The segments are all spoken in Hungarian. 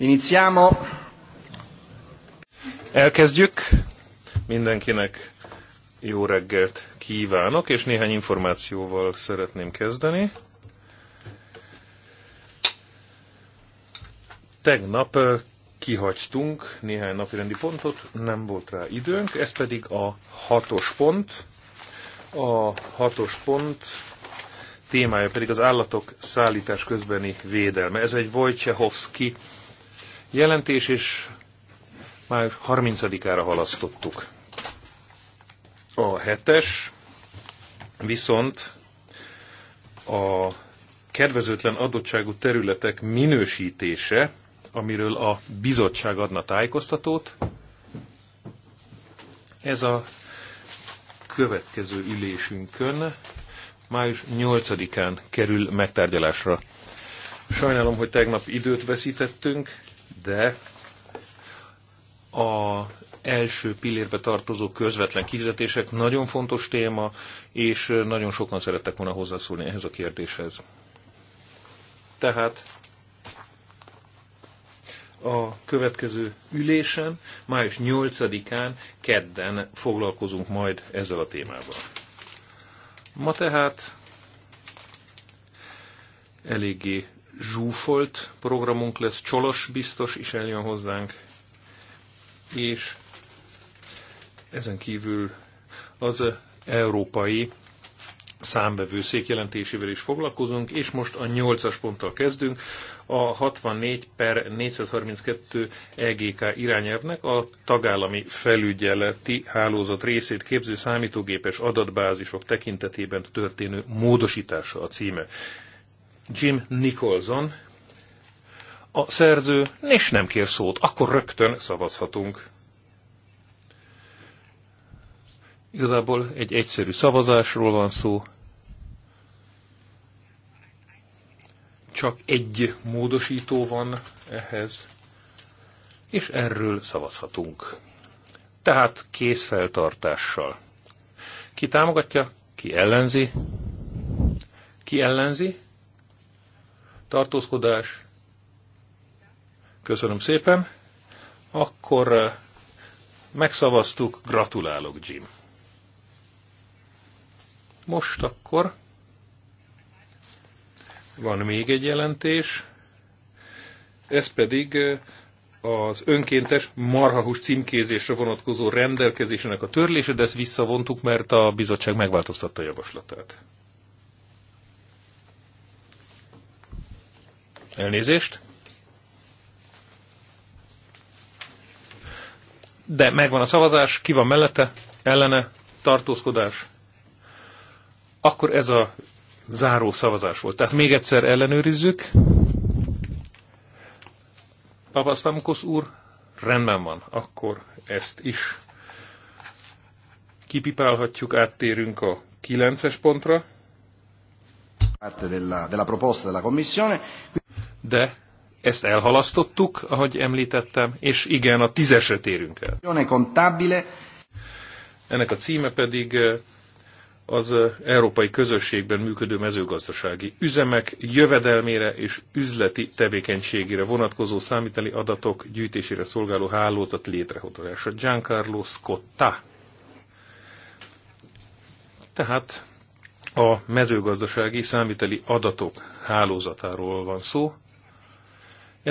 Iniziamo. Elkezdjük. Mindenkinek jó reggelt kívánok, és néhány információval szeretném kezdeni. Tegnap kihagytunk néhány napirendi pontot, nem volt rá időnk, ez pedig a hatos pont. A hatos pont témája pedig az állatok szállítás közbeni védelme. Ez egy Wojciechowski jelentés, és május 30-ára halasztottuk. A hetes viszont a kedvezőtlen adottságú területek minősítése, amiről a bizottság adna tájékoztatót. Ez a következő ülésünkön, május 8-án kerül megtárgyalásra. Sajnálom, hogy tegnap időt veszítettünk, de a első pillérbe tartozó közvetlen kizetések nagyon fontos téma, és nagyon sokan szerettek volna hozzászólni ehhez a kérdéshez. Tehát a következő ülésen, május 8-án, kedden foglalkozunk majd ezzel a témával. Ma tehát eléggé zsúfolt programunk lesz, Csolos biztos is eljön hozzánk, és ezen kívül az európai számbevőszék jelentésével is foglalkozunk, és most a 8-as ponttal kezdünk, a 64 per 432 EGK irányelvnek a tagállami felügyeleti hálózat részét képző számítógépes adatbázisok tekintetében történő módosítása a címe. Jim Nicholson, a szerző, és nem kér szót, akkor rögtön szavazhatunk. Igazából egy egyszerű szavazásról van szó. Csak egy módosító van ehhez, és erről szavazhatunk. Tehát feltartással. Ki támogatja, ki ellenzi, ki ellenzi, tartózkodás. Köszönöm szépen. Akkor eh, megszavaztuk, gratulálok, Jim. Most akkor van még egy jelentés, ez pedig eh, az önkéntes marhahús címkézésre vonatkozó rendelkezésének a törlése, de ezt visszavontuk, mert a bizottság megváltoztatta a javaslatát. Elnézést. De megvan a szavazás, ki van mellette, ellene, tartózkodás. Akkor ez a záró szavazás volt. Tehát még egyszer ellenőrizzük. Papasztamukosz úr, rendben van, akkor ezt is kipipálhatjuk, áttérünk a 9-es pontra. Parte della, della proposta della Commissione de ezt elhalasztottuk, ahogy említettem, és igen, a tízesre térünk el. Ennek a címe pedig eh, az eh, európai közösségben működő mezőgazdasági üzemek jövedelmére és üzleti tevékenységére vonatkozó számíteli adatok gyűjtésére szolgáló hálózat létrehozása. Giancarlo Scotta. Tehát a mezőgazdasági számíteli adatok hálózatáról van szó,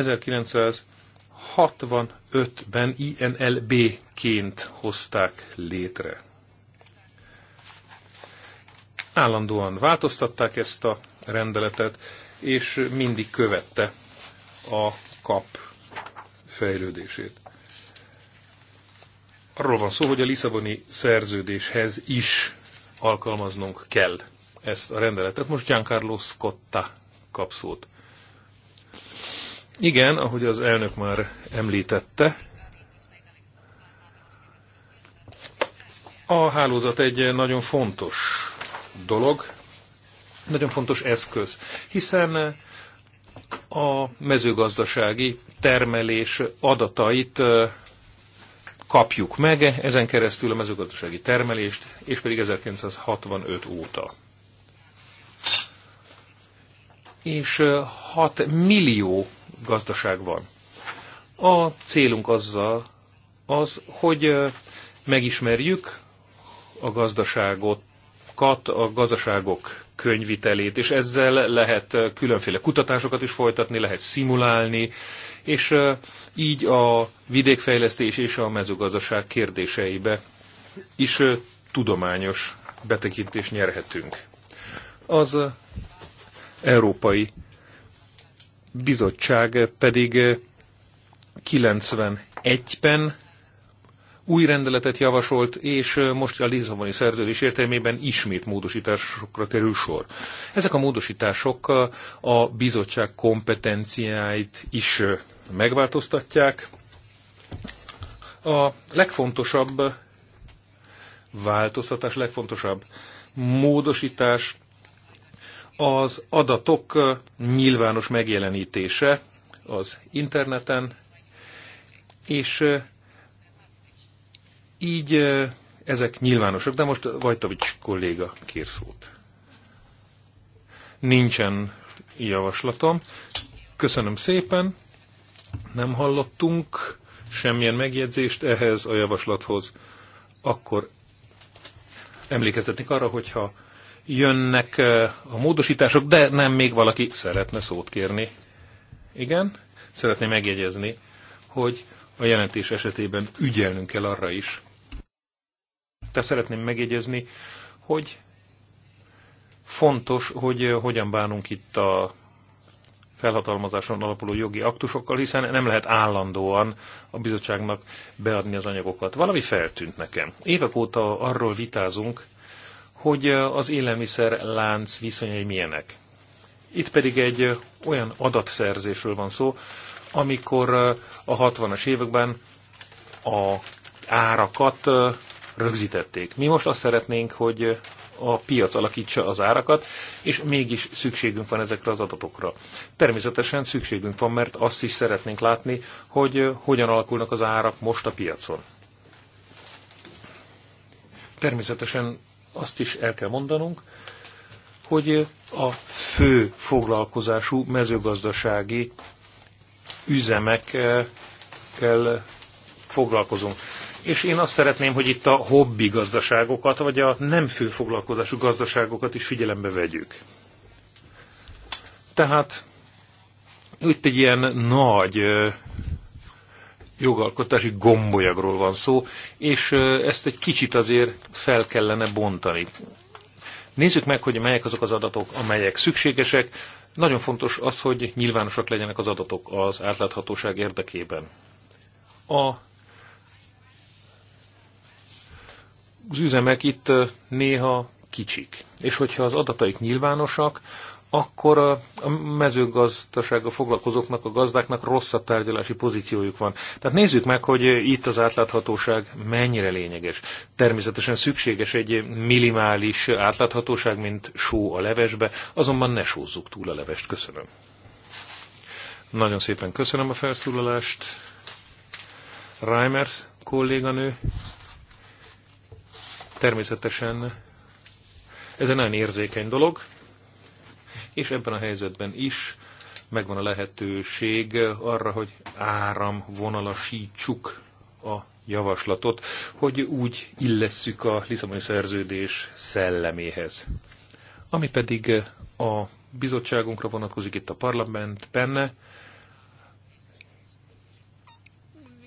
1965-ben INLB-ként hozták létre. Állandóan változtatták ezt a rendeletet, és mindig követte a kap fejlődését. Arról van szó, hogy a Lisszaboni szerződéshez is alkalmaznunk kell ezt a rendeletet. Most Giancarlo Scotta kap szót. Igen, ahogy az elnök már említette, a hálózat egy nagyon fontos dolog, nagyon fontos eszköz, hiszen a mezőgazdasági termelés adatait kapjuk meg, ezen keresztül a mezőgazdasági termelést, és pedig 1965 óta. És 6 millió gazdaság van. A célunk azzal az, hogy megismerjük a gazdaságokat, a gazdaságok könyvitelét, és ezzel lehet különféle kutatásokat is folytatni, lehet szimulálni, és így a vidékfejlesztés és a mezőgazdaság kérdéseibe is tudományos betekintést nyerhetünk. Az európai bizottság pedig 91-ben eh, új rendeletet javasolt, és eh, most a Lisszaboni szerződés értelmében ismét módosításokra kerül sor. Ezek a módosítások eh, a bizottság kompetenciáit is megváltoztatják. A legfontosabb változtatás, legfontosabb módosítás az adatok nyilvános megjelenítése az interneten, és így ezek nyilvánosak. De most Vajtavics kolléga kér szót. Nincsen javaslatom. Köszönöm szépen. Nem hallottunk semmilyen megjegyzést ehhez a javaslathoz. Akkor emlékeztetnék arra, hogyha jönnek a módosítások, de nem még valaki szeretne szót kérni. Igen, szeretném megjegyezni, hogy a jelentés esetében ügyelnünk kell arra is. Te szeretném megjegyezni, hogy fontos, hogy hogyan bánunk itt a felhatalmazáson alapuló jogi aktusokkal, hiszen nem lehet állandóan a bizottságnak beadni az anyagokat. Valami feltűnt nekem. Évek óta arról vitázunk, hogy az élelmiszer lánc viszonyai milyenek. Itt pedig egy olyan adatszerzésről van szó, amikor a 60-as években a árakat rögzítették. Mi most azt szeretnénk, hogy a piac alakítsa az árakat, és mégis szükségünk van ezekre az adatokra. Természetesen szükségünk van, mert azt is szeretnénk látni, hogy hogyan alakulnak az árak most a piacon. Természetesen azt is el kell mondanunk, hogy a fő foglalkozású mezőgazdasági üzemekkel foglalkozunk. És én azt szeretném, hogy itt a hobbi gazdaságokat, vagy a nem fő foglalkozású gazdaságokat is figyelembe vegyük. Tehát itt egy ilyen nagy jogalkotási gombolyagról van szó, és ezt egy kicsit azért fel kellene bontani. Nézzük meg, hogy melyek azok az adatok, amelyek szükségesek. Nagyon fontos az, hogy nyilvánosak legyenek az adatok az átláthatóság érdekében. A az üzemek itt néha kicsik. És hogyha az adataik nyilvánosak, akkor a mezőgazdasággal foglalkozóknak, a gazdáknak rosszabb tárgyalási pozíciójuk van. Tehát nézzük meg, hogy itt az átláthatóság mennyire lényeges. Természetesen szükséges egy minimális átláthatóság, mint só a levesbe, azonban ne sózzuk túl a levest. Köszönöm. Nagyon szépen köszönöm a felszólalást. Reimers kolléganő. Természetesen ez egy nagyon érzékeny dolog és ebben a helyzetben is megvan a lehetőség arra, hogy áramvonalasítsuk a javaslatot, hogy úgy illesszük a Lisszaboni szerződés szelleméhez. Ami pedig a bizottságunkra vonatkozik itt a parlamentben,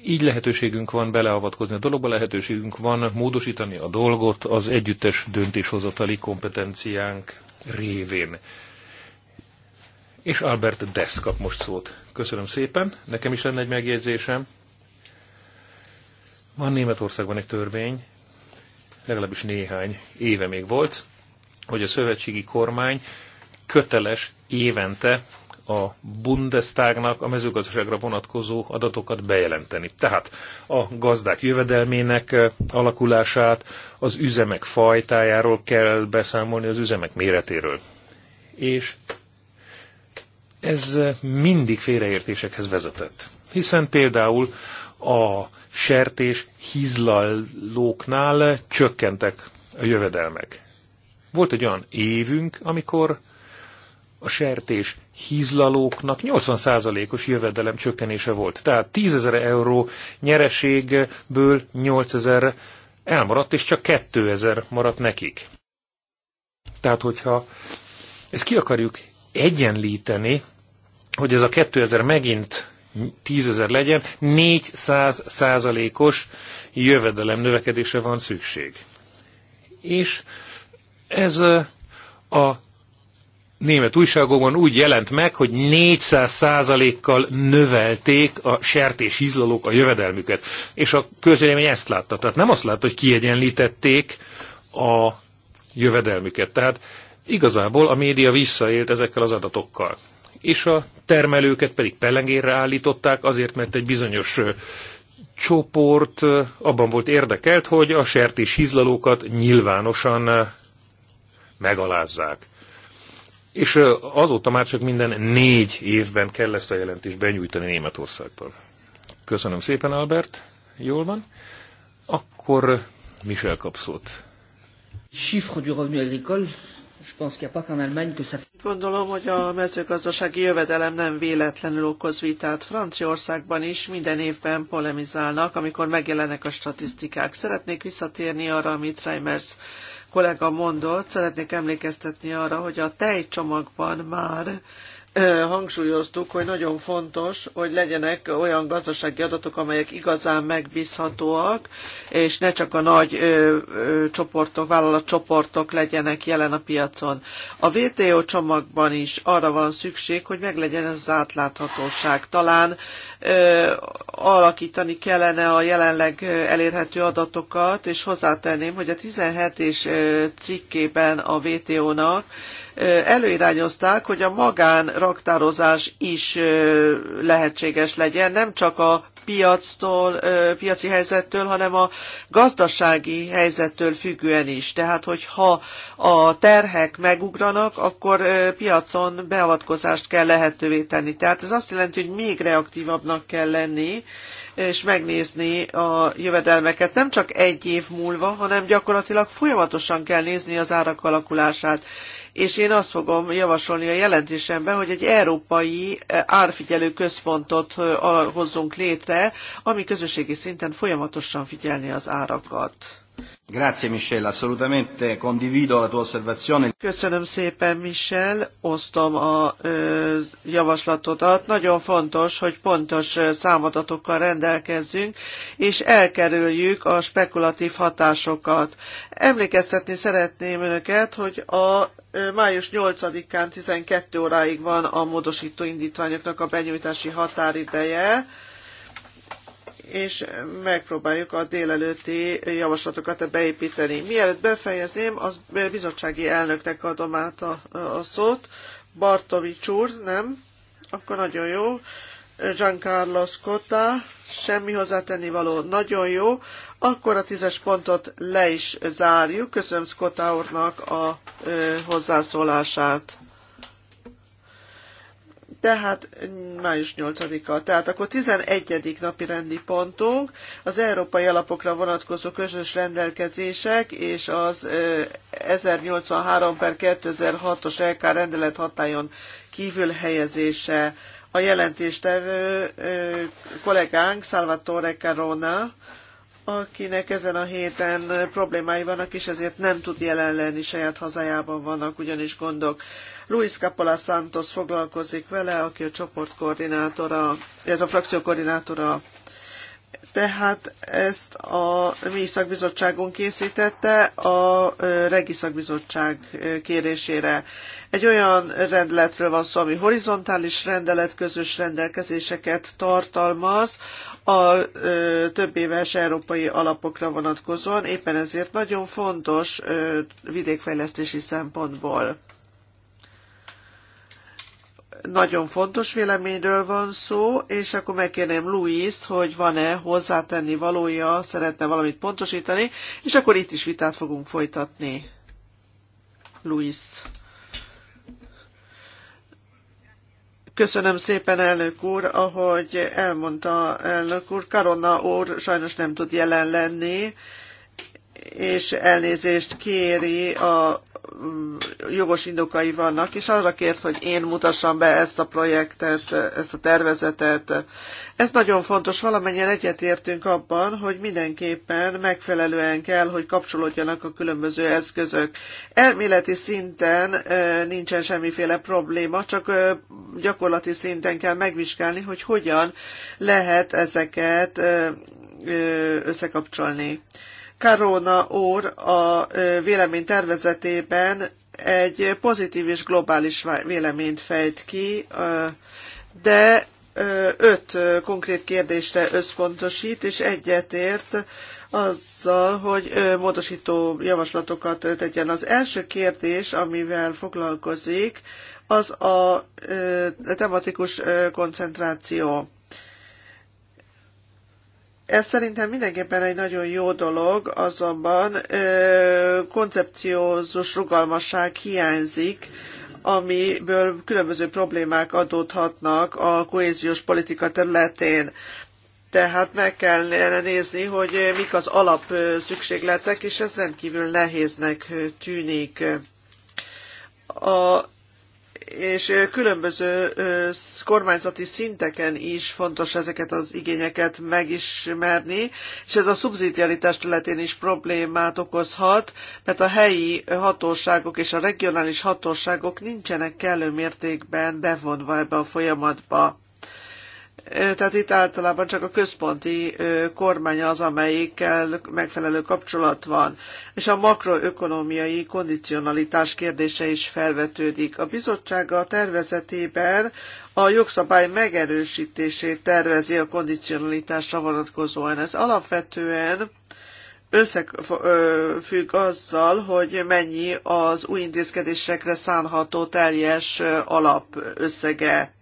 így lehetőségünk van beleavatkozni a dologba, lehetőségünk van módosítani a dolgot az együttes döntéshozatali kompetenciánk révén. És Albert Desz kap most szót. Köszönöm szépen. Nekem is lenne egy megjegyzésem. Van Németországban egy törvény, legalábbis néhány éve még volt, hogy a szövetségi kormány köteles évente a Bundestagnak a mezőgazdaságra vonatkozó adatokat bejelenteni. Tehát a gazdák jövedelmének eh, alakulását, az üzemek fajtájáról kell beszámolni, az üzemek méretéről. És ez mindig félreértésekhez vezetett. Hiszen például a sertés hízlalóknál csökkentek a jövedelmek. Volt egy olyan évünk, amikor a sertés hízlalóknak 80%-os jövedelem csökkenése volt. Tehát 10.000 euró nyereségből 8.000 elmaradt, és csak 2.000 maradt nekik. Tehát, hogyha ezt ki akarjuk egyenlíteni, hogy ez a 2000 megint 10.000 legyen, 400 százalékos jövedelem növekedése van szükség. És ez a német újságokban úgy jelent meg, hogy 400 százalékkal növelték a sertés hízlalók a jövedelmüket. És a közélemény ezt látta. Tehát nem azt látta, hogy kiegyenlítették a jövedelmüket. Tehát igazából a média visszaélt ezekkel az adatokkal és a termelőket pedig pelengérre állították, azért, mert egy bizonyos csoport abban volt érdekelt, hogy a sertés hízlalókat nyilvánosan megalázzák. És azóta már csak minden négy évben kell ezt a jelentést benyújtani Németországban. Köszönöm szépen, Albert. Jól van. Akkor Michel kapszót. Chiffre du revenu agricole Gondolom, hogy a mezőgazdasági jövedelem nem véletlenül okoz vitát. Franciaországban is minden évben polemizálnak, amikor megjelennek a statisztikák. Szeretnék visszatérni arra, amit Reimers kollega mondott. Szeretnék emlékeztetni arra, hogy a tejcsomagban már hangsúlyoztuk, hogy nagyon fontos, hogy legyenek olyan gazdasági adatok, amelyek igazán megbízhatóak, és ne csak a nagy ö, ö, csoportok, vállalatcsoportok legyenek jelen a piacon. A VTO csomagban is arra van szükség, hogy meglegyen ez az átláthatóság. Talán alakítani kellene a jelenleg elérhető adatokat, és hozzátenném, hogy a 17 és cikkében a WTO-nak előirányozták, hogy a magán raktározás is lehetséges legyen, nem csak a piactól, piaci helyzettől, hanem a gazdasági helyzettől függően is. Tehát, hogyha a terhek megugranak, akkor piacon beavatkozást kell lehetővé tenni. Tehát ez azt jelenti, hogy még reaktívabbnak kell lenni, és megnézni a jövedelmeket nem csak egy év múlva, hanem gyakorlatilag folyamatosan kell nézni az árak alakulását és én azt fogom javasolni a jelentésemben, hogy egy európai eh, árfigyelő központot hozzunk eh, létre, ami közösségi szinten folyamatosan figyelni az árakat. Grazie Michel, assolutamente condivido la tua osservazione. Köszönöm szépen Michel, osztom a ö, javaslatodat. Nagyon fontos, hogy pontos számadatokkal rendelkezzünk, és elkerüljük a spekulatív hatásokat. Emlékeztetni szeretném önöket, hogy a május 8-án 12 óráig van a módosító indítványoknak a benyújtási határideje és megpróbáljuk a délelőtti javaslatokat beépíteni. Mielőtt befejezném, az bizottsági elnöknek adom át a, a szót. Bartovics úr, nem? Akkor nagyon jó. Giancarlo Scotta, semmi hozzátenni való, nagyon jó. Akkor a tízes pontot le is zárjuk. Köszönöm Scotta úrnak a ö, hozzászólását tehát mm, május 8-a. Tehát akkor 11. napi rendi pontunk az európai alapokra vonatkozó közös rendelkezések és az 1083 per 2006-os LK rendelet hatályon kívül helyezése. A jelentéstevő kollégánk Salvatore Carona, akinek ezen a héten problémái vannak, és ezért nem tud jelen lenni saját hazájában vannak ugyanis gondok. Luis Capola Santos foglalkozik vele, aki a csoport koordinátora, illetve a frakció koordinátora. Tehát ezt a mi szakbizottságunk készítette a Regi szakbizottság kérésére. Egy olyan rendeletről van szó, ami horizontális rendelet közös rendelkezéseket tartalmaz a ö, több éves európai alapokra vonatkozóan, éppen ezért nagyon fontos vidékfejlesztési szempontból nagyon fontos véleményről van szó, és akkor megkérném Louis-t, hogy van-e hozzátenni valója, szeretne valamit pontosítani, és akkor itt is vitát fogunk folytatni. Louis. Köszönöm szépen, elnök úr, ahogy elmondta elnök úr, Karonna úr sajnos nem tud jelen lenni, és elnézést kéri a jogos indokai vannak, és arra kért, hogy én mutassam be ezt a projektet, ezt a tervezetet. Ez nagyon fontos, valamennyien egyetértünk abban, hogy mindenképpen megfelelően kell, hogy kapcsolódjanak a különböző eszközök. Elméleti szinten nincsen semmiféle probléma, csak gyakorlati szinten kell megvizsgálni, hogy hogyan lehet ezeket összekapcsolni. Karona úr a vélemény tervezetében egy pozitív és globális véleményt fejt ki, de öt konkrét kérdésre összpontosít, és egyetért azzal, hogy módosító javaslatokat tegyen. Az első kérdés, amivel foglalkozik, az a tematikus koncentráció. Ez szerintem mindenképpen egy nagyon jó dolog, azonban ö, koncepciózus rugalmasság hiányzik, amiből különböző problémák adódhatnak a kohéziós politika területén. Tehát meg kell nézni, hogy mik az alap szükségletek, és ez rendkívül nehéznek tűnik. A és különböző kormányzati szinteken is fontos ezeket az igényeket megismerni, és ez a szubszidiaritás területén is problémát okozhat, mert a helyi hatóságok és a regionális hatóságok nincsenek kellő mértékben bevonva ebbe a folyamatba. Tehát itt általában csak a központi kormány az, amelyikkel megfelelő kapcsolat van, és a makroökonomiai kondicionalitás kérdése is felvetődik. A bizottság a tervezetében a jogszabály megerősítését tervezi a kondicionalitásra vonatkozóan. Ez alapvetően összefügg azzal, hogy mennyi az új intézkedésekre szánható teljes alapösszege.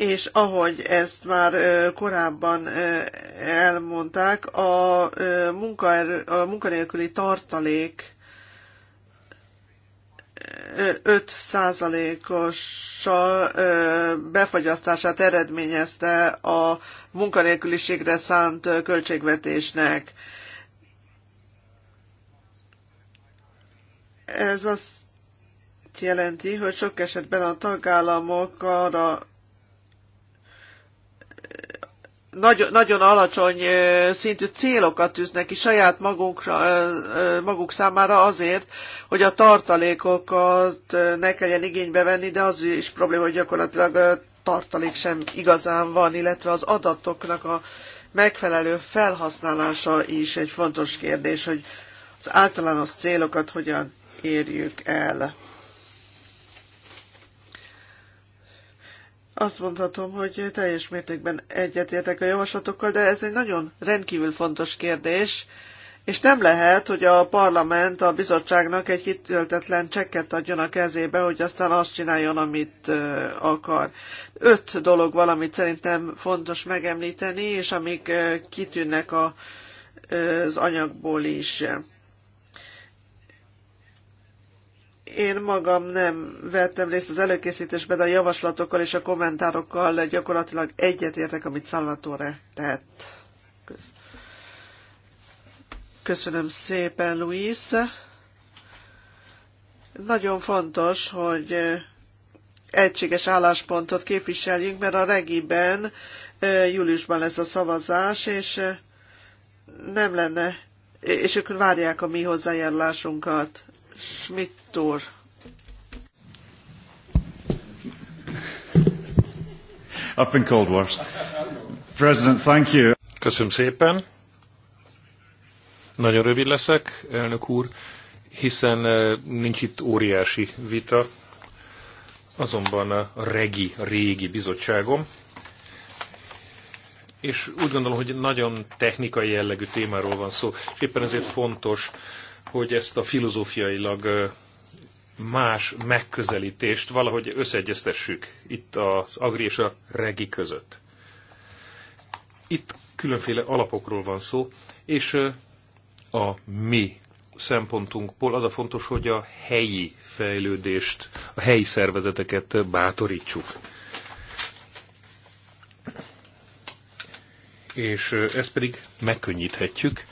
és ahogy ezt már korábban elmondták, a, munkaerő, a munkanélküli tartalék 5 os befagyasztását eredményezte a munkanélküliségre szánt költségvetésnek. Ez azt jelenti, hogy sok esetben a tagállamok arra nagy, nagyon alacsony szintű célokat tűznek ki saját magunkra, maguk számára azért, hogy a tartalékokat ne kelljen igénybe venni, de az is probléma, hogy gyakorlatilag tartalék sem igazán van, illetve az adatoknak a megfelelő felhasználása is egy fontos kérdés, hogy az általános célokat hogyan érjük el. azt mondhatom, hogy teljes mértékben egyetértek a javaslatokkal, de ez egy nagyon rendkívül fontos kérdés, és nem lehet, hogy a parlament a bizottságnak egy kitöltetlen csekket adjon a kezébe, hogy aztán azt csináljon, amit akar. Öt dolog valamit szerintem fontos megemlíteni, és amik kitűnnek a, az anyagból is. én magam nem vettem részt az előkészítésben, de a javaslatokkal és a kommentárokkal gyakorlatilag egyetértek, amit Salvatore tett. Köszönöm szépen, Luis. Nagyon fontos, hogy egységes álláspontot képviseljünk, mert a regiben júliusban lesz a szavazás, és nem lenne, és ők várják a mi hozzájárulásunkat. Schmidt úr. I've been called worse. President, thank you. Köszönöm szépen. Nagyon rövid leszek, elnök úr, hiszen eh, nincs itt óriási vita, azonban a regi, a régi bizottságom, és úgy gondolom, hogy nagyon technikai jellegű témáról van szó, és éppen ezért fontos, hogy ezt a filozófiailag más megközelítést valahogy összeegyeztessük itt az agri és a regi között. Itt különféle alapokról van szó, és a mi szempontunkból az a fontos, hogy a helyi fejlődést, a helyi szervezeteket bátorítsuk. És ezt pedig megkönnyíthetjük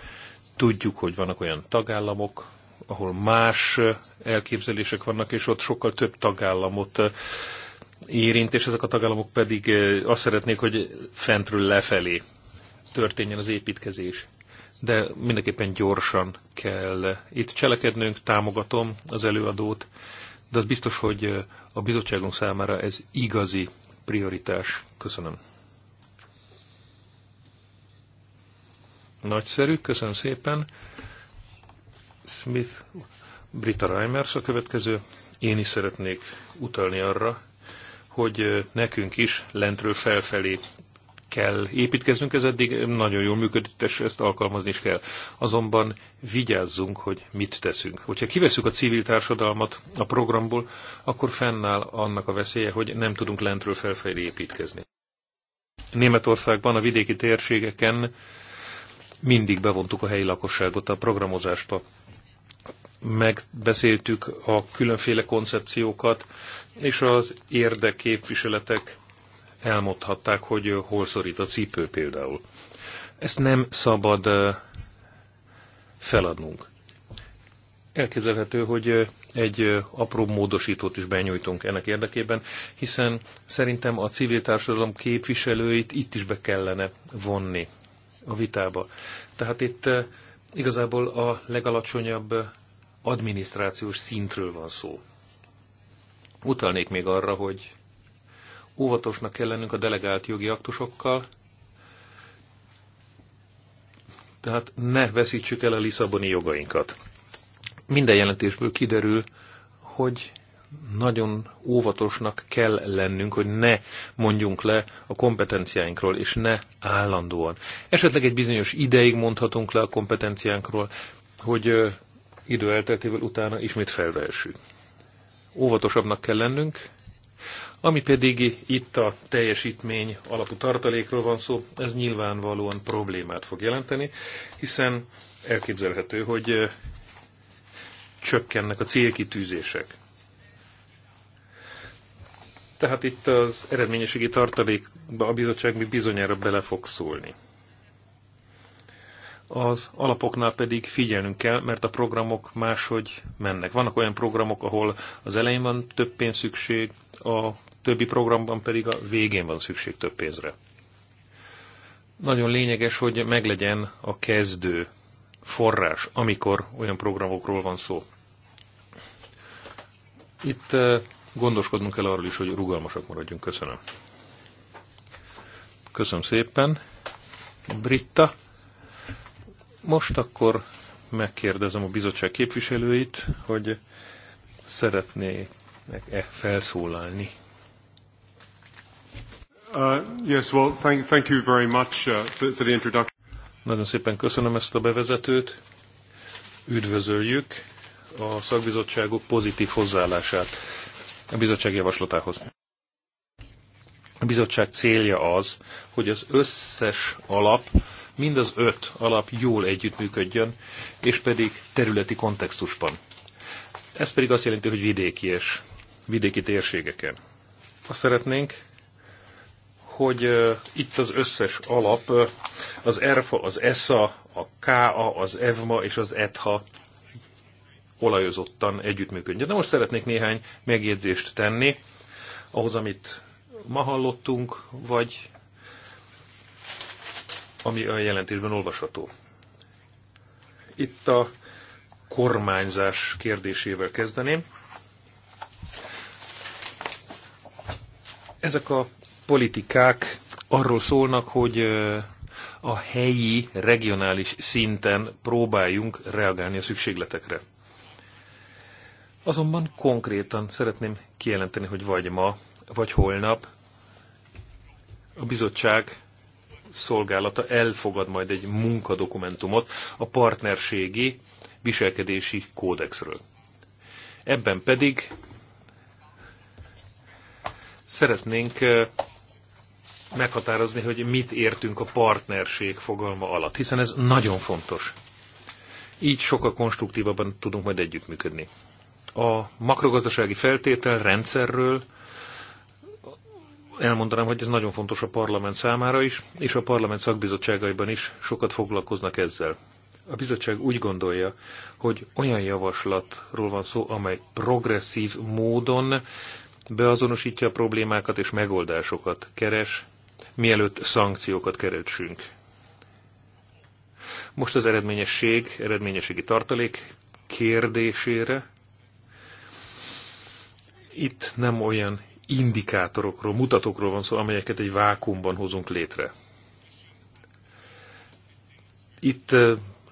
Tudjuk, hogy vannak olyan tagállamok, ahol más elképzelések vannak, és ott sokkal több tagállamot érint, és ezek a tagállamok pedig azt szeretnék, hogy fentről lefelé történjen az építkezés. De mindenképpen gyorsan kell itt cselekednünk, támogatom az előadót, de az biztos, hogy a bizottságunk számára ez igazi prioritás. Köszönöm. Nagyszerű, köszönöm szépen. Smith, Brita Reimers a következő. Én is szeretnék utalni arra, hogy nekünk is lentről felfelé kell építkeznünk, ez eddig nagyon jól működött, és ezt alkalmazni is kell. Azonban vigyázzunk, hogy mit teszünk. Hogyha kiveszünk a civil társadalmat a programból, akkor fennáll annak a veszélye, hogy nem tudunk lentről felfelé építkezni. Németországban a vidéki térségeken mindig bevontuk a helyi lakosságot a programozásba. Megbeszéltük a különféle koncepciókat, és az érdekképviseletek elmondhatták, hogy hol szorít a cipő például. Ezt nem szabad feladnunk. Elképzelhető, hogy egy apró módosítót is benyújtunk ennek érdekében, hiszen szerintem a civil társadalom képviselőit itt is be kellene vonni a vitába. Tehát itt eh, igazából a legalacsonyabb eh, adminisztrációs szintről van szó. Utalnék még arra, hogy óvatosnak kell lennünk a delegált jogi aktusokkal, tehát ne veszítsük el a Lisszaboni jogainkat. Minden jelentésből kiderül, hogy nagyon óvatosnak kell lennünk, hogy ne mondjunk le a kompetenciáinkról, és ne állandóan. Esetleg egy bizonyos ideig mondhatunk le a kompetenciánkról, hogy idő elteltével utána ismét felvehessük. Óvatosabbnak kell lennünk, ami pedig itt a teljesítmény alapú tartalékról van szó, ez nyilvánvalóan problémát fog jelenteni, hiszen elképzelhető, hogy csökkennek a célkitűzések. Tehát itt az eredményességi tartalékba a bizottság még bizonyára bele fog szólni. Az alapoknál pedig figyelnünk kell, mert a programok máshogy mennek. Vannak olyan programok, ahol az elején van több pénz szükség, a többi programban pedig a végén van szükség több pénzre. Nagyon lényeges, hogy meglegyen a kezdő forrás, amikor olyan programokról van szó. Itt eh, gondoskodnunk kell arról is, hogy rugalmasak maradjunk. Köszönöm. Köszönöm szépen. Britta, most akkor megkérdezem a bizottság képviselőit, hogy szeretnének-e felszólalni. Uh, yes, well, thank, thank you very much uh, for, for the introduction. Nagyon szépen köszönöm ezt a bevezetőt. Üdvözöljük a szakbizottságok pozitív hozzáállását a bizottság javaslatához. A bizottság célja az, hogy az összes alap, mind az öt alap jól együttműködjön, és pedig területi kontextusban. Ez pedig azt jelenti, hogy vidéki és vidéki térségeken. Azt szeretnénk, hogy uh, itt az összes alap, uh, az ERFA, az ESA, a KA, az EVMA és az ETHA olajozottan együttműködni. De most szeretnék néhány megjegyzést tenni ahhoz, amit ma hallottunk, vagy ami a jelentésben olvasható. Itt a kormányzás kérdésével kezdeném. Ezek a politikák arról szólnak, hogy a helyi, regionális szinten próbáljunk reagálni a szükségletekre. Azonban konkrétan szeretném kijelenteni, hogy vagy ma, vagy holnap a bizottság szolgálata elfogad majd egy munkadokumentumot a partnerségi viselkedési kódexről. Ebben pedig szeretnénk meghatározni, hogy mit értünk a partnerség fogalma alatt, hiszen ez nagyon fontos. Így sokkal konstruktívabban tudunk majd együttműködni a makrogazdasági feltétel rendszerről elmondanám, hogy ez nagyon fontos a parlament számára is, és a parlament szakbizottságaiban is sokat foglalkoznak ezzel. A bizottság úgy gondolja, hogy olyan javaslatról van szó, amely progresszív módon beazonosítja a problémákat és megoldásokat keres, mielőtt szankciókat keresünk. Most az eredményesség, eredményességi tartalék kérdésére itt nem olyan indikátorokról, mutatókról van szó, amelyeket egy vákumban hozunk létre. Itt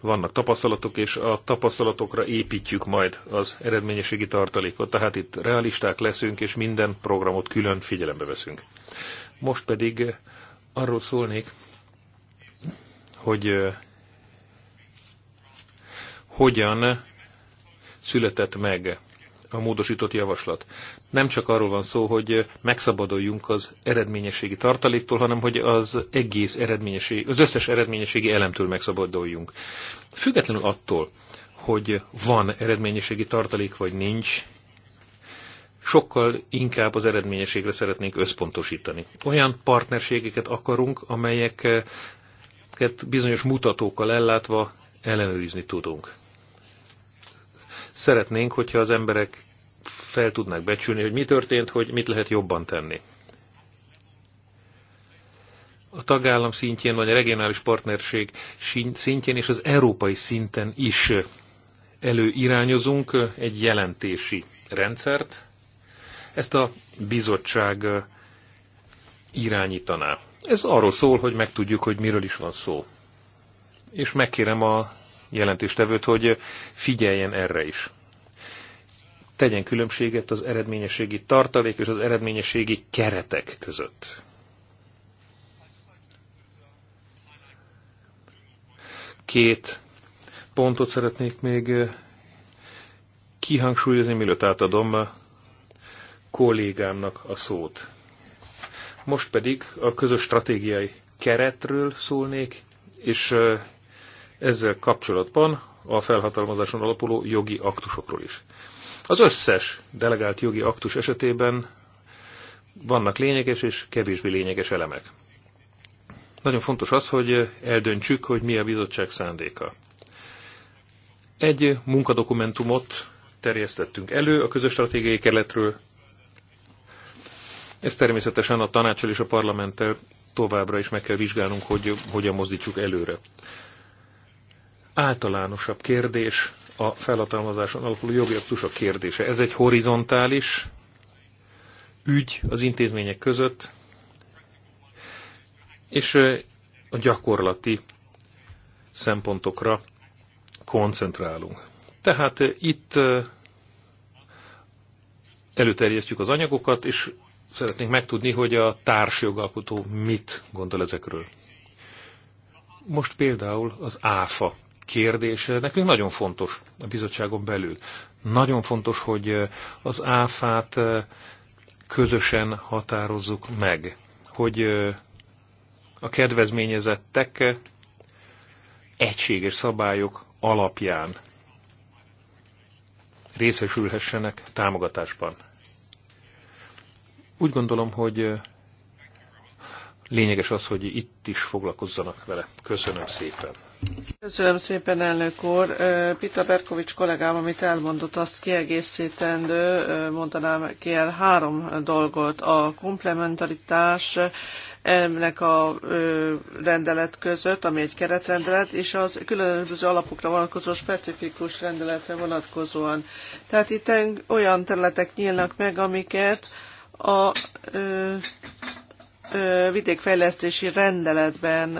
vannak tapasztalatok, és a tapasztalatokra építjük majd az eredményességi tartalékot. Tehát itt realisták leszünk, és minden programot külön figyelembe veszünk. Most pedig arról szólnék, hogy hogyan született meg a módosított javaslat. Nem csak arról van szó, hogy megszabaduljunk az eredményességi tartaléktól, hanem hogy az egész eredményesség, az összes eredményességi elemtől megszabaduljunk. Függetlenül attól, hogy van eredményességi tartalék, vagy nincs, sokkal inkább az eredményességre szeretnénk összpontosítani. Olyan partnerségeket akarunk, amelyeket bizonyos mutatókkal ellátva ellenőrizni tudunk. Szeretnénk, hogyha az emberek fel tudnák becsülni, hogy mi történt, hogy mit lehet jobban tenni. A tagállam szintjén, vagy a regionális partnerség szintjén és az európai szinten is előirányozunk egy jelentési rendszert. Ezt a bizottság irányítaná. Ez arról szól, hogy megtudjuk, hogy miről is van szó. És megkérem a jelentéstevőt, hogy figyeljen erre is. Tegyen különbséget az eredményességi tartalék és az eredményességi keretek között. Két pontot szeretnék még eh, kihangsúlyozni, mielőtt átadom eh, kollégámnak a szót. Most pedig a közös stratégiai keretről szólnék, és eh, ezzel kapcsolatban a felhatalmazáson alapuló jogi aktusokról is. Az összes delegált jogi aktus esetében vannak lényeges és kevésbé lényeges elemek. Nagyon fontos az, hogy eldöntsük, hogy mi a bizottság szándéka. Egy munkadokumentumot terjesztettünk elő a közös stratégiai keretről. Ez természetesen a tanácsal és a parlamenttel továbbra is meg kell vizsgálnunk, hogy hogyan mozdítsuk előre általánosabb kérdés a felhatalmazáson alapuló jogi aktusok kérdése. Ez egy horizontális ügy az intézmények között, és a gyakorlati szempontokra koncentrálunk. Tehát itt előterjesztjük az anyagokat, és szeretnénk megtudni, hogy a társjogalkotó mit gondol ezekről. Most például az ÁFA kérdés eh, nekünk nagyon fontos a bizottságon belül. Nagyon fontos, hogy eh, az áfát eh, közösen határozzuk meg, hogy a kedvezményezettek egységes szabályok alapján részesülhessenek támogatásban. Úgy gondolom, hogy lényeges az, hogy itt is foglalkozzanak vele. Köszönöm szépen. Köszönöm szépen, elnök úr. Pita Berkovics kollégám, amit elmondott, azt kiegészítendő, mondanám ki el három dolgot. A komplementaritás ennek a rendelet között, ami egy keretrendelet, és az különböző alapokra vonatkozó specifikus rendeletre vonatkozóan. Tehát itt olyan területek nyílnak meg, amiket a ö, vidékfejlesztési rendeletben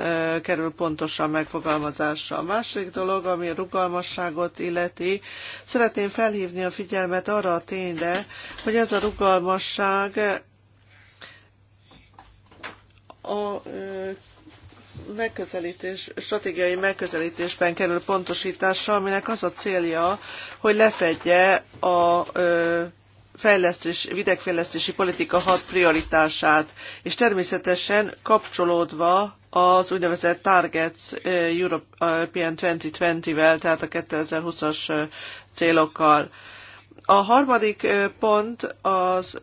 kerül pontosan megfogalmazásra. A másik dolog, ami a rugalmasságot illeti, szeretném felhívni a figyelmet arra a tényre, hogy ez a rugalmasság a megközelítés, stratégiai megközelítésben kerül pontosításra, aminek az a célja, hogy lefedje a fejlesztés, vidékfejlesztési politika hat prioritását, és természetesen kapcsolódva az úgynevezett Targets European 2020-vel, tehát a 2020-as célokkal. A harmadik pont az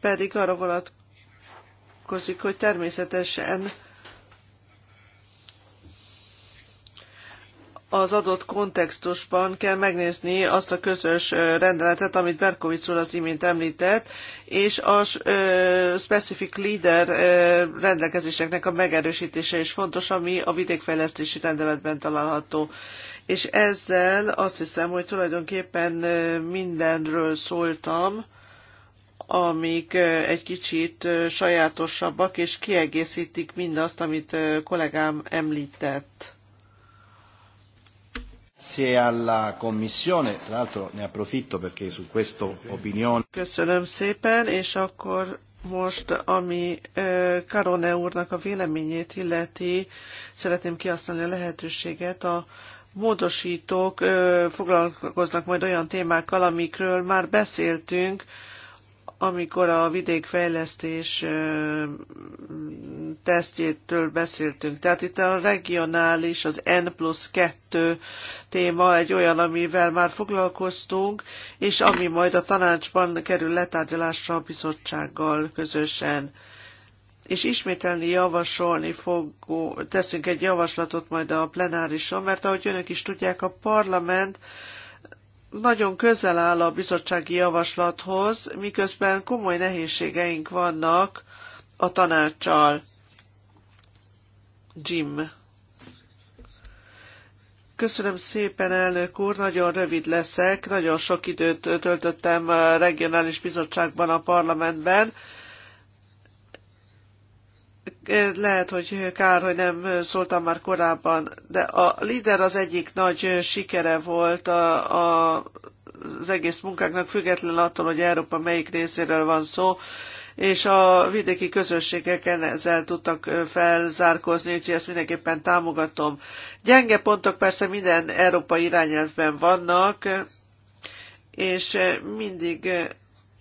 pedig arra vonatkozik, hogy természetesen az adott kontextusban kell megnézni azt a közös rendeletet, amit Berkovic úr az imént említett, és a specific leader rendelkezéseknek a megerősítése is fontos, ami a vidékfejlesztési rendeletben található. És ezzel azt hiszem, hogy tulajdonképpen mindenről szóltam, amik egy kicsit sajátosabbak, és kiegészítik mindazt, amit kollégám említett. Köszönöm szépen, és akkor most, ami Karone úrnak a véleményét illeti, szeretném kihasználni a lehetőséget a módosítók foglalkoznak majd olyan témákkal, amikről már beszéltünk, amikor a vidékfejlesztés tesztjétől beszéltünk. Tehát itt a regionális, az N plusz 2 téma egy olyan, amivel már foglalkoztunk, és ami majd a tanácsban kerül letárgyalásra a bizottsággal közösen és ismételni javasolni fog, teszünk egy javaslatot majd a plenárison, mert ahogy önök is tudják, a parlament nagyon közel áll a bizottsági javaslathoz, miközben komoly nehézségeink vannak a tanácssal. Jim. Köszönöm szépen, elnök úr, nagyon rövid leszek. Nagyon sok időt töltöttem a regionális bizottságban a parlamentben lehet, hogy kár, hogy nem szóltam már korábban, de a líder az egyik nagy sikere volt a, a, az egész munkáknak, független attól, hogy Európa melyik részéről van szó, és a vidéki közösségeken ezzel tudtak felzárkozni, úgyhogy ezt mindenképpen támogatom. Gyenge pontok persze minden európai irányelvben vannak, és mindig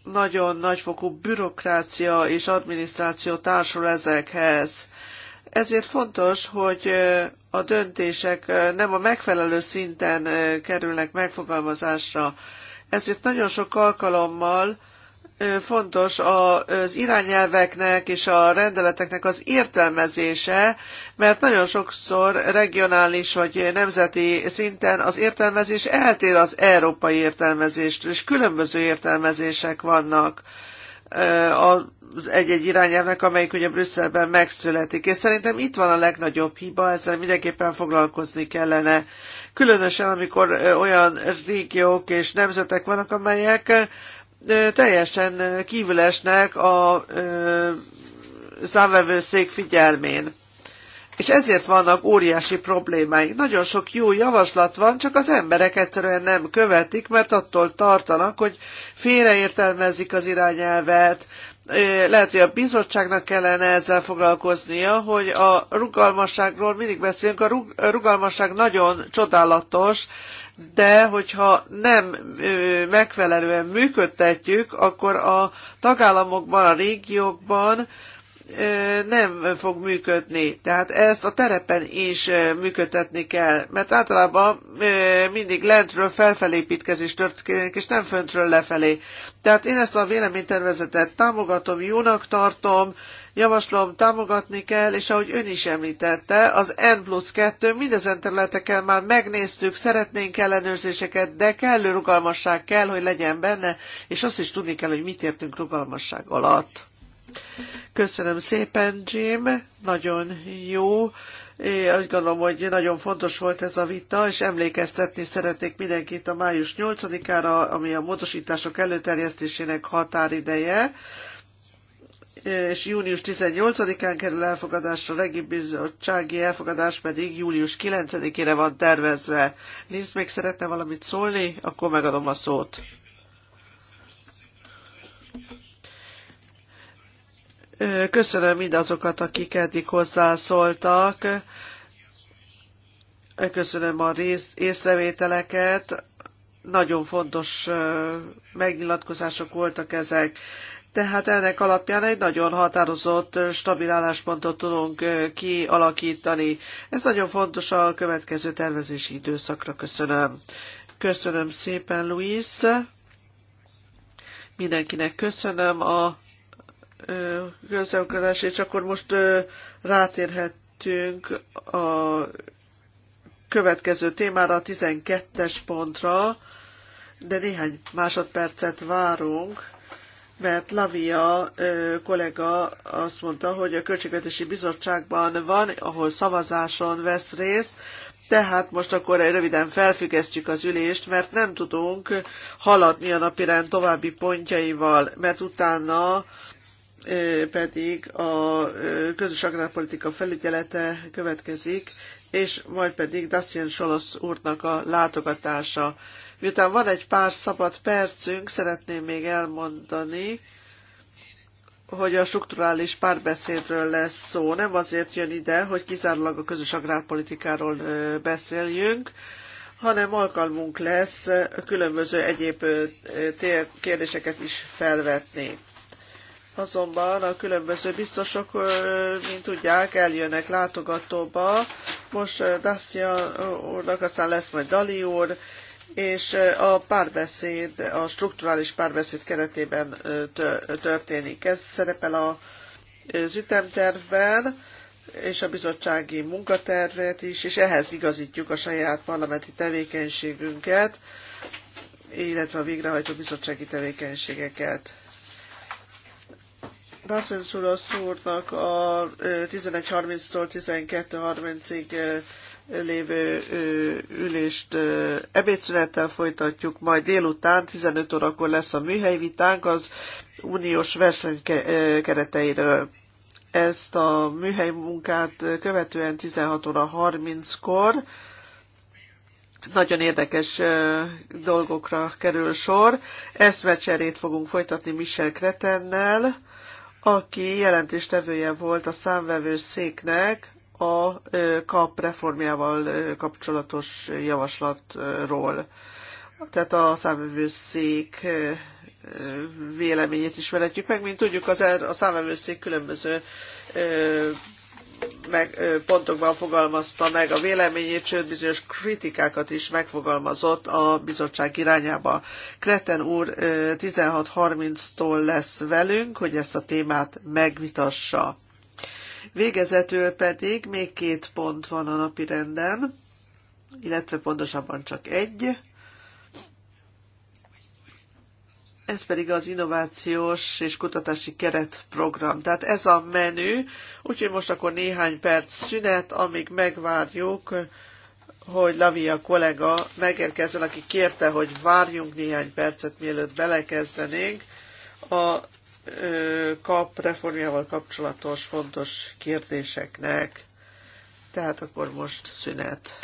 nagyon nagyfokú bürokrácia és adminisztráció társul ezekhez. Ezért fontos, hogy a döntések nem a megfelelő szinten kerülnek megfogalmazásra. Ezért nagyon sok alkalommal fontos az irányelveknek és a rendeleteknek az értelmezése, mert nagyon sokszor regionális vagy nemzeti szinten az értelmezés eltér az európai értelmezést, és különböző értelmezések vannak az egy-egy irányelvnek, amelyik ugye Brüsszelben megszületik. És szerintem itt van a legnagyobb hiba, ezzel mindenképpen foglalkozni kellene. Különösen, amikor olyan régiók és nemzetek vannak, amelyek teljesen kívülesnek a számvevőszék figyelmén. És ezért vannak óriási problémáink. Nagyon sok jó javaslat van, csak az emberek egyszerűen nem követik, mert attól tartanak, hogy félreértelmezik az irányelvet, lehet, hogy a bizottságnak kellene ezzel foglalkoznia, hogy a rugalmasságról mindig beszélünk. A rugalmasság nagyon csodálatos, de hogyha nem megfelelően működtetjük, akkor a tagállamokban, a régiókban nem fog működni. Tehát ezt a terepen is működtetni kell, mert általában mindig lentről felfelé történik, és nem föntről lefelé. Tehát én ezt a véleménytervezetet támogatom, jónak tartom, Javaslom, támogatni kell, és ahogy ön is említette, az N plusz 2 mindezen területeken már megnéztük, szeretnénk ellenőrzéseket, de kellő rugalmasság kell, hogy legyen benne, és azt is tudni kell, hogy mit értünk rugalmasság alatt. Köszönöm szépen, Jim, nagyon jó. Én azt gondolom, hogy nagyon fontos volt ez a vita, és emlékeztetni szeretnék mindenkit a május 8-ára, ami a módosítások előterjesztésének határideje és június 18-án kerül elfogadásra, a regibizottsági elfogadás pedig július 9-ére van tervezve. Liz még szeretne valamit szólni, akkor megadom a szót. Köszönöm mindazokat, akik eddig hozzászóltak. Köszönöm a rész, észrevételeket. Nagyon fontos megnyilatkozások voltak ezek. Tehát ennek alapján egy nagyon határozott, stabil álláspontot tudunk kialakítani. Ez nagyon fontos a következő tervezési időszakra. Köszönöm. Köszönöm szépen, Luis. Mindenkinek köszönöm a közönködés, és akkor most rátérhettünk a következő témára, a 12-es pontra, de néhány másodpercet várunk mert Lavia kollega azt mondta, hogy a Költségvetési Bizottságban van, ahol szavazáson vesz részt, tehát most akkor röviden felfüggesztjük az ülést, mert nem tudunk haladni a napirend további pontjaival, mert utána pedig a közös agrárpolitika felügyelete következik, és majd pedig Dacian Solos úrnak a látogatása. Miután van egy pár szabad percünk, szeretném még elmondani, hogy a strukturális párbeszédről lesz szó. Nem azért jön ide, hogy kizárólag a közös agrárpolitikáról beszéljünk, hanem alkalmunk lesz különböző egyéb kérdéseket is felvetni. Azonban a különböző biztosok, mint tudják, eljönnek látogatóba. Most Dacia úrnak, aztán lesz majd Dali úr, és a párbeszéd, a strukturális párbeszéd keretében történik. Ez szerepel a, az ütemtervben, és a bizottsági munkatervet is, és ehhez igazítjuk a saját parlamenti tevékenységünket, illetve a végrehajtó bizottsági tevékenységeket. Szulasz úrnak a 11.30-tól 12.30-ig lévő ülést ebédszünettel folytatjuk, majd délután 15 órakor lesz a műhely vitánk az uniós verseny kereteiről. Ezt a műhely munkát követően 16 óra 30-kor nagyon érdekes dolgokra kerül sor. Eszmecserét fogunk folytatni Michel Kretennel, aki jelentéstevője volt a széknek a KAP reformjával kapcsolatos javaslatról. Tehát a számvevőszék véleményét is veletjük meg. Mint tudjuk, az er, a számvevőszék különböző meg, pontokban fogalmazta meg a véleményét, sőt bizonyos kritikákat is megfogalmazott a bizottság irányába. Kreten úr 16.30-tól lesz velünk, hogy ezt a témát megvitassa. Végezetül pedig még két pont van a napi renden, illetve pontosabban csak egy. ez pedig az innovációs és kutatási keretprogram. Tehát ez a menü, úgyhogy most akkor néhány perc szünet, amíg megvárjuk, hogy Lavia kollega megérkezzen, aki kérte, hogy várjunk néhány percet, mielőtt belekezdenénk. A kap reformjával kapcsolatos fontos kérdéseknek. Tehát akkor most szünet.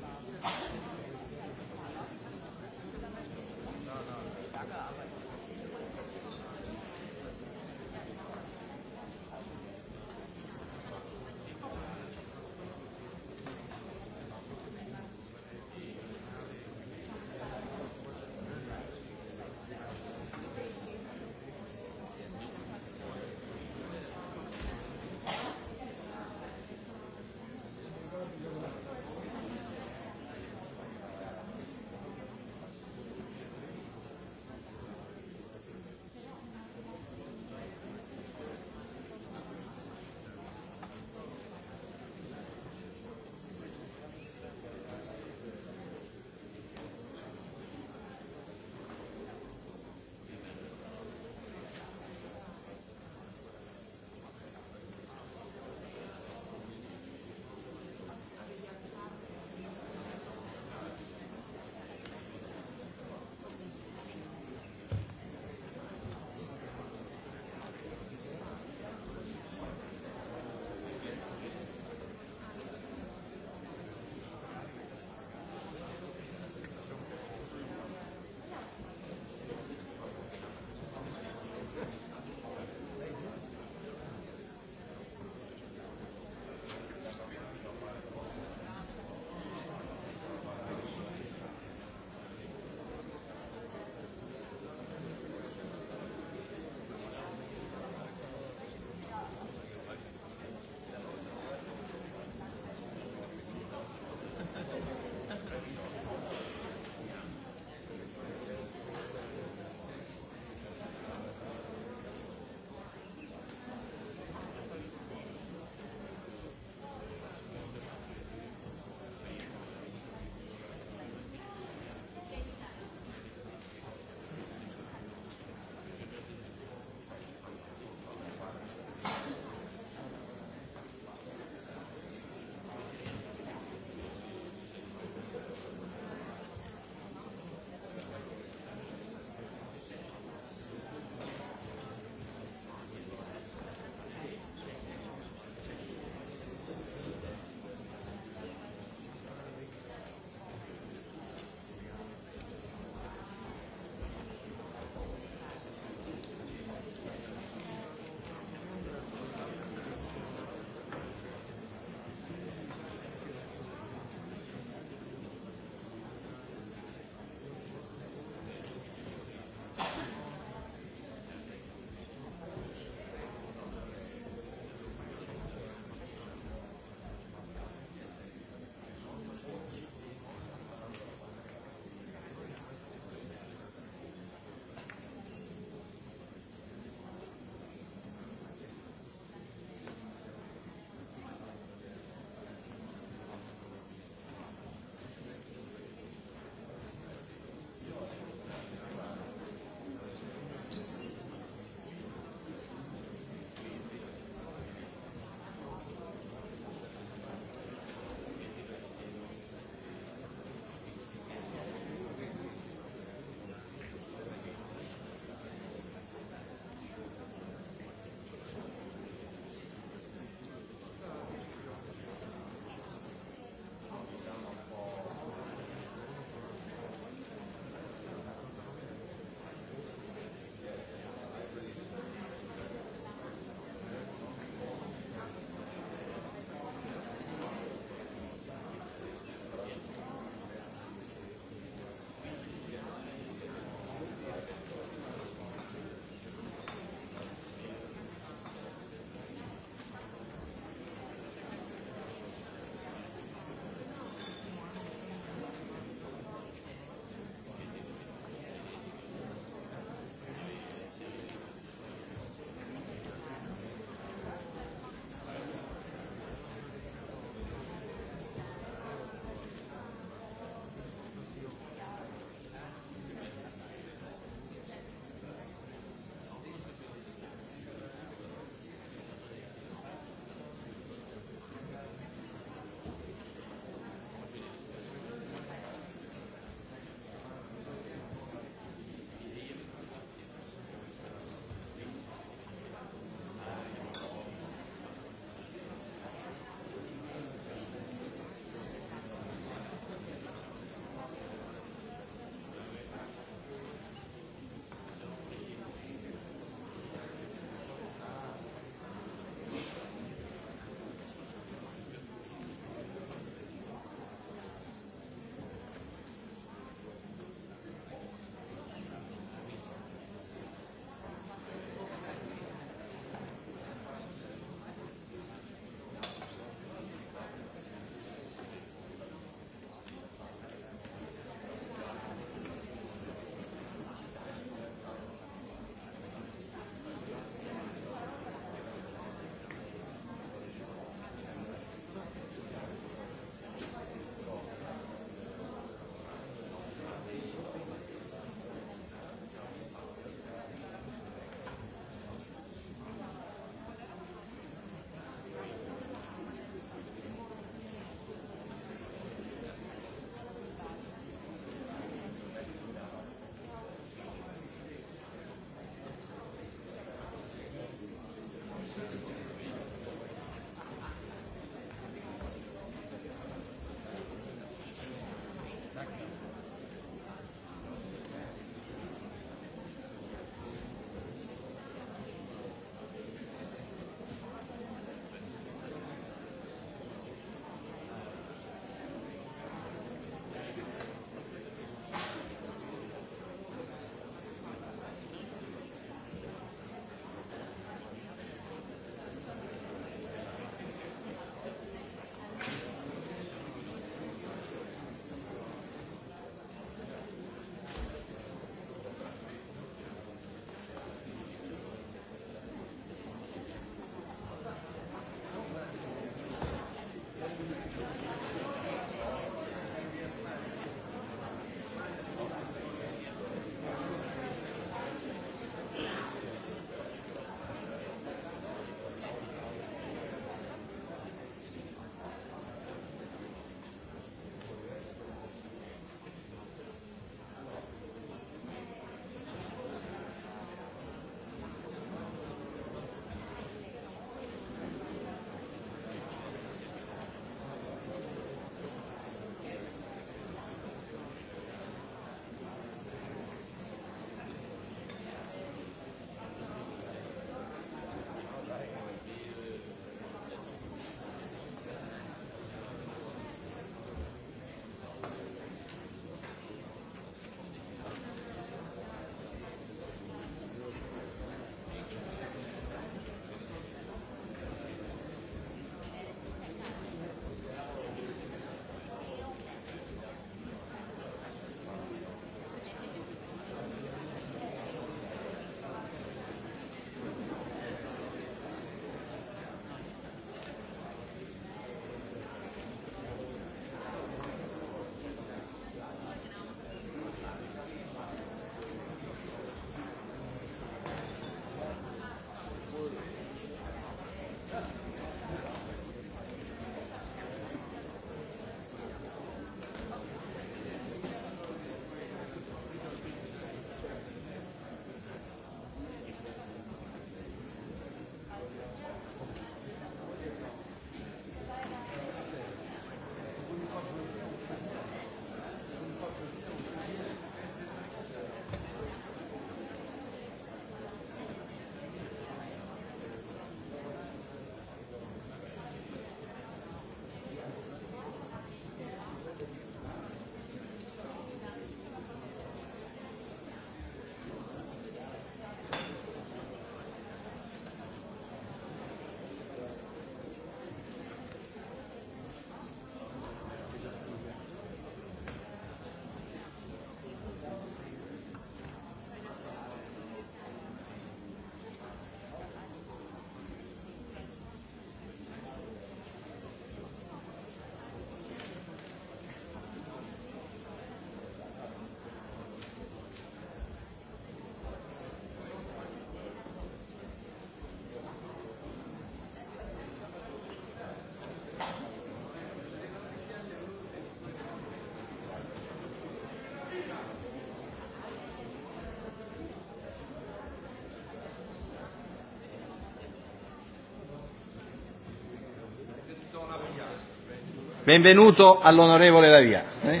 Benvenuto all'onorevole Lavia. Eh?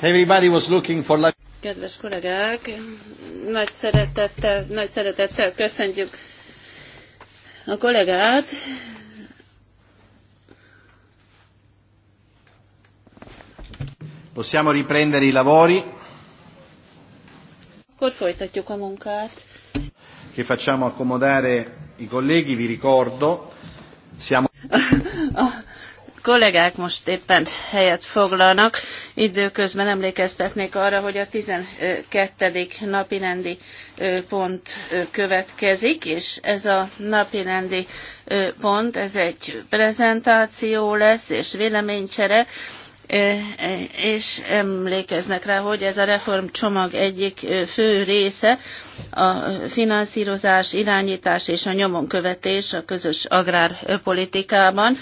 Everybody was looking for Lavia. Kedves kollégák, nagy szeretettel, nagy szeretettel köszöntjük a kollégát. Possiamo riprendere i lavori. Akkor folytatjuk a munkát. Che facciamo accomodare i colleghi, vi ricordo, siamo kollégák most éppen helyet foglalnak. Időközben emlékeztetnék arra, hogy a 12. napirendi pont következik, és ez a napirendi pont, ez egy prezentáció lesz, és véleménycsere, és emlékeznek rá, hogy ez a reformcsomag egyik fő része a finanszírozás, irányítás és a nyomon követés a közös agrárpolitikában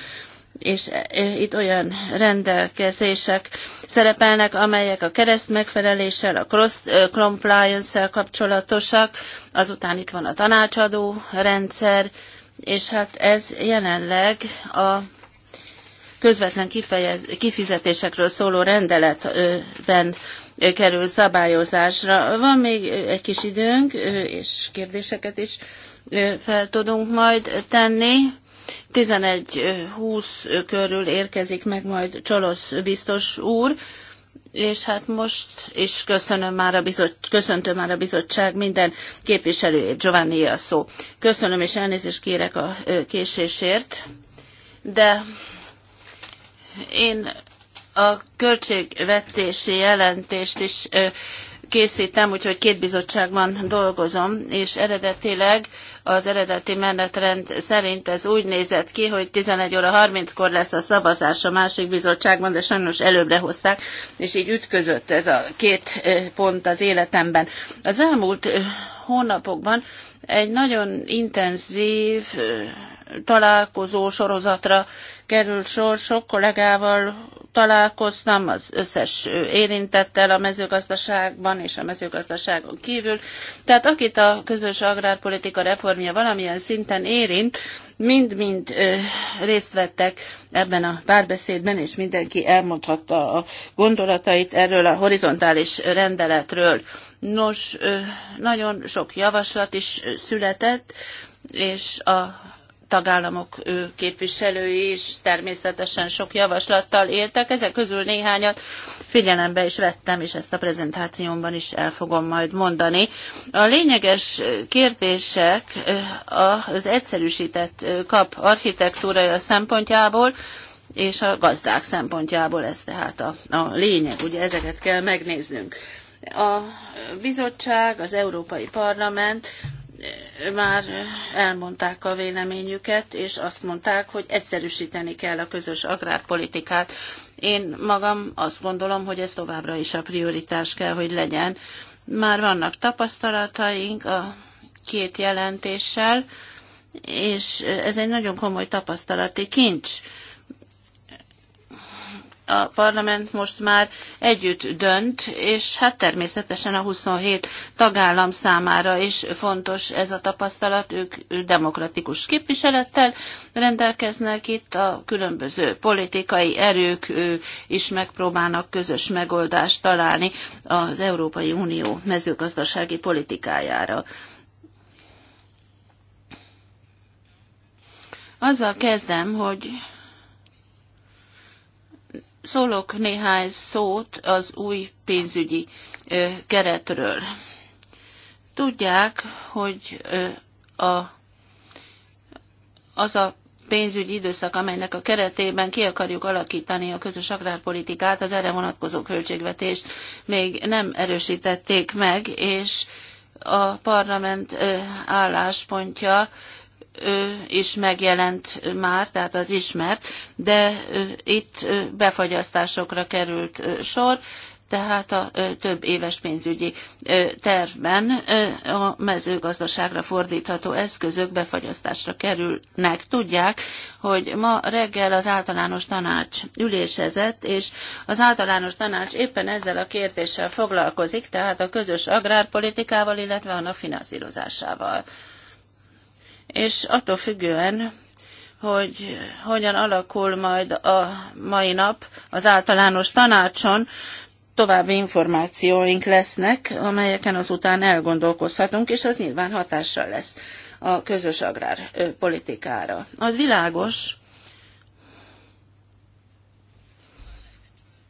és e, e, itt olyan rendelkezések szerepelnek, amelyek a kereszt megfeleléssel, a cross e, compliance-szel kapcsolatosak, azután itt van a tanácsadó rendszer, és hát ez jelenleg a közvetlen kifejez, kifizetésekről szóló rendeletben kerül szabályozásra. Van még egy kis időnk, és kérdéseket is fel tudunk majd tenni. 11-20 körül érkezik meg majd Csolosz biztos úr, és hát most is köszönöm már a bizot, köszöntöm már a bizottság minden képviselőjét, Giovanni a szó. Köszönöm és elnézést kérek a késésért, de én a költségvetési jelentést is készítem, úgyhogy két bizottságban dolgozom, és eredetileg az eredeti menetrend szerint ez úgy nézett ki, hogy 11 óra 30-kor lesz a szavazás a másik bizottságban, de sajnos előbbre hozták, és így ütközött ez a két eh, pont az életemben. Az elmúlt eh, hónapokban egy nagyon intenzív eh, találkozó sorozatra került sor, sok kollégával találkoztam az összes érintettel a mezőgazdaságban és a mezőgazdaságon kívül. Tehát akit a közös agrárpolitika reformja valamilyen szinten érint, mind-mind részt vettek ebben a párbeszédben, és mindenki elmondhatta a gondolatait erről a horizontális rendeletről. Nos, nagyon sok javaslat is született, és a tagállamok képviselői is természetesen sok javaslattal éltek, ezek közül néhányat figyelembe is vettem, és ezt a prezentációmban is el fogom majd mondani. A lényeges kérdések az egyszerűsített kap architektúrája szempontjából, és a gazdák szempontjából ez tehát a, a lényeg, ugye ezeket kell megnéznünk. A bizottság, az Európai Parlament már elmondták a véleményüket, és azt mondták, hogy egyszerűsíteni kell a közös agrárpolitikát. Én magam azt gondolom, hogy ez továbbra is a prioritás kell, hogy legyen. Már vannak tapasztalataink a két jelentéssel, és ez egy nagyon komoly tapasztalati kincs a parlament most már együtt dönt, és hát természetesen a 27 tagállam számára is fontos ez a tapasztalat, ők demokratikus képviselettel rendelkeznek itt, a különböző politikai erők is megpróbálnak közös megoldást találni az Európai Unió mezőgazdasági politikájára. Azzal kezdem, hogy Szólok néhány szót az új pénzügyi keretről. Tudják, hogy a, az a pénzügyi időszak, amelynek a keretében ki akarjuk alakítani a közös agrárpolitikát, az erre vonatkozó költségvetést még nem erősítették meg, és a parlament álláspontja is megjelent már, tehát az ismert, de itt befagyasztásokra került sor, tehát a több éves pénzügyi tervben a mezőgazdaságra fordítható eszközök befagyasztásra kerülnek. Tudják, hogy ma reggel az általános tanács ülésezett, és az általános tanács éppen ezzel a kérdéssel foglalkozik, tehát a közös agrárpolitikával, illetve annak finanszírozásával és attól függően, hogy hogyan alakul majd a mai nap az általános tanácson, további információink lesznek, amelyeken azután elgondolkozhatunk, és az nyilván hatással lesz a közös agrárpolitikára. Az világos,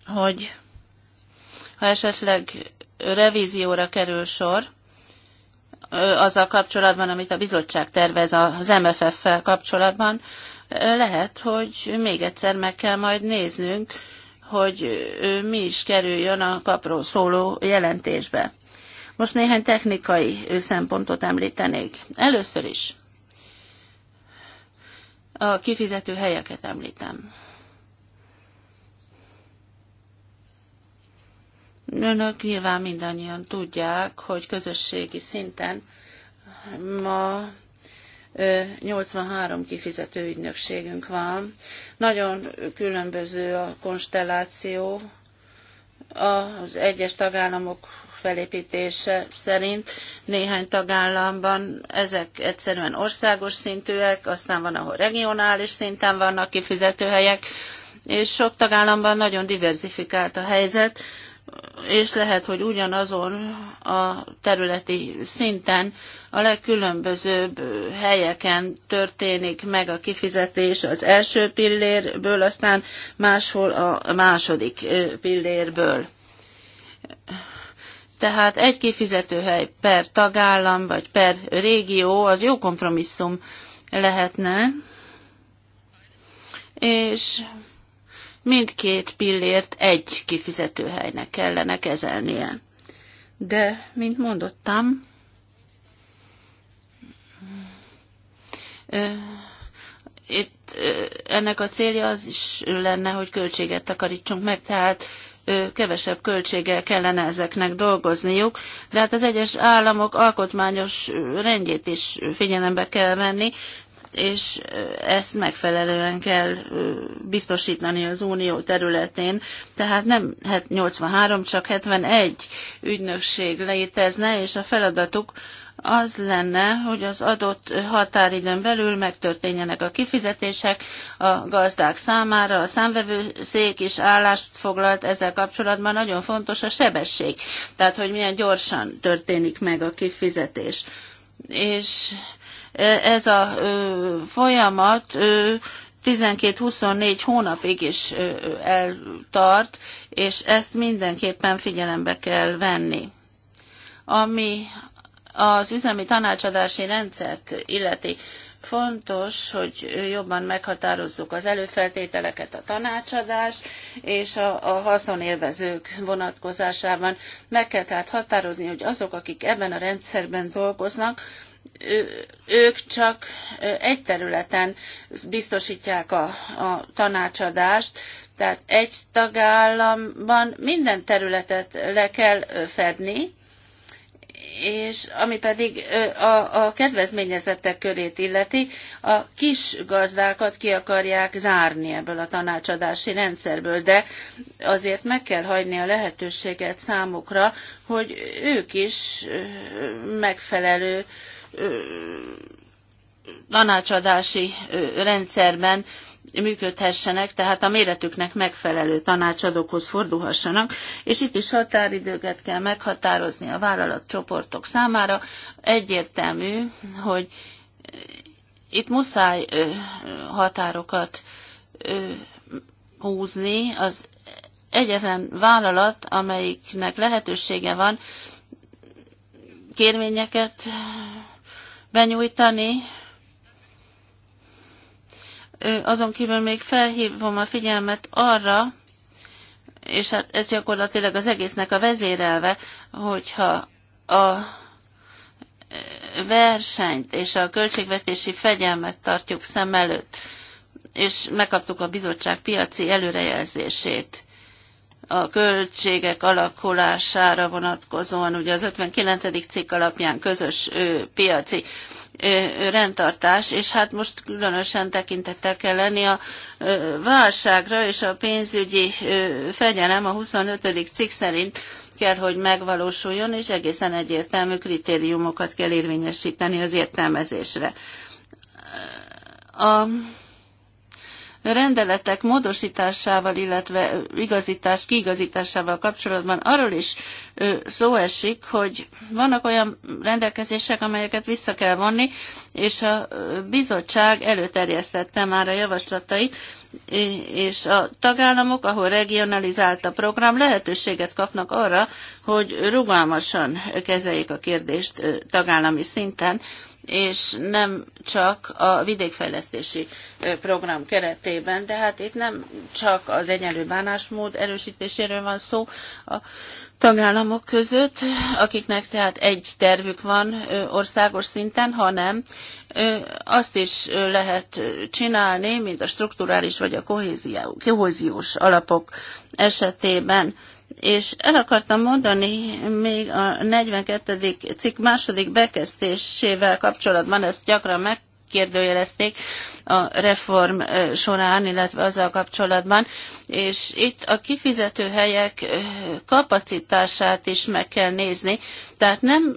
hogy ha esetleg revízióra kerül sor, azzal kapcsolatban, amit a bizottság tervez az MFF-fel kapcsolatban, lehet, hogy még egyszer meg kell majd néznünk, hogy mi is kerüljön a kapról szóló jelentésbe. Most néhány technikai szempontot említenék. Először is a kifizető helyeket említem. Önök nyilván mindannyian tudják, hogy közösségi szinten ma 83 kifizető ügynökségünk van. Nagyon különböző a konstelláció az egyes tagállamok felépítése szerint. Néhány tagállamban ezek egyszerűen országos szintűek, aztán van, ahol regionális szinten vannak kifizetőhelyek, és sok tagállamban nagyon diverzifikált a helyzet és lehet, hogy ugyanazon a területi szinten a legkülönbözőbb helyeken történik meg a kifizetés az első pillérből, aztán máshol a második pillérből. Tehát egy kifizetőhely per tagállam vagy per régió az jó kompromisszum lehetne, és mindkét pillért egy kifizetőhelynek kellene kezelnie. De, mint mondottam, itt ennek a célja az is lenne, hogy költséget takarítsunk meg, tehát kevesebb költséggel kellene ezeknek dolgozniuk, de hát az egyes államok alkotmányos rendjét is figyelembe kell venni, és ezt megfelelően kell biztosítani az unió területén. Tehát nem 83, hát csak 71 ügynökség létezne, és a feladatuk az lenne, hogy az adott határidőn belül megtörténjenek a kifizetések a gazdák számára. A számvevőszék is állást foglalt ezzel kapcsolatban. Nagyon fontos a sebesség, tehát hogy milyen gyorsan történik meg a kifizetés. És ez a folyamat 12-24 hónapig is eltart, és ezt mindenképpen figyelembe kell venni. Ami az üzemi tanácsadási rendszert illeti, fontos, hogy jobban meghatározzuk az előfeltételeket a tanácsadás és a, a haszonélvezők vonatkozásában. Meg kell tehát határozni, hogy azok, akik ebben a rendszerben dolgoznak, ők csak egy területen biztosítják a, a tanácsadást, tehát egy tagállamban minden területet le kell fedni, és ami pedig a, a kedvezményezettek körét illeti, a kis gazdákat ki akarják zárni ebből a tanácsadási rendszerből, de azért meg kell hagyni a lehetőséget számukra, hogy ők is megfelelő tanácsadási rendszerben működhessenek, tehát a méretüknek megfelelő tanácsadókhoz fordulhassanak, és itt is határidőket kell meghatározni a vállalatcsoportok számára. Egyértelmű, hogy itt muszáj határokat húzni. Az egyetlen vállalat, amelyiknek lehetősége van kérvényeket benyújtani. Azon kívül még felhívom a figyelmet arra, és hát ez gyakorlatilag az egésznek a vezérelve, hogyha a versenyt és a költségvetési fegyelmet tartjuk szem előtt, és megkaptuk a bizottság piaci előrejelzését a költségek alakulására vonatkozóan, ugye az 59. cikk alapján közös piaci rendtartás, és hát most különösen tekintettel kell lenni a válságra, és a pénzügyi fegyelem a 25. cikk szerint kell, hogy megvalósuljon, és egészen egyértelmű kritériumokat kell érvényesíteni az értelmezésre. A rendeletek módosításával, illetve igazítás, kiigazításával kapcsolatban arról is szó esik, hogy vannak olyan rendelkezések, amelyeket vissza kell vonni, és a bizottság előterjesztette már a javaslatait, és a tagállamok, ahol regionalizált a program, lehetőséget kapnak arra, hogy rugalmasan kezeljék a kérdést tagállami szinten, és nem csak a vidékfejlesztési program keretében, de hát itt nem csak az egyenlő bánásmód erősítéséről van szó a tagállamok között, akiknek tehát egy tervük van országos szinten, hanem azt is lehet csinálni, mint a strukturális vagy a kohéziós alapok esetében és el akartam mondani még a 42. cikk második bekezdésével kapcsolatban, ezt gyakran megkérdőjelezték a reform során, illetve azzal kapcsolatban, és itt a kifizető helyek kapacitását is meg kell nézni, tehát nem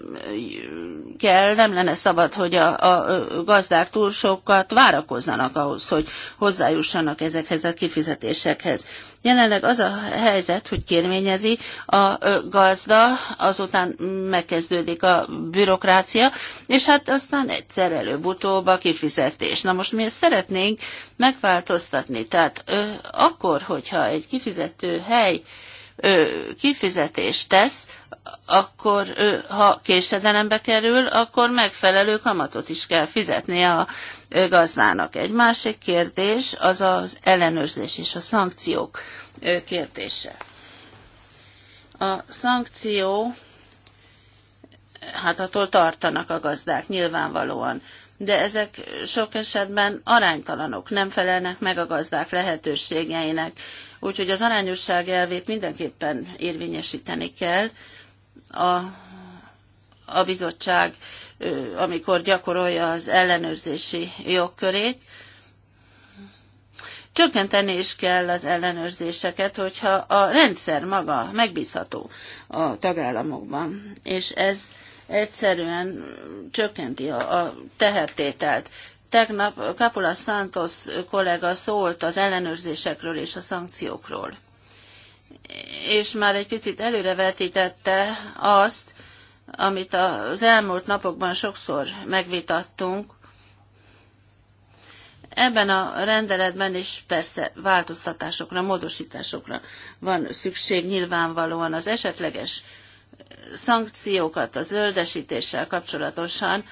kell, nem lenne szabad, hogy a, a gazdák túl sokat várakozzanak ahhoz, hogy hozzájussanak ezekhez a kifizetésekhez. Jelenleg az a helyzet, hogy kérményezi a gazda, azután megkezdődik a bürokrácia, és hát aztán egyszer előbb-utóbb a kifizetés. Na most mi ezt szeretnénk megváltoztatni. Tehát akkor, hogyha egy kifizető hely kifizetést tesz, akkor ha késedelembe kerül, akkor megfelelő kamatot is kell fizetnie a gazdának. Egy másik kérdés az az ellenőrzés és a szankciók kérdése. A szankció, hát attól tartanak a gazdák nyilvánvalóan, de ezek sok esetben aránytalanok, nem felelnek meg a gazdák lehetőségeinek, úgyhogy az arányosság elvét mindenképpen érvényesíteni kell, a, a bizottság, amikor gyakorolja az ellenőrzési jogkörét. Csökkenteni is kell az ellenőrzéseket, hogyha a rendszer maga megbízható a tagállamokban, és ez egyszerűen csökkenti a, a tehertételt. Tegnap Kapula Santos kollega szólt az ellenőrzésekről és a szankciókról és már egy picit előrevetítette azt, amit az elmúlt napokban sokszor megvitattunk. Ebben a rendeletben is persze változtatásokra, módosításokra van szükség nyilvánvalóan az esetleges szankciókat a zöldesítéssel kapcsolatosan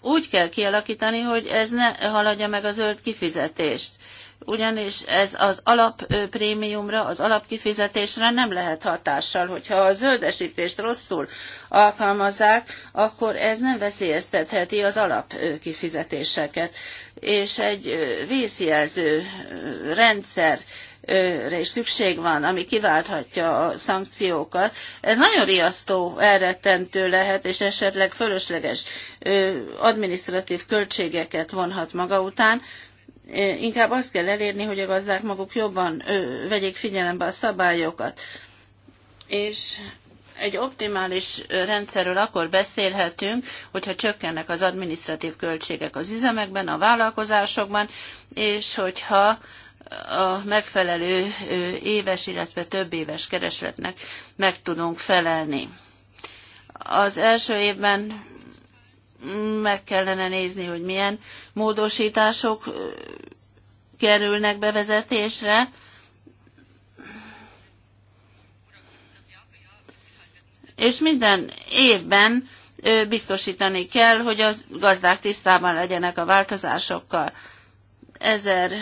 úgy kell kialakítani, hogy ez ne haladja meg a zöld kifizetést ugyanis ez az alapprémiumra, az alapkifizetésre nem lehet hatással. Hogyha a zöldesítést rosszul alkalmazzák, akkor ez nem veszélyeztetheti az alapkifizetéseket. És egy vészjelző rendszer re is szükség van, ami kiválthatja a szankciókat. Ez nagyon riasztó, elrettentő lehet, és esetleg fölösleges adminisztratív költségeket vonhat maga után, Inkább azt kell elérni, hogy a gazdák maguk jobban ö, vegyék figyelembe a szabályokat. És egy optimális rendszerről akkor beszélhetünk, hogyha csökkennek az adminisztratív költségek az üzemekben, a vállalkozásokban, és hogyha a megfelelő éves, illetve több éves keresletnek meg tudunk felelni. Az első évben meg kellene nézni, hogy milyen módosítások kerülnek bevezetésre. És minden évben biztosítani kell, hogy a gazdák tisztában legyenek a változásokkal. Ezer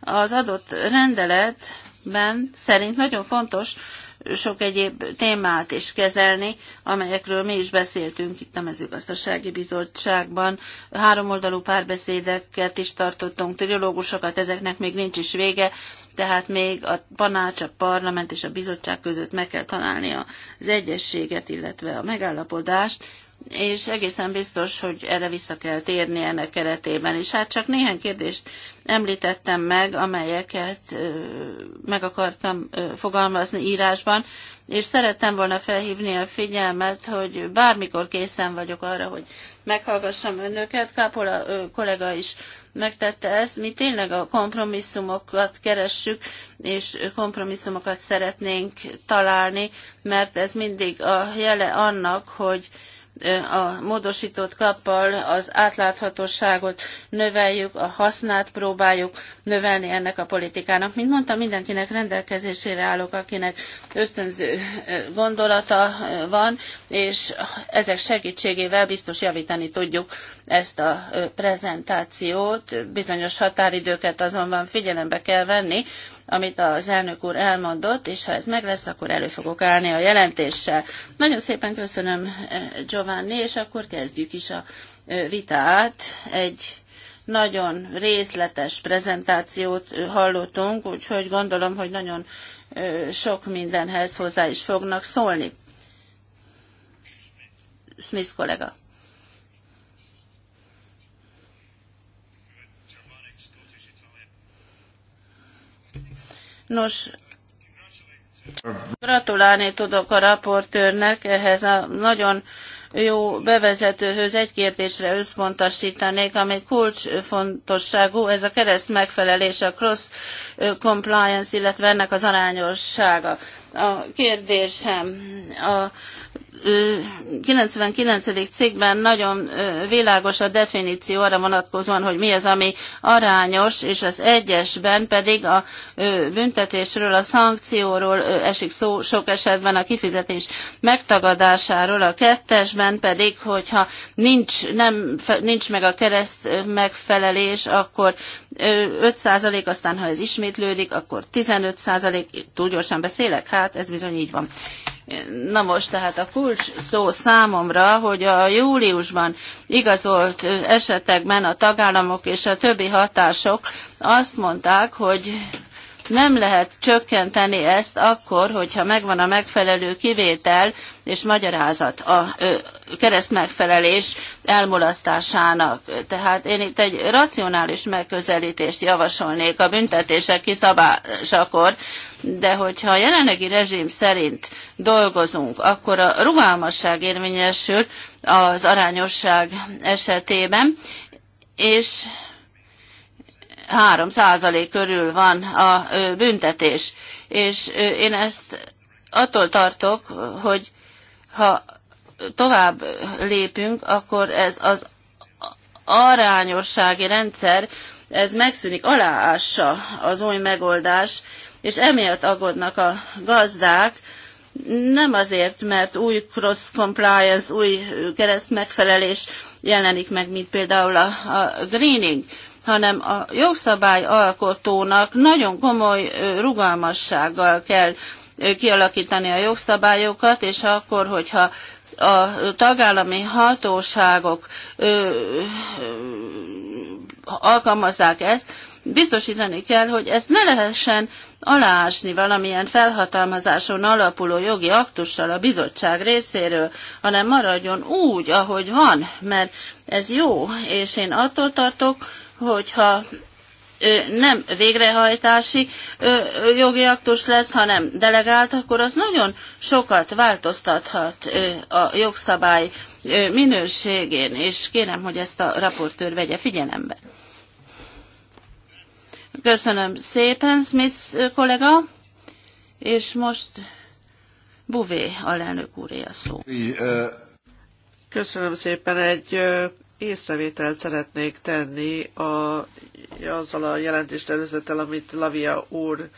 az adott rendeletben szerint nagyon fontos, sok egyéb témát is kezelni, amelyekről mi is beszéltünk itt a mezőgazdasági bizottságban. Háromoldalú párbeszédeket is tartottunk, trilógusokat, ezeknek még nincs is vége, tehát még a tanács, a parlament és a bizottság között meg kell találni az egyességet, illetve a megállapodást, és egészen biztos, hogy erre vissza kell térni ennek keretében és Hát csak néhány kérdést említettem meg, amelyeket meg akartam fogalmazni írásban, és szerettem volna felhívni a figyelmet, hogy bármikor készen vagyok arra, hogy meghallgassam önöket. Kápola kollega is megtette ezt. Mi tényleg a kompromisszumokat keressük, és kompromisszumokat szeretnénk találni, mert ez mindig a jele annak, hogy a módosított kappal az átláthatóságot növeljük, a hasznát próbáljuk növelni ennek a politikának. Mint mondtam, mindenkinek rendelkezésére állok, akinek ösztönző gondolata van, és ezek segítségével biztos javítani tudjuk ezt a prezentációt. Bizonyos határidőket azonban figyelembe kell venni, amit az elnök úr elmondott, és ha ez meg lesz, akkor elő fogok állni a jelentéssel. Nagyon szépen köszönöm eh, Giovanni, és akkor kezdjük is a eh, vitát. Egy nagyon részletes prezentációt eh, hallottunk, úgyhogy gondolom, hogy nagyon sok mindenhez hozzá is fognak szólni. Smith kollega. Nos, gratulálni tudok a raportőrnek ehhez a nagyon jó bevezetőhöz egy kérdésre összpontosítanék, ami kulcsfontosságú, ez a kereszt megfelelés, a cross compliance, illetve ennek az arányossága. A kérdésem a 99. cikkben nagyon világos a definíció arra vonatkozóan, hogy mi az, ami arányos, és az egyesben pedig a büntetésről, a szankcióról esik szó sok esetben a kifizetés megtagadásáról, a kettesben pedig, hogyha nincs, nem, nincs meg a kereszt megfelelés, akkor 5 aztán ha ez ismétlődik, akkor 15 túl gyorsan beszélek, hát ez bizony így van. Na most tehát a kulcs szó számomra, hogy a júliusban igazolt esetekben a tagállamok és a többi hatások azt mondták, hogy nem lehet csökkenteni ezt akkor, hogyha megvan a megfelelő kivétel és magyarázat a keresztmegfelelés elmulasztásának. Tehát én itt egy racionális megközelítést javasolnék a büntetések kiszabásakor, de hogyha a jelenlegi rezsim szerint dolgozunk, akkor a rugalmasság érvényesül az arányosság esetében, és 3 százalék körül van a büntetés. És én ezt attól tartok, hogy ha tovább lépünk, akkor ez az arányossági rendszer, ez megszűnik, aláássa az új megoldás, és emiatt aggódnak a gazdák, nem azért, mert új cross-compliance, új kereszt megfelelés jelenik meg, mint például a, a greening, hanem a jogszabály alkotónak nagyon komoly rugalmassággal kell kialakítani a jogszabályokat, és akkor, hogyha a tagállami hatóságok ö, ö, alkalmazzák ezt, biztosítani kell, hogy ezt ne lehessen aláásni valamilyen felhatalmazáson alapuló jogi aktussal a bizottság részéről, hanem maradjon úgy, ahogy van, mert ez jó, és én attól tartok, hogyha nem végrehajtási jogi aktus lesz, hanem delegált, akkor az nagyon sokat változtathat a jogszabály minőségén, és kérem, hogy ezt a raportőr vegye figyelembe. Köszönöm szépen, Smith kollega, és most Buvé alelnök úré a szó. Köszönöm szépen, egy észrevételt szeretnék tenni a, azzal a jelentéstervezettel, amit Lavia úr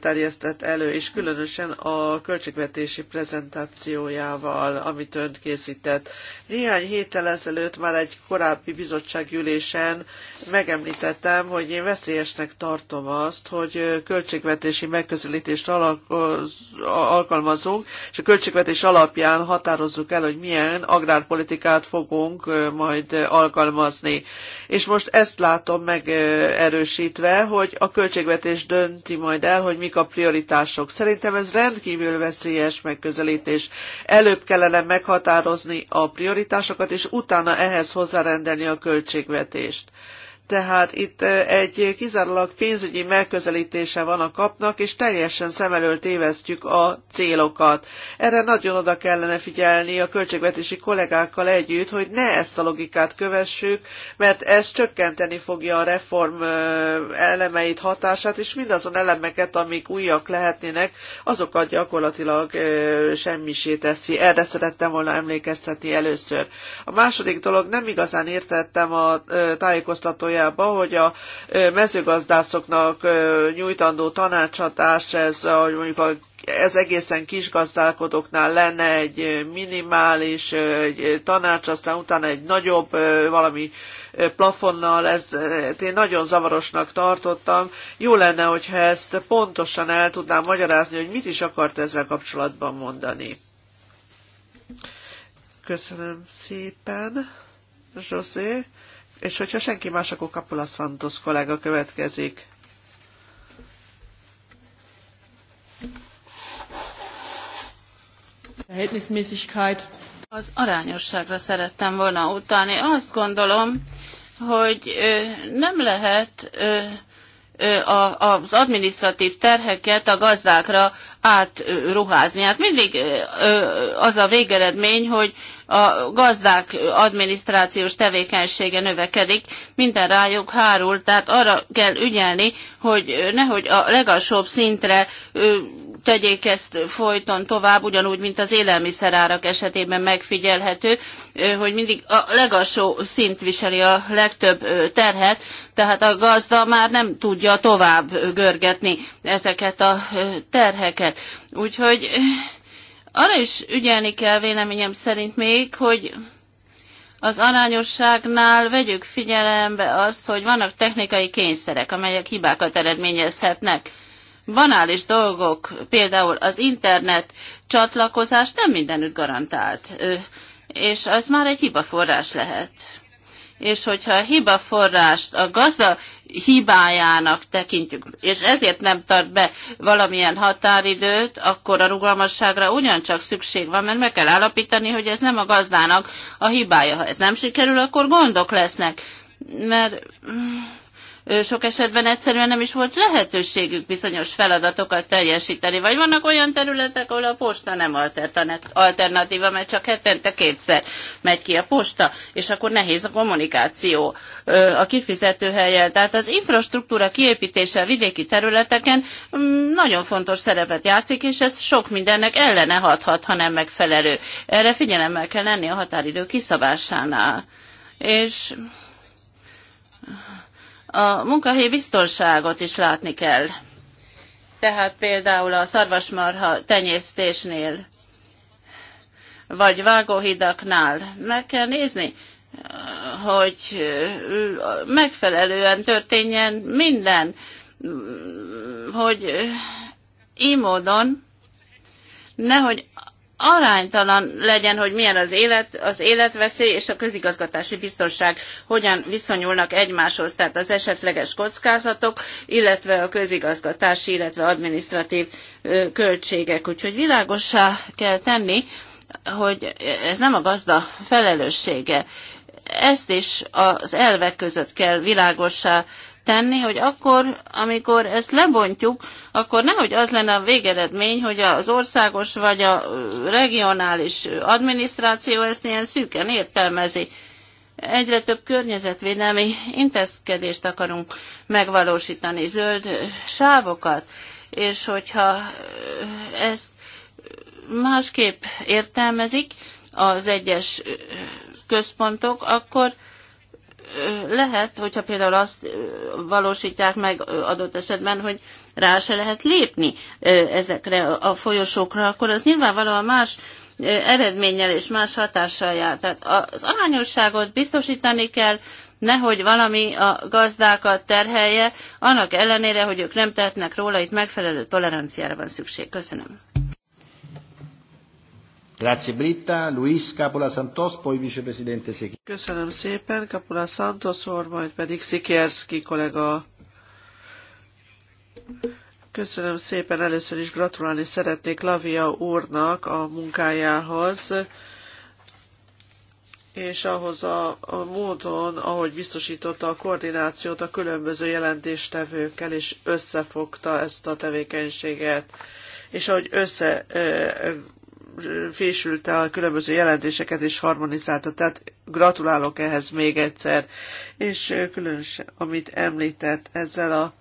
terjesztett elő, és különösen a költségvetési prezentációjával, amit ön készített. Néhány héttel ezelőtt már egy korábbi bizottságülésen megemlítettem, hogy én veszélyesnek tartom azt, hogy költségvetési megközelítést alkalmazunk, és a költségvetés alapján határozzuk el, hogy milyen agrárpolitikát fogunk majd alkalmazni. És most ezt látom megerősítve, hogy a költségvetés dönti majd el, hogy mik a prioritások. Szerintem ez rendkívül veszélyes megközelítés. Előbb kellene meghatározni a prioritásokat, megtakarításokat, és utána ehhez hozzárendelni a költségvetést. Tehát itt egy kizárólag pénzügyi megközelítése van a kapnak, és teljesen szem elől tévesztjük a célokat. Erre nagyon oda kellene figyelni a költségvetési kollégákkal együtt, hogy ne ezt a logikát kövessük, mert ez csökkenteni fogja a reform elemeit, hatását, és mindazon elemeket, amik újak lehetnének, azokat gyakorlatilag semmisé teszi. Erre szerettem volna emlékeztetni először. A második dolog, nem igazán értettem a tájékoztatóját, munkájába, hogy a mezőgazdászoknak nyújtandó tanácsadás, ez hogy mondjuk a ez egészen kis gazdálkodóknál lenne egy minimális egy tanács, aztán utána egy nagyobb valami plafonnal, ez hát én nagyon zavarosnak tartottam. Jó lenne, hogyha ezt pontosan el tudnám magyarázni, hogy mit is akart ezzel kapcsolatban mondani. Köszönöm szépen, José. És hogyha senki más, akkor Kapula Santos kollega következik. Verhältnismäßigkeit. Az arányosságra szerettem volna utalni. Azt gondolom, hogy nem lehet az adminisztratív terheket a gazdákra átruházni. Hát mindig az a végeredmény, hogy a gazdák adminisztrációs tevékenysége növekedik, minden rájuk hárul, tehát arra kell ügyelni, hogy nehogy a legalsóbb szintre tegyék ezt folyton tovább, ugyanúgy, mint az élelmiszerárak esetében megfigyelhető, hogy mindig a legalsó szint viseli a legtöbb terhet, tehát a gazda már nem tudja tovább görgetni ezeket a terheket. Úgyhogy arra is ügyelni kell véleményem szerint még, hogy az arányosságnál vegyük figyelembe azt, hogy vannak technikai kényszerek, amelyek hibákat eredményezhetnek. Banális dolgok, például az internet csatlakozás nem mindenütt garantált, és az már egy hiba forrás lehet és hogyha a hiba forrást a gazda hibájának tekintjük, és ezért nem tart be valamilyen határidőt, akkor a rugalmasságra ugyancsak szükség van, mert meg kell állapítani, hogy ez nem a gazdának a hibája. Ha ez nem sikerül, akkor gondok lesznek, mert sok esetben egyszerűen nem is volt lehetőségük bizonyos feladatokat teljesíteni, vagy vannak olyan területek, ahol a posta nem alternatíva, mert csak hetente kétszer megy ki a posta, és akkor nehéz a kommunikáció a kifizető helyen. Tehát az infrastruktúra kiépítése a vidéki területeken mm, nagyon fontos szerepet játszik, és ez sok mindennek ellene hathat, ha nem megfelelő. Erre figyelemmel kell lenni a határidő kiszabásánál. És a munkahelyi biztonságot is látni kell. Tehát például a szarvasmarha tenyésztésnél, vagy vágóhidaknál meg kell nézni, hogy megfelelően történjen minden, hogy így módon nehogy aránytalan legyen, hogy milyen az, élet, az életveszély és a közigazgatási biztonság hogyan viszonyulnak egymáshoz, tehát az esetleges kockázatok, illetve a közigazgatási, illetve adminisztratív költségek. Úgyhogy világossá kell tenni, hogy ez nem a gazda felelőssége. Ezt is az elvek között kell világossá tenni, hogy akkor, amikor ezt lebontjuk, akkor nehogy az lenne a végeredmény, hogy az országos vagy a regionális adminisztráció ezt ilyen szűken értelmezi. Egyre több környezetvédelmi intézkedést akarunk megvalósítani, zöld sávokat, és hogyha ezt másképp értelmezik az egyes központok, akkor lehet, hogyha például azt valósítják meg adott esetben, hogy rá se lehet lépni ezekre a folyosókra, akkor az nyilvánvalóan más eredménnyel és más hatással jár. Tehát az arányosságot biztosítani kell, nehogy valami a gazdákat terhelje, annak ellenére, hogy ők nem tehetnek róla, itt megfelelő toleranciára van szükség. Köszönöm. Grazie Britta, Luis Capola Santos, poi vicepresidente Köszönöm szépen, Capola Santos úr, majd pedig Szikierszki kollega. Köszönöm szépen, először is gratulálni szeretnék Lavia úrnak a munkájához és ahhoz a, a módon, ahogy biztosította a koordinációt a különböző jelentéstevőkkel, és összefogta ezt a tevékenységet, és ahogy össze fésülte a különböző jelentéseket és harmonizálta. Tehát gratulálok ehhez még egyszer. És különösen, amit említett ezzel a,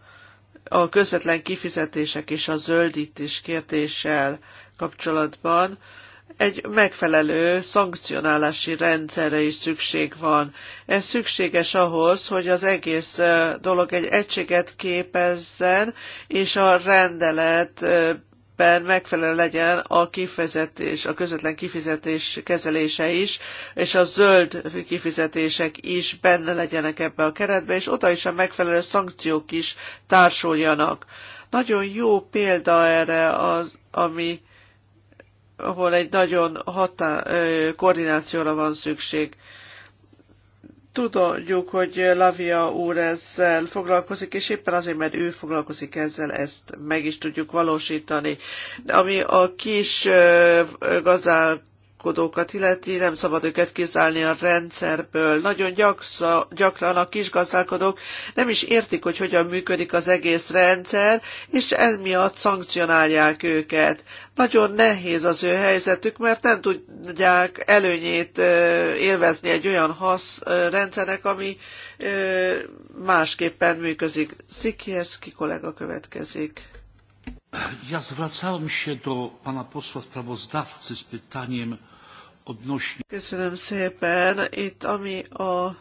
a közvetlen kifizetések és a zöldítés kérdéssel kapcsolatban, egy megfelelő szankcionálási rendszerre is szükség van. Ez szükséges ahhoz, hogy az egész dolog egy egységet képezzen, és a rendelet mindenképpen megfelelő legyen a kifizetés, a közvetlen kifizetés kezelése is, és a zöld kifizetések is benne legyenek ebbe a keretbe, és oda is a megfelelő szankciók is társuljanak. Nagyon jó példa erre az, ami ahol egy nagyon hatá, koordinációra van szükség. Tudjuk, hogy Lavia úr ezzel foglalkozik, és éppen azért, mert ő foglalkozik ezzel, ezt meg is tudjuk valósítani. De ami a kis gazdálkodók gazdálkodókat illeti, nem szabad őket kizárni a rendszerből. Nagyon gyaksa, gyakran a kisgazdálkodók nem is értik, hogy hogyan működik az egész rendszer, és emiatt szankcionálják őket. Nagyon nehéz az ő helyzetük, mert nem tudják előnyét élvezni egy olyan hasz rendszernek, ami másképpen működik. Szikierszki kollega következik. Ja zwracałem się do pana posła sprawozdawcy z pytaniem odnośnie... Köszönöm szépen. Itt ami a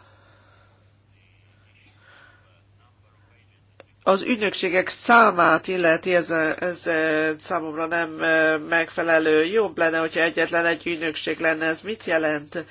az ügynökségek számát illeti, ez, ez számomra nem megfelelő. Jobb lenne, hogyha egyetlen egy ügynökség lenne. Ez mit jelent?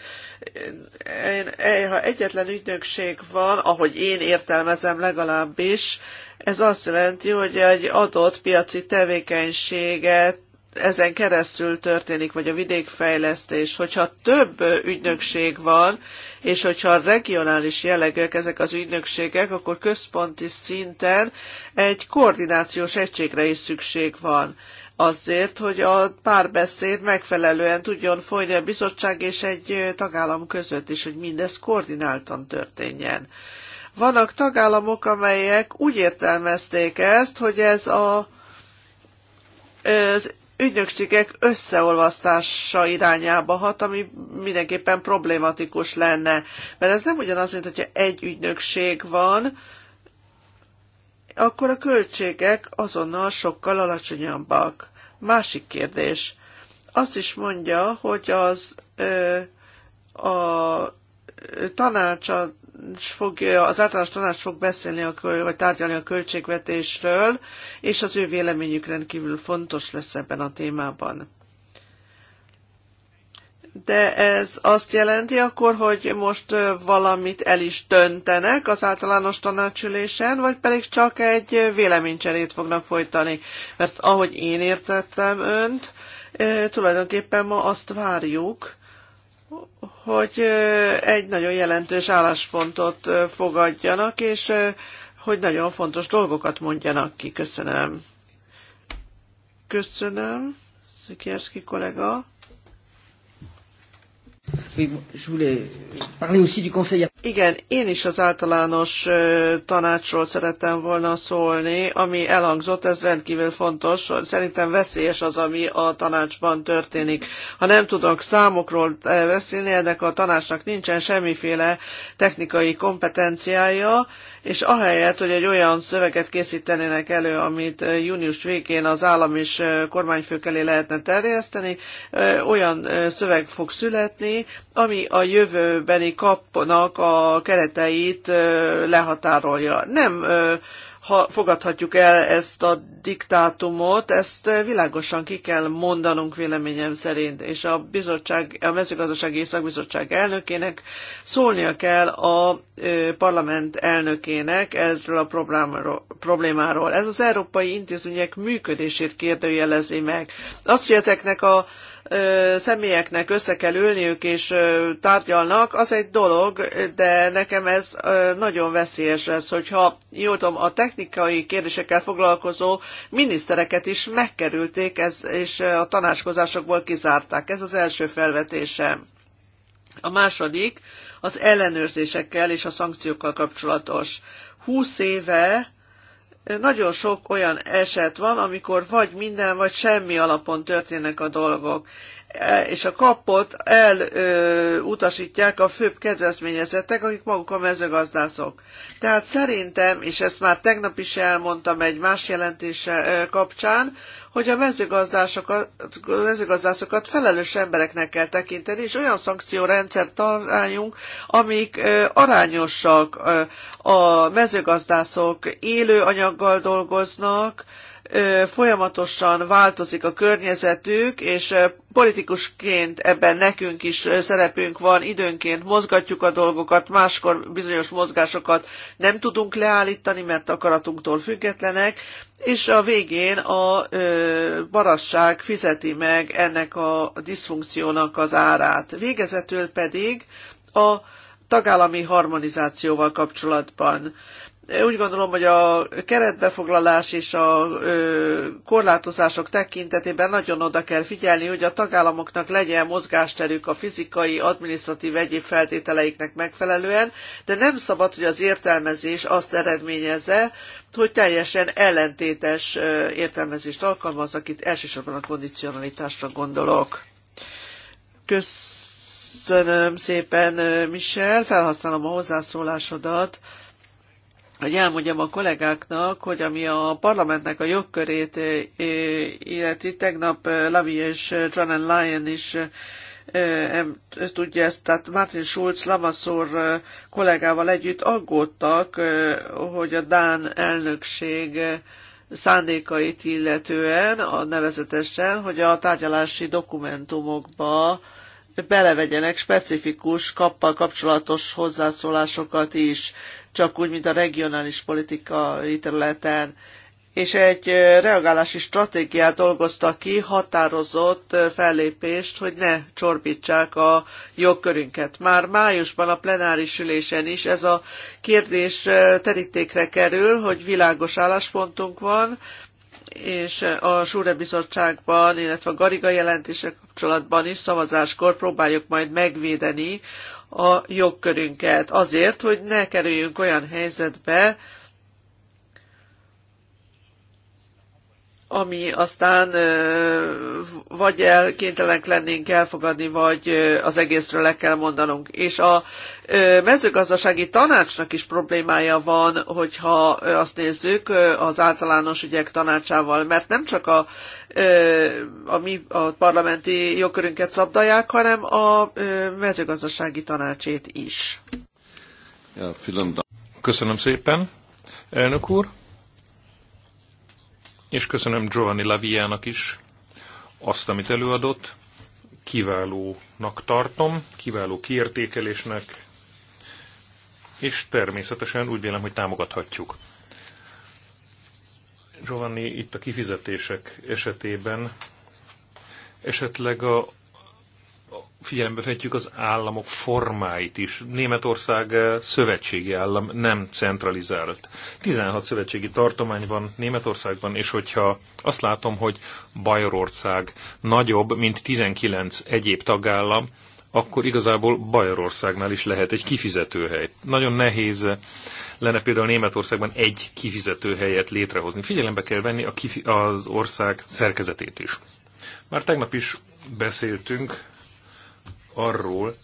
Én, ha egyetlen ügynökség van, ahogy én értelmezem legalábbis, ez azt jelenti, hogy egy adott piaci tevékenységet ezen keresztül történik, vagy a vidékfejlesztés, hogyha több ügynökség van, és hogyha regionális jellegűek ezek az ügynökségek, akkor központi szinten egy koordinációs egységre is szükség van. Azért, hogy a párbeszéd megfelelően tudjon folyni a bizottság és egy tagállam között is, hogy mindez koordináltan történjen. Vannak tagállamok, amelyek úgy értelmezték ezt, hogy ez a az ügynökségek összeolvasztása irányába hat, ami mindenképpen problématikus lenne. Mert ez nem ugyanaz, mint hogyha egy ügynökség van, akkor a költségek azonnal sokkal alacsonyabbak. Másik kérdés. Azt is mondja, hogy az ö, a tanácsad fog az általános tanács fog beszélni, a, vagy tárgyalni a költségvetésről, és az ő véleményük rendkívül fontos lesz ebben a témában. De ez azt jelenti akkor, hogy most valamit el is döntenek az általános tanácsülésen, vagy pedig csak egy véleménycserét fognak folytani? Mert ahogy én értettem önt, tulajdonképpen ma azt várjuk, hogy egy nagyon jelentős álláspontot fogadjanak, és hogy nagyon fontos dolgokat mondjanak ki. Köszönöm. Köszönöm, Szikerszki kollega. Igen, én is az általános tanácsról szerettem volna szólni, ami elhangzott, ez rendkívül fontos, szerintem veszélyes az, ami a tanácsban történik. Ha nem tudok számokról beszélni, ennek a tanácsnak nincsen semmiféle technikai kompetenciája, és ahelyett, hogy egy olyan szöveget készítenének elő, amit június végén az állam és kormányfők elé lehetne terjeszteni, olyan szöveg fog születni, ami a jövőbeni kapnak a kereteit lehatárolja. Nem ha fogadhatjuk el ezt a diktátumot, ezt világosan ki kell mondanunk véleményem szerint, és a bizottság, a mezőgazdasági szakbizottság elnökének szólnia kell a parlament elnökének erről a problémáról. Ez az európai intézmények működését kérdőjelezi meg. Azt, hogy ezeknek a személyeknek össze kell ülniük és tárgyalnak, az egy dolog, de nekem ez nagyon veszélyes lesz, hogyha jól tudom, a technikai kérdésekkel foglalkozó minisztereket is megkerülték, ez, és a tanácskozásokból kizárták. Ez az első felvetésem. A második az ellenőrzésekkel és a szankciókkal kapcsolatos. 20 éve nagyon sok olyan eset van, amikor vagy minden, vagy semmi alapon történnek a dolgok e, és a kapot elutasítják a főbb kedvezményezettek, akik maguk a mezőgazdászok. Tehát szerintem, és ezt már tegnap is elmondtam egy más jelentése kapcsán, hogy a mezőgazdásokat, mezőgazdászokat felelős embereknek kell tekinteni, és olyan szankciórendszert találjunk, amik arányosak. A mezőgazdászok élő anyaggal dolgoznak, folyamatosan változik a környezetük, és politikusként ebben nekünk is szerepünk van, időnként mozgatjuk a dolgokat, máskor bizonyos mozgásokat nem tudunk leállítani, mert akaratunktól függetlenek, és a végén a ö, barasság fizeti meg ennek a diszfunkciónak az árát. Végezetül pedig a tagállami harmonizációval kapcsolatban úgy gondolom, hogy a keretbefoglalás és a korlátozások tekintetében nagyon oda kell figyelni, hogy a tagállamoknak legyen mozgásterük a fizikai, adminisztratív egyéb feltételeiknek megfelelően, de nem szabad, hogy az értelmezés azt eredményezze, hogy teljesen ellentétes értelmezést alkalmaz itt elsősorban a kondicionalitásra gondolok. Köszönöm szépen, Michel, felhasználom a hozzászólásodat hogy elmondjam a kollégáknak, hogy ami a parlamentnek a jogkörét eh, illeti, tegnap eh, Lavi és John and Lyon is eh, tudja ezt, tehát Martin Schulz Lamassor kollégával együtt aggódtak, hogy a Dán elnökség szándékait illetően, a nevezetesen, hogy a tárgyalási dokumentumokba belevegyenek specifikus kappal kapcsolatos hozzászólásokat is, csak úgy, mint a regionális politikai területen és egy reagálási stratégiát dolgoztak ki, határozott fellépést, hogy ne csorbítsák a jogkörünket. Már májusban a plenáris ülésen is ez a kérdés terítékre kerül, hogy világos álláspontunk van, és a Súre Bizottságban, illetve a Gariga jelentése kapcsolatban is szavazáskor próbáljuk majd megvédeni a jogkörünket azért, hogy ne kerüljünk olyan helyzetbe, ami aztán vagy el, kénytelenek lennénk elfogadni, vagy az egészről le kell mondanunk. És a mezőgazdasági tanácsnak is problémája van, hogyha azt nézzük az általános ügyek tanácsával, mert nem csak a, a mi a parlamenti jogkörünket szabdalják, hanem a mezőgazdasági tanácsét is. Köszönöm szépen, elnök úr! és köszönöm Giovanni Laviának is azt, amit előadott. Kiválónak tartom, kiváló kiértékelésnek, és természetesen úgy vélem, hogy támogathatjuk. Giovanni, itt a kifizetések esetében esetleg a figyelembe vetjük az államok formáit is. Németország eh, szövetségi állam, nem centralizált. 16 szövetségi tartomány van Németországban, és hogyha azt látom, hogy Bajorország nagyobb, mint 19 egyéb tagállam, akkor igazából Bajorországnál is lehet egy kifizetőhely. Nagyon nehéz eh, lenne például Németországban egy kifizetőhelyet létrehozni. Figyelembe kell venni a kifi- az ország szerkezetét is. Már tegnap is beszéltünk arról,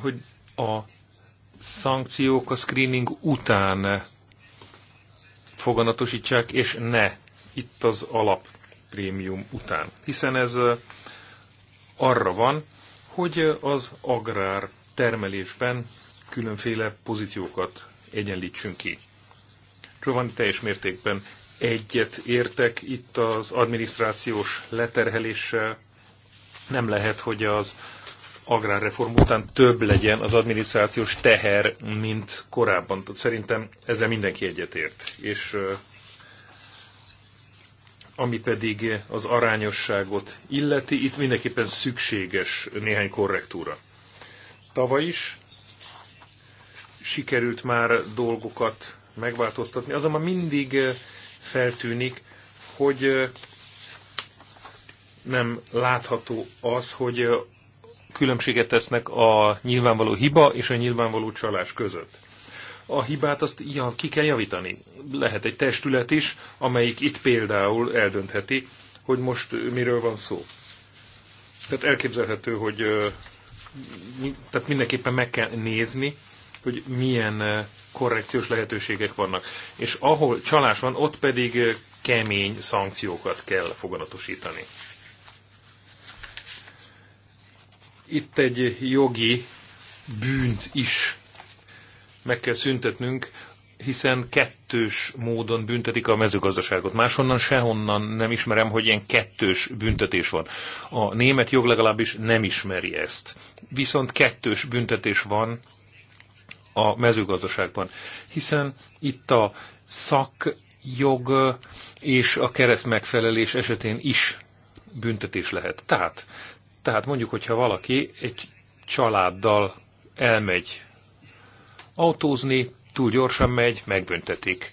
hogy a szankciók a screening után foganatosítsák, és ne itt az alapprémium után. Hiszen ez arra van, hogy az agrár termelésben különféle pozíciókat egyenlítsünk ki. Giovanni teljes mértékben egyet értek itt az adminisztrációs leterheléssel. Nem lehet, hogy az agrárreform után több legyen az adminisztrációs teher, mint korábban. Tehát szerintem ezzel mindenki egyetért. És ami pedig az arányosságot illeti, itt mindenképpen szükséges néhány korrektúra. Tavaly is sikerült már dolgokat megváltoztatni, azonban mindig feltűnik, hogy nem látható az, hogy különbséget tesznek a nyilvánvaló hiba és a nyilvánvaló csalás között. A hibát azt ja, ki kell javítani. Lehet egy testület is, amelyik itt például eldöntheti, hogy most miről van szó. Tehát elképzelhető, hogy tehát mindenképpen meg kell nézni, hogy milyen korrekciós lehetőségek vannak. És ahol csalás van, ott pedig kemény szankciókat kell foganatosítani. itt egy jogi bűnt is meg kell szüntetnünk, hiszen kettős módon büntetik a mezőgazdaságot. Máshonnan sehonnan nem ismerem, hogy ilyen kettős büntetés van. A német jog legalábbis nem ismeri ezt. Viszont kettős büntetés van a mezőgazdaságban, hiszen itt a szakjog és a kereszt megfelelés esetén is büntetés lehet. Tehát tehát mondjuk, hogyha valaki egy családdal elmegy autózni, túl gyorsan megy, megbüntetik.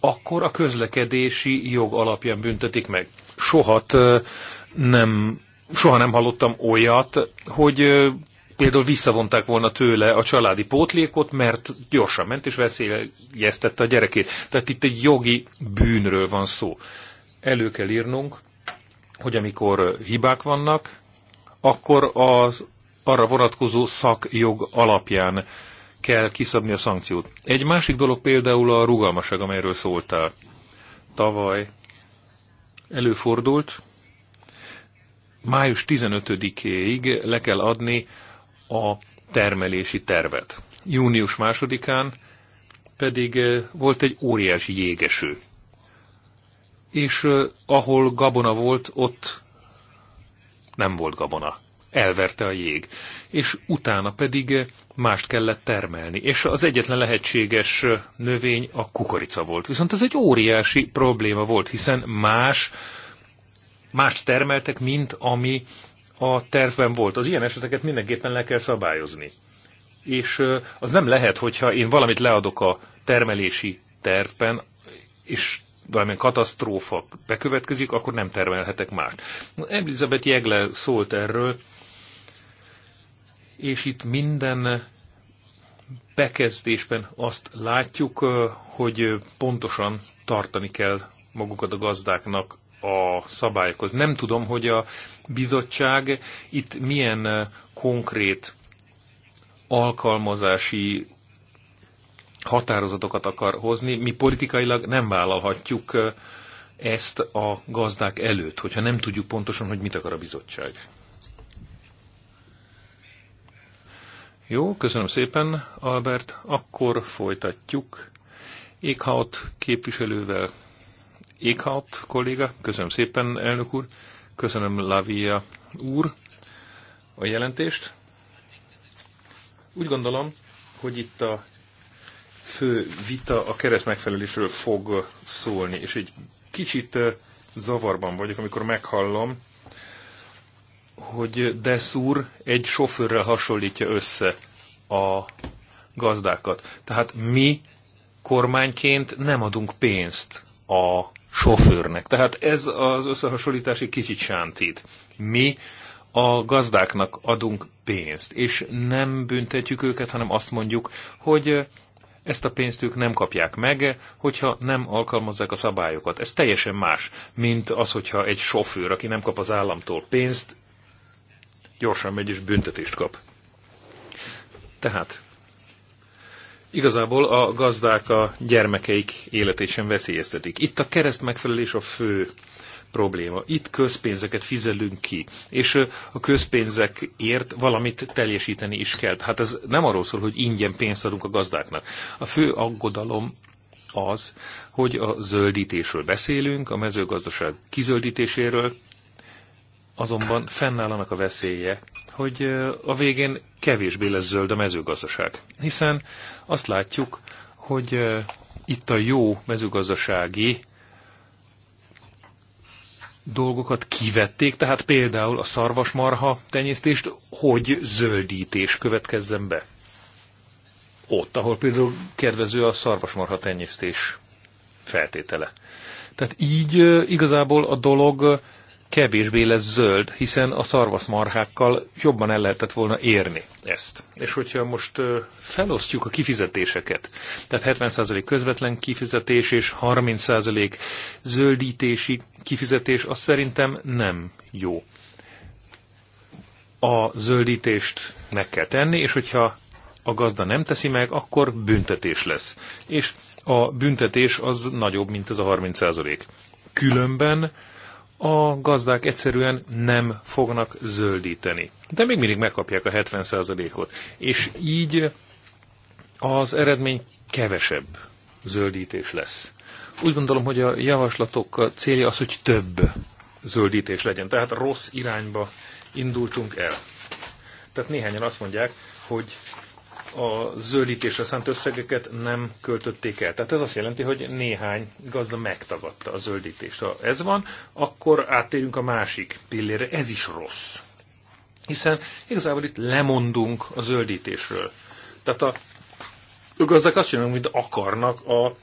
Akkor a közlekedési jog alapján büntetik meg. Sohat nem, soha nem hallottam olyat, hogy például visszavonták volna tőle a családi pótlékot, mert gyorsan ment és veszélyeztette a gyerekét. Tehát itt egy jogi bűnről van szó. Elő kell írnunk, hogy amikor hibák vannak, akkor az arra vonatkozó szakjog alapján kell kiszabni a szankciót. Egy másik dolog például a rugalmaság amelyről szóltál. Tavaly előfordult, május 15-éig le kell adni a termelési tervet. Június 2-án pedig eh, volt egy óriási jégeső. És eh, ahol gabona volt, ott nem volt gabona. Elverte a jég. És utána pedig mást kellett termelni. És az egyetlen lehetséges növény a kukorica volt. Viszont ez egy óriási probléma volt, hiszen más, más termeltek, mint ami a tervben volt. Az ilyen eseteket mindenképpen le kell szabályozni. És az nem lehet, hogyha én valamit leadok a termelési tervben, és valamilyen katasztrófa bekövetkezik, akkor nem termelhetek mást. Elizabeth Jegle szólt erről, és itt minden bekezdésben azt látjuk, hogy pontosan tartani kell magukat a gazdáknak a szabályokhoz. Nem tudom, hogy a bizottság itt milyen konkrét alkalmazási határozatokat akar hozni, mi politikailag nem vállalhatjuk ezt a gazdák előtt, hogyha nem tudjuk pontosan, hogy mit akar a bizottság. Jó, köszönöm szépen, Albert. Akkor folytatjuk. Éghaut képviselővel. Éghaut kolléga, köszönöm szépen, elnök úr. Köszönöm, Lavia úr, a jelentést. Úgy gondolom, hogy itt a fő vita a kereszt megfelelésről fog szólni, és egy kicsit zavarban vagyok, amikor meghallom, hogy Deszúr egy sofőrrel hasonlítja össze a gazdákat. Tehát mi kormányként nem adunk pénzt a sofőrnek. Tehát ez az összehasonlítás egy kicsit sántít. Mi a gazdáknak adunk pénzt, és nem büntetjük őket, hanem azt mondjuk, hogy ezt a pénzt ők nem kapják meg, hogyha nem alkalmazzák a szabályokat. Ez teljesen más, mint az, hogyha egy sofőr, aki nem kap az államtól pénzt, gyorsan megy és büntetést kap. Tehát igazából a gazdák a gyermekeik életét sem veszélyeztetik. Itt a kereszt megfelelés a fő probléma. Itt közpénzeket fizelünk ki, és a közpénzekért valamit teljesíteni is kell. Hát ez nem arról szól, hogy ingyen pénzt adunk a gazdáknak. A fő aggodalom az, hogy a zöldítésről beszélünk, a mezőgazdaság kizöldítéséről, azonban fennáll annak a veszélye, hogy a végén kevésbé lesz zöld a mezőgazdaság. Hiszen azt látjuk, hogy itt a jó mezőgazdasági dolgokat kivették, tehát például a szarvasmarha tenyésztést, hogy zöldítés következzen be. Ott, ahol például kedvező a szarvasmarha tenyésztés feltétele. Tehát így igazából a dolog kevésbé lesz zöld, hiszen a szarvaszmarhákkal jobban el lehetett volna érni ezt. És hogyha most felosztjuk a kifizetéseket, tehát 70% közvetlen kifizetés és 30% zöldítési kifizetés, az szerintem nem jó. A zöldítést meg kell tenni, és hogyha a gazda nem teszi meg, akkor büntetés lesz. És a büntetés az nagyobb, mint ez a 30 Különben a gazdák egyszerűen nem fognak zöldíteni. De még mindig megkapják a 70%-ot. És így az eredmény kevesebb zöldítés lesz. Úgy gondolom, hogy a javaslatok célja az, hogy több zöldítés legyen. Tehát rossz irányba indultunk el. Tehát néhányan azt mondják, hogy a zöldítésre szánt összegeket nem költötték el. Tehát ez azt jelenti, hogy néhány gazda megtagadta a zöldítést. Ha ez van, akkor áttérünk a másik pillére. Ez is rossz. Hiszen igazából itt lemondunk a zöldítésről. Tehát a gazdák azt csinálnak, amit akarnak, a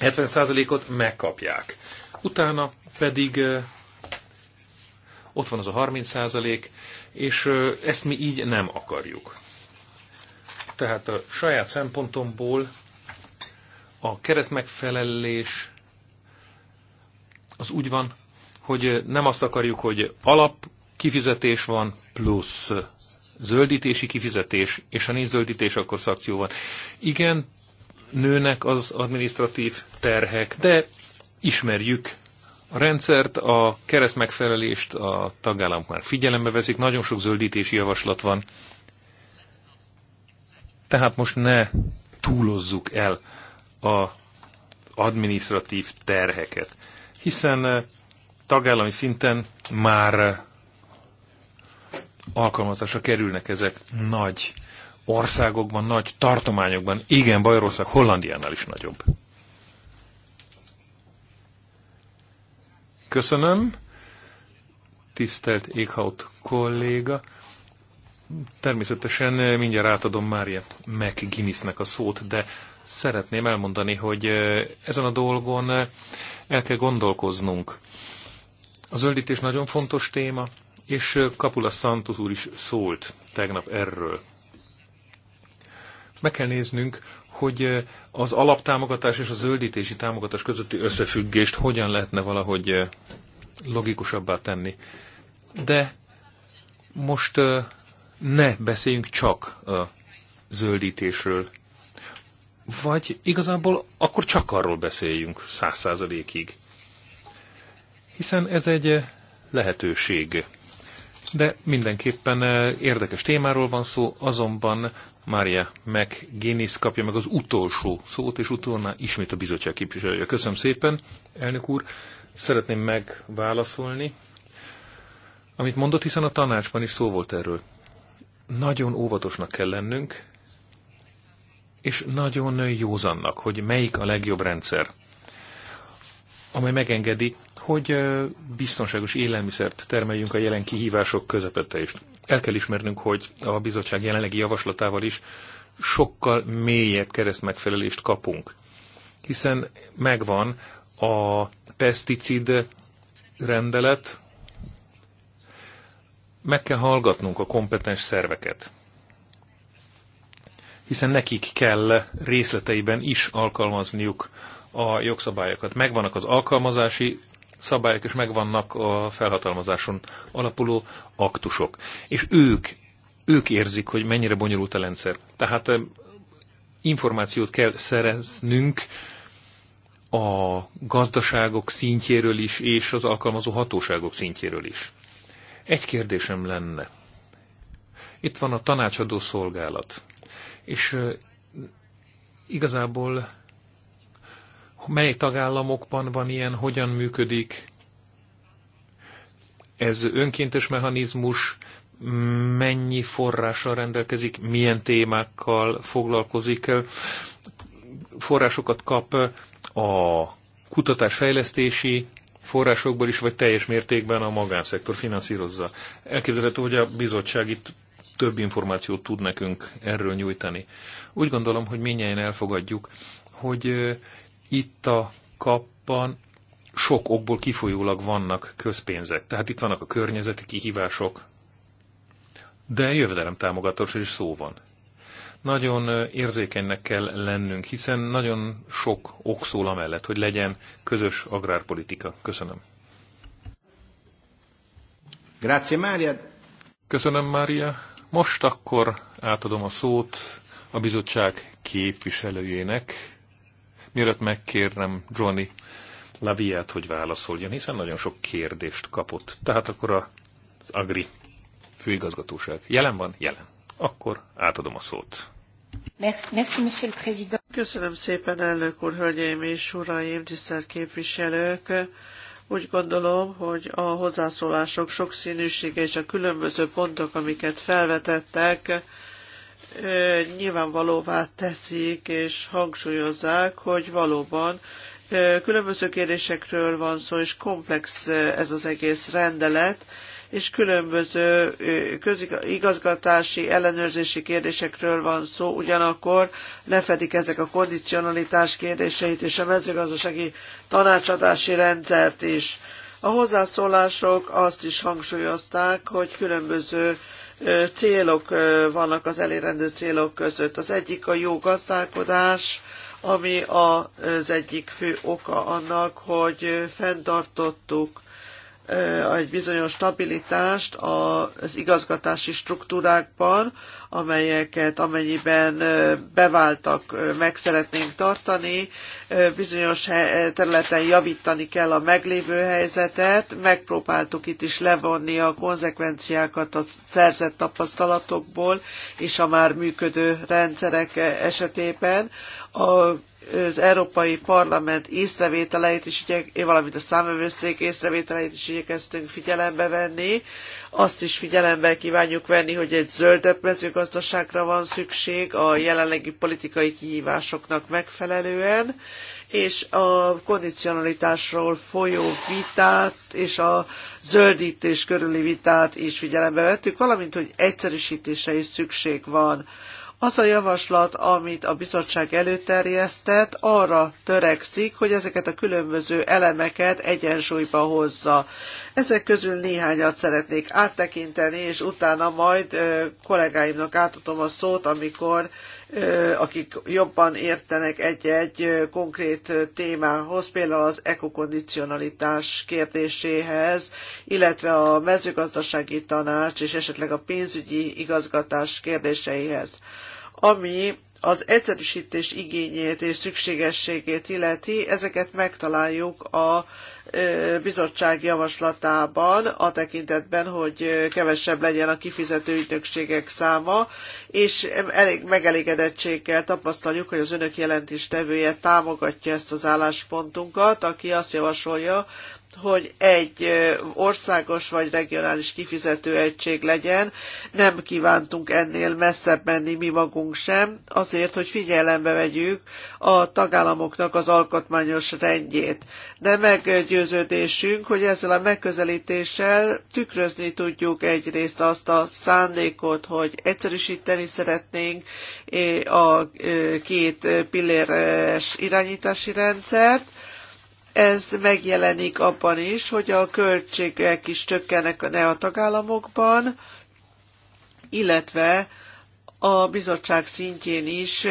70%-ot megkapják. Utána pedig ott van az a 30 százalék, és ezt mi így nem akarjuk. Tehát a saját szempontomból a keresztmegfelelés az úgy van, hogy nem azt akarjuk, hogy alap kifizetés van plusz zöldítési kifizetés, és ha nincs zöldítés, akkor szakció van. Igen, nőnek az administratív terhek, de ismerjük a rendszert, a keresztmegfelelést a tagállamok már figyelembe veszik, nagyon sok zöldítési javaslat van. Tehát most ne túlozzuk el a administratív terheket, hiszen eh, tagállami szinten már eh, alkalmazásra kerülnek ezek nagy országokban, nagy tartományokban. Igen, Bajorország Hollandiánál is nagyobb. Köszönöm, tisztelt Éghaut kolléga természetesen eh, mindjárt átadom Mária McGuinnessnek a szót, de szeretném elmondani, hogy eh, ezen a dolgon eh, el kell gondolkoznunk. A zöldítés nagyon fontos téma, és Kapula Santos úr is szólt tegnap erről. Meg kell néznünk, hogy az alaptámogatás és a zöldítési támogatás közötti összefüggést hogyan lehetne valahogy logikusabbá tenni. De most ne beszéljünk csak a zöldítésről, vagy igazából akkor csak arról beszéljünk száz százalékig. Hiszen ez egy lehetőség. De mindenképpen eh, érdekes témáról van szó, azonban Mária McGuinness kapja meg az utolsó szót, és utolna ismét a bizottság képviselője. Köszönöm szépen, elnök úr. Szeretném megválaszolni, amit mondott, hiszen a tanácsban is szó volt erről. Nagyon óvatosnak kell lennünk, és nagyon józannak, hogy melyik a legjobb rendszer, amely megengedi, hogy biztonságos élelmiszert termeljünk a jelen kihívások közepette is. El kell ismernünk, hogy a bizottság jelenlegi javaslatával is sokkal mélyebb keresztmegfelelést kapunk, hiszen megvan a peszticid rendelet, meg kell hallgatnunk a kompetens szerveket, hiszen nekik kell részleteiben is alkalmazniuk a jogszabályokat. Megvannak az alkalmazási szabályok, és megvannak a felhatalmazáson alapuló aktusok. És ők, ők érzik, hogy mennyire bonyolult a rendszer. Tehát információt kell szereznünk a gazdaságok szintjéről is, és az alkalmazó hatóságok szintjéről is. Egy kérdésem lenne. Itt van a tanácsadó szolgálat, és igazából mely tagállamokban van ilyen, hogyan működik, ez önkéntes mechanizmus, mennyi forrással rendelkezik, milyen témákkal foglalkozik, forrásokat kap a kutatásfejlesztési forrásokból is, vagy teljes mértékben a magánszektor finanszírozza. Elképzelhető, hogy a bizottság itt több információt tud nekünk erről nyújtani. Úgy gondolom, hogy minnyáján elfogadjuk, hogy itt a kapban sok okból kifolyólag vannak közpénzek. Tehát itt vannak a környezeti kihívások, de jövedelem támogatás is szó van nagyon érzékenynek kell lennünk, hiszen nagyon sok ok szól amellett, hogy legyen közös agrárpolitika. Köszönöm. Grazie, Mária. Köszönöm, Mária. Most akkor átadom a szót a bizottság képviselőjének, mielőtt megkérnem Johnny Laviát, hogy válaszoljon, hiszen nagyon sok kérdést kapott. Tehát akkor az Agri főigazgatóság jelen van? Jelen. Akkor átadom a szót. Köszönöm szépen, elnök úr, hölgyeim és uraim, tisztelt képviselők! Úgy gondolom, hogy a hozzászólások sokszínűsége és a különböző pontok, amiket felvetettek, nyilvánvalóvá teszik és hangsúlyozzák, hogy valóban különböző kérdésekről van szó, és komplex ez az egész rendelet, és különböző közigazgatási ellenőrzési kérdésekről van szó, ugyanakkor lefedik ezek a kondicionalitás kérdéseit és a mezőgazdasági tanácsadási rendszert is. A hozzászólások azt is hangsúlyozták, hogy különböző célok vannak az elérendő célok között. Az egyik a jó gazdálkodás, ami az egyik fő oka annak, hogy fenntartottuk Eh, egy bizonyos stabilitást az igazgatási struktúrákban, amelyeket amennyiben eh, beváltak, eh, meg szeretnénk tartani, bizonyos területen javítani kell a meglévő helyzetet, megpróbáltuk itt is levonni a konzekvenciákat a szerzett tapasztalatokból és a már működő rendszerek esetében. A az Európai Parlament észrevételeit is, valamint a számövőszék észrevételeit is igyekeztünk figyelembe venni. Azt is figyelembe kívánjuk venni, hogy egy zöldebb mezőgazdaságra van szükség a jelenlegi politikai kihívásoknak megfelelően, és a kondicionalitásról folyó vitát és a zöldítés körüli vitát is figyelembe vettük, valamint, hogy egyszerűsítésre is szükség van az a javaslat, amit a bizottság előterjesztett, arra törekszik, hogy ezeket a különböző elemeket egyensúlyba hozza. Ezek közül néhányat szeretnék áttekinteni, és utána majd kollégáimnak átadom a szót, amikor akik jobban értenek egy-egy konkrét témához, például az ekokondicionalitás kérdéséhez, illetve a mezőgazdasági tanács és esetleg a pénzügyi igazgatás kérdéseihez ami az egyszerűsítés igényét és szükségességét illeti, ezeket megtaláljuk a bizottság javaslatában a tekintetben, hogy kevesebb legyen a kifizető ügynökségek száma, és elég megelégedettséggel tapasztaljuk, hogy az önök jelentéstevője támogatja ezt az álláspontunkat, aki azt javasolja, hogy egy országos vagy regionális kifizető egység legyen. Nem kívántunk ennél messzebb menni mi magunk sem, azért, hogy figyelembe vegyük a tagállamoknak az alkotmányos rendjét. De meggyőződésünk, hogy ezzel a megközelítéssel tükrözni tudjuk egyrészt azt a szándékot, hogy egyszerűsíteni szeretnénk a két pilléres irányítási rendszert, ez megjelenik abban is, hogy a költségek is csökkenek ne a tagállamokban, illetve a bizottság szintjén is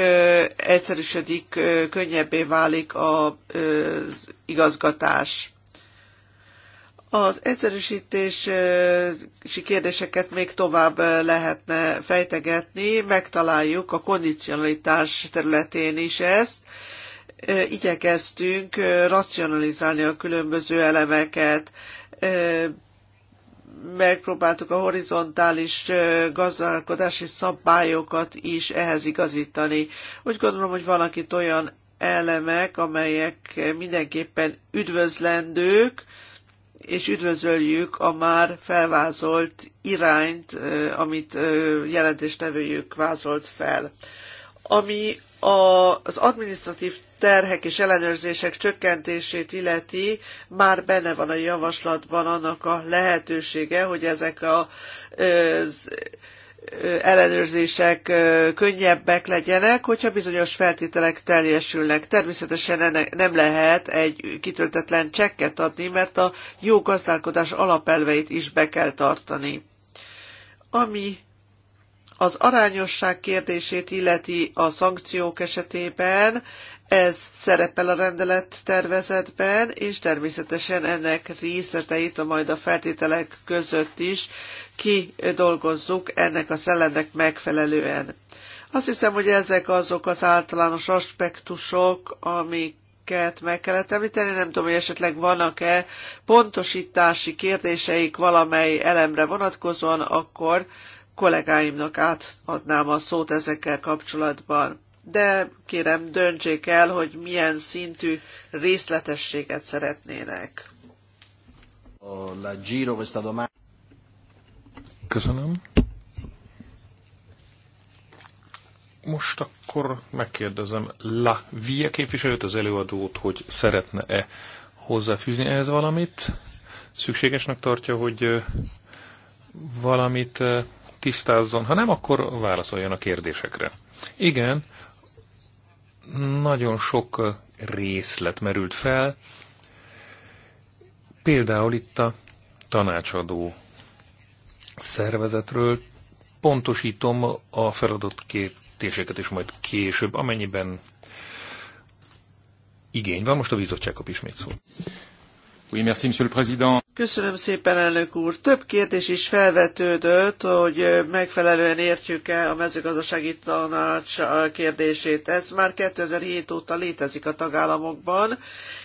egyszerűsödik, könnyebbé válik az igazgatás. Az egyszerűsítési kérdéseket még tovább lehetne fejtegetni, megtaláljuk a kondicionalitás területén is ezt, igyekeztünk racionalizálni a különböző elemeket, megpróbáltuk a horizontális gazdálkodási szabályokat is ehhez igazítani. Úgy gondolom, hogy vannak itt olyan elemek, amelyek mindenképpen üdvözlendők, és üdvözöljük a már felvázolt irányt, amit jelentéstevőjük vázolt fel. Ami az administratív terhek és ellenőrzések csökkentését illeti, már benne van a javaslatban annak a lehetősége, hogy ezek a, az ellenőrzések könnyebbek legyenek, hogyha bizonyos feltételek teljesülnek. Természetesen ennek nem lehet egy kitöltetlen csekket adni, mert a jó gazdálkodás alapelveit is be kell tartani. Ami az arányosság kérdését illeti a szankciók esetében, ez szerepel a rendelet tervezetben, és természetesen ennek részleteit a majd a feltételek között is kidolgozzuk ennek a szellemnek megfelelően. Azt hiszem, hogy ezek azok az általános aspektusok, amiket meg kellett említeni. Nem tudom, hogy esetleg vannak-e pontosítási kérdéseik valamely elemre vonatkozóan, akkor kollégáimnak átadnám a szót ezekkel kapcsolatban. De kérem, döntsék el, hogy milyen szintű részletességet szeretnének. Köszönöm. Most akkor megkérdezem La Via képviselőt, az előadót, hogy szeretne-e hozzáfűzni ehhez valamit. Szükségesnek tartja, hogy valamit tisztázzon, ha nem, akkor válaszoljon a kérdésekre. Igen, nagyon sok részlet merült fel, például itt a tanácsadó szervezetről pontosítom a kérdéseket is majd később, amennyiben igény van. Most a bizottságok ismét szól. Oui, merci, monsieur le président. Köszönöm szépen, elnök úr. Több kérdés is felvetődött, hogy megfelelően értjük-e a mezőgazdasági tanács kérdését. Ez már 2007 óta létezik a tagállamokban,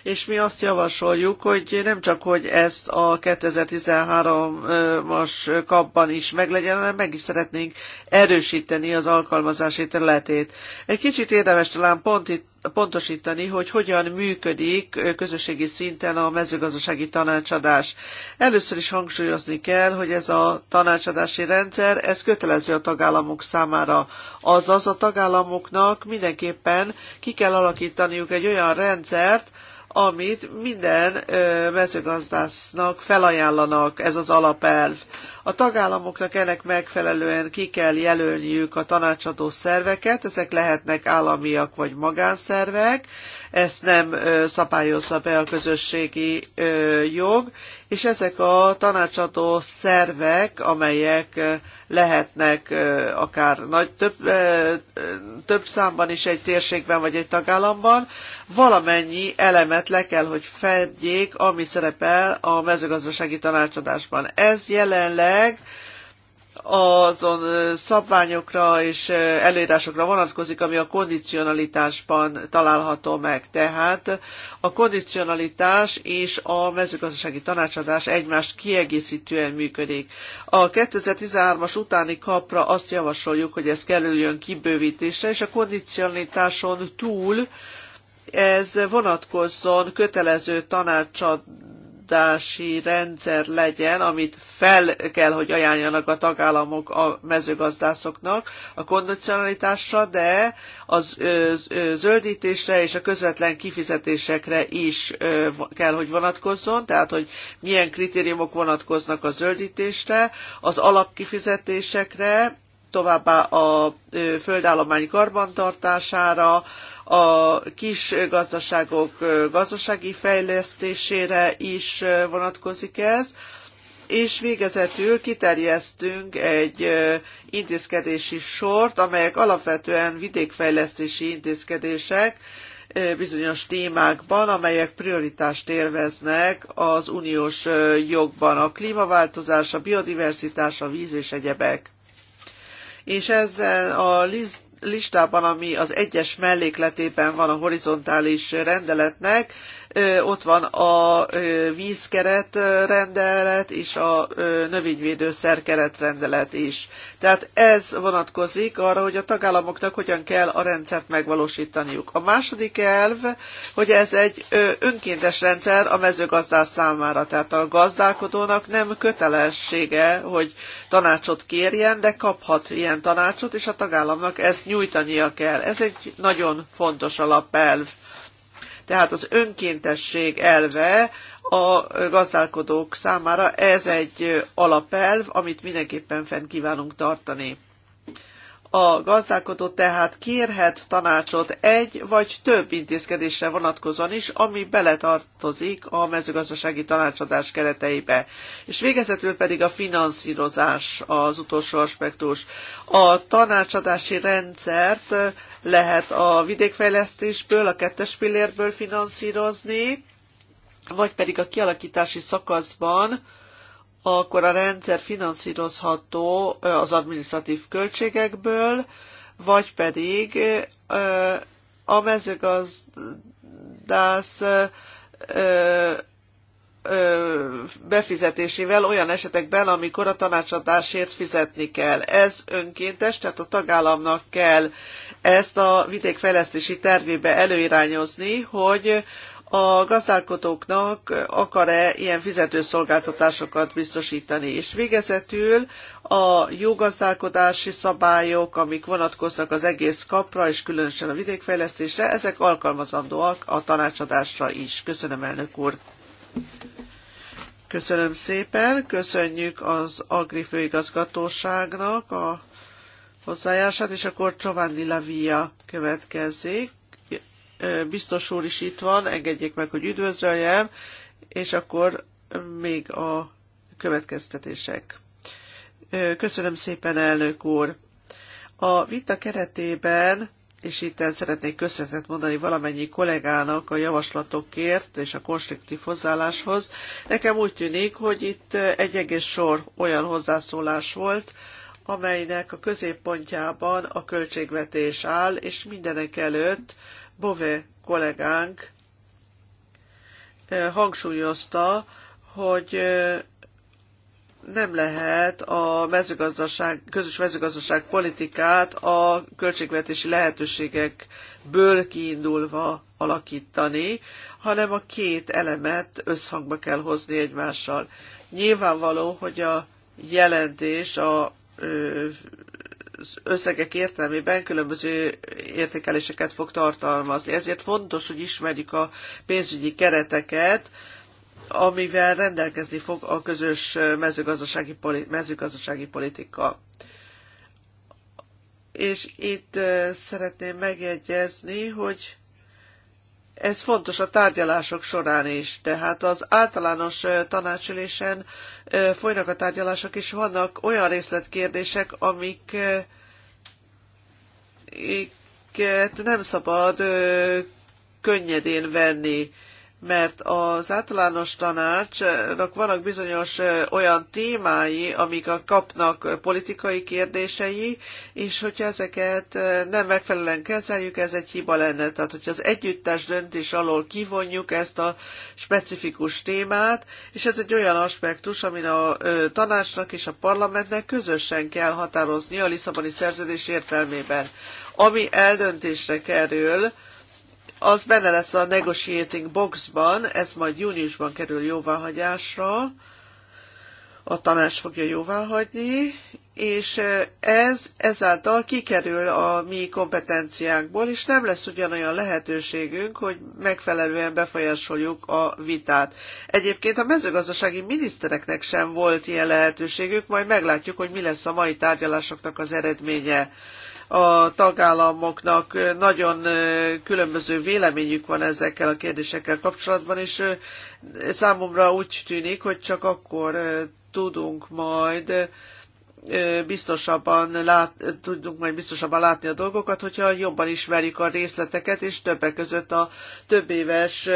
és mi azt javasoljuk, hogy nem csak, hogy ezt a 2013-as kapban is meglegyen, hanem meg is szeretnénk erősíteni az alkalmazási területét. Egy kicsit érdemes talán pont itt pontosítani, hogy hogyan működik közösségi szinten a mezőgazdasági tanácsadás. Először is hangsúlyozni kell, hogy ez a tanácsadási rendszer, ez kötelező a tagállamok számára. Azaz a tagállamoknak mindenképpen ki kell alakítaniuk egy olyan rendszert, amit minden mezőgazdásznak felajánlanak, ez az alapelv. A tagállamoknak ennek megfelelően ki kell jelölniük a tanácsadó szerveket, ezek lehetnek államiak vagy magánszervek, ezt nem szabályozza be a közösségi jog, és ezek a tanácsadó szervek, amelyek lehetnek akár nagy, több, több számban is egy térségben vagy egy tagállamban, valamennyi elemet le kell, hogy fedjék, ami szerepel a mezőgazdasági tanácsadásban. Ez jelenleg azon szabványokra és előírásokra vonatkozik, ami a kondicionalitásban található meg. Tehát a kondicionalitás és a mezőgazdasági tanácsadás egymást kiegészítően működik. A 2013-as utáni kapra azt javasoljuk, hogy ez kerüljön kibővítésre, és a kondicionalitáson túl ez vonatkozzon kötelező tanácsadás támogatási rendszer legyen, amit fel kell, hogy ajánljanak a tagállamok a mezőgazdászoknak a kondicionalitásra, de az zöldítésre és a közvetlen kifizetésekre is kell, hogy vonatkozzon, tehát hogy milyen kritériumok vonatkoznak a zöldítésre, az alapkifizetésekre, továbbá a földállomány karbantartására, a kis gazdaságok gazdasági fejlesztésére is vonatkozik ez, és végezetül kiterjesztünk egy intézkedési sort, amelyek alapvetően vidékfejlesztési intézkedések bizonyos témákban, amelyek prioritást élveznek az uniós jogban, a klímaváltozás, a biodiverzitás, a víz és egyebek. És ezzel a list listában, ami az egyes mellékletében van a horizontális rendeletnek, ott van a vízkeret rendelet és a szerkeret rendelet is. Tehát ez vonatkozik arra, hogy a tagállamoknak hogyan kell a rendszert megvalósítaniuk. A második elv, hogy ez egy önkéntes rendszer a mezőgazdás számára, tehát a gazdálkodónak nem kötelessége, hogy tanácsot kérjen, de kaphat ilyen tanácsot, és a tagállamnak ezt nyújtania kell. Ez egy nagyon fontos alapelv tehát az önkéntesség elve a gazdálkodók számára ez egy alapelv, amit mindenképpen fenn kívánunk tartani. A gazdálkodó tehát kérhet tanácsot egy vagy több intézkedésre vonatkozóan is, ami beletartozik a mezőgazdasági tanácsadás kereteibe. És végezetül pedig a finanszírozás az utolsó aspektus. A tanácsadási rendszert lehet a vidékfejlesztésből, a kettes pillérből finanszírozni, vagy pedig a kialakítási szakaszban, akkor a rendszer finanszírozható az adminisztratív költségekből, vagy pedig a mezőgazdász befizetésével olyan esetekben, amikor a tanácsadásért fizetni kell. Ez önkéntes, tehát a tagállamnak kell ezt a vidékfejlesztési tervébe előirányozni, hogy a gazdálkodóknak akar-e ilyen fizetőszolgáltatásokat biztosítani. És végezetül a jó gazdálkodási szabályok, amik vonatkoznak az egész kapra, és különösen a vidékfejlesztésre, ezek alkalmazandóak a tanácsadásra is. Köszönöm, elnök úr! Köszönöm szépen, köszönjük az Agri főigazgatóságnak a hozzájárását, és akkor Giovanni Lavia következik. Biztos úr is itt van, engedjék meg, hogy üdvözöljem, és akkor még a következtetések. Köszönöm szépen, elnök úr! A vita keretében és itt szeretnék köszönetet mondani valamennyi kollégának a javaslatokért és a konstruktív hozzáálláshoz. Nekem úgy tűnik, hogy itt egy egész sor olyan hozzászólás volt, amelynek a középpontjában a költségvetés áll, és mindenek előtt Bové kollégánk eh, hangsúlyozta, hogy eh, nem lehet a mezőgazdaság, közös mezőgazdaság politikát a költségvetési lehetőségekből kiindulva alakítani, hanem a két elemet összhangba kell hozni egymással. Nyilvánvaló, hogy a jelentés a az összegek értelmében különböző értékeléseket fog tartalmazni. Ezért fontos, hogy ismerjük a pénzügyi kereteket, amivel rendelkezni fog a közös mezőgazdasági, politi- mezőgazdasági politika. És itt szeretném megjegyezni, hogy ez fontos a tárgyalások során is, tehát az általános tanácsülésen folynak a tárgyalások, és vannak olyan részletkérdések, amik nem szabad könnyedén venni mert az általános tanácsnak vannak bizonyos olyan témái, amik a kapnak politikai kérdései, és hogyha ezeket nem megfelelően kezeljük, ez egy hiba lenne. Tehát, hogyha az együttes döntés alól kivonjuk ezt a specifikus témát, és ez egy olyan aspektus, amin a tanácsnak és a parlamentnek közösen kell határozni a Lisszaboni szerződés értelmében. Ami eldöntésre kerül, az benne lesz a negotiating boxban, ez majd júniusban kerül jóváhagyásra, a tanács fogja jóváhagyni, és e, ez ezáltal kikerül a mi kompetenciákból, és nem lesz ugyanolyan lehetőségünk, hogy megfelelően befolyásoljuk a vitát. Egyébként a mezőgazdasági minisztereknek sem volt ilyen lehetőségük, majd meglátjuk, hogy mi lesz a mai tárgyalásoknak az eredménye a tagállamoknak nagyon különböző véleményük van ezekkel a kérdésekkel kapcsolatban, és számomra úgy tűnik, hogy csak akkor tudunk majd biztosabban lát, tudunk majd biztosabban látni a dolgokat, hogyha jobban ismerjük a részleteket, és többek között a több éves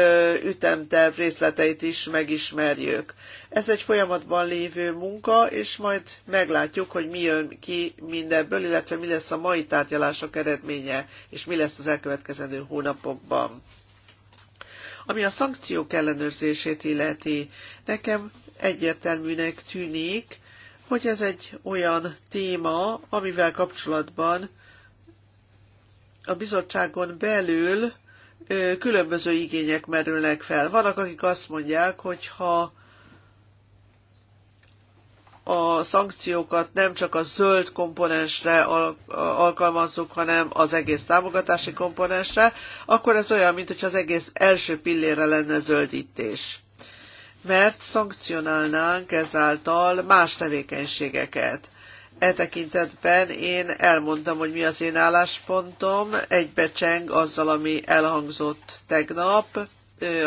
ütemterv részleteit is megismerjük. Ez egy folyamatban lévő munka, és majd meglátjuk, hogy mi jön ki mindebből, illetve mi lesz a mai tárgyalások eredménye, és mi lesz az elkövetkezendő hónapokban. Ami a szankciók ellenőrzését illeti, nekem egyértelműnek tűnik, hogy ez egy olyan téma, amivel kapcsolatban a bizottságon belül különböző igények merülnek fel. Vannak, akik azt mondják, hogy ha a szankciókat nem csak a zöld komponensre alkalmazzuk, hanem az egész támogatási komponensre, akkor ez olyan, mintha az egész első pillére lenne zöldítés mert szankcionálnánk ezáltal más tevékenységeket. E tekintetben én elmondtam, hogy mi az én álláspontom, egybecseng azzal, ami elhangzott tegnap,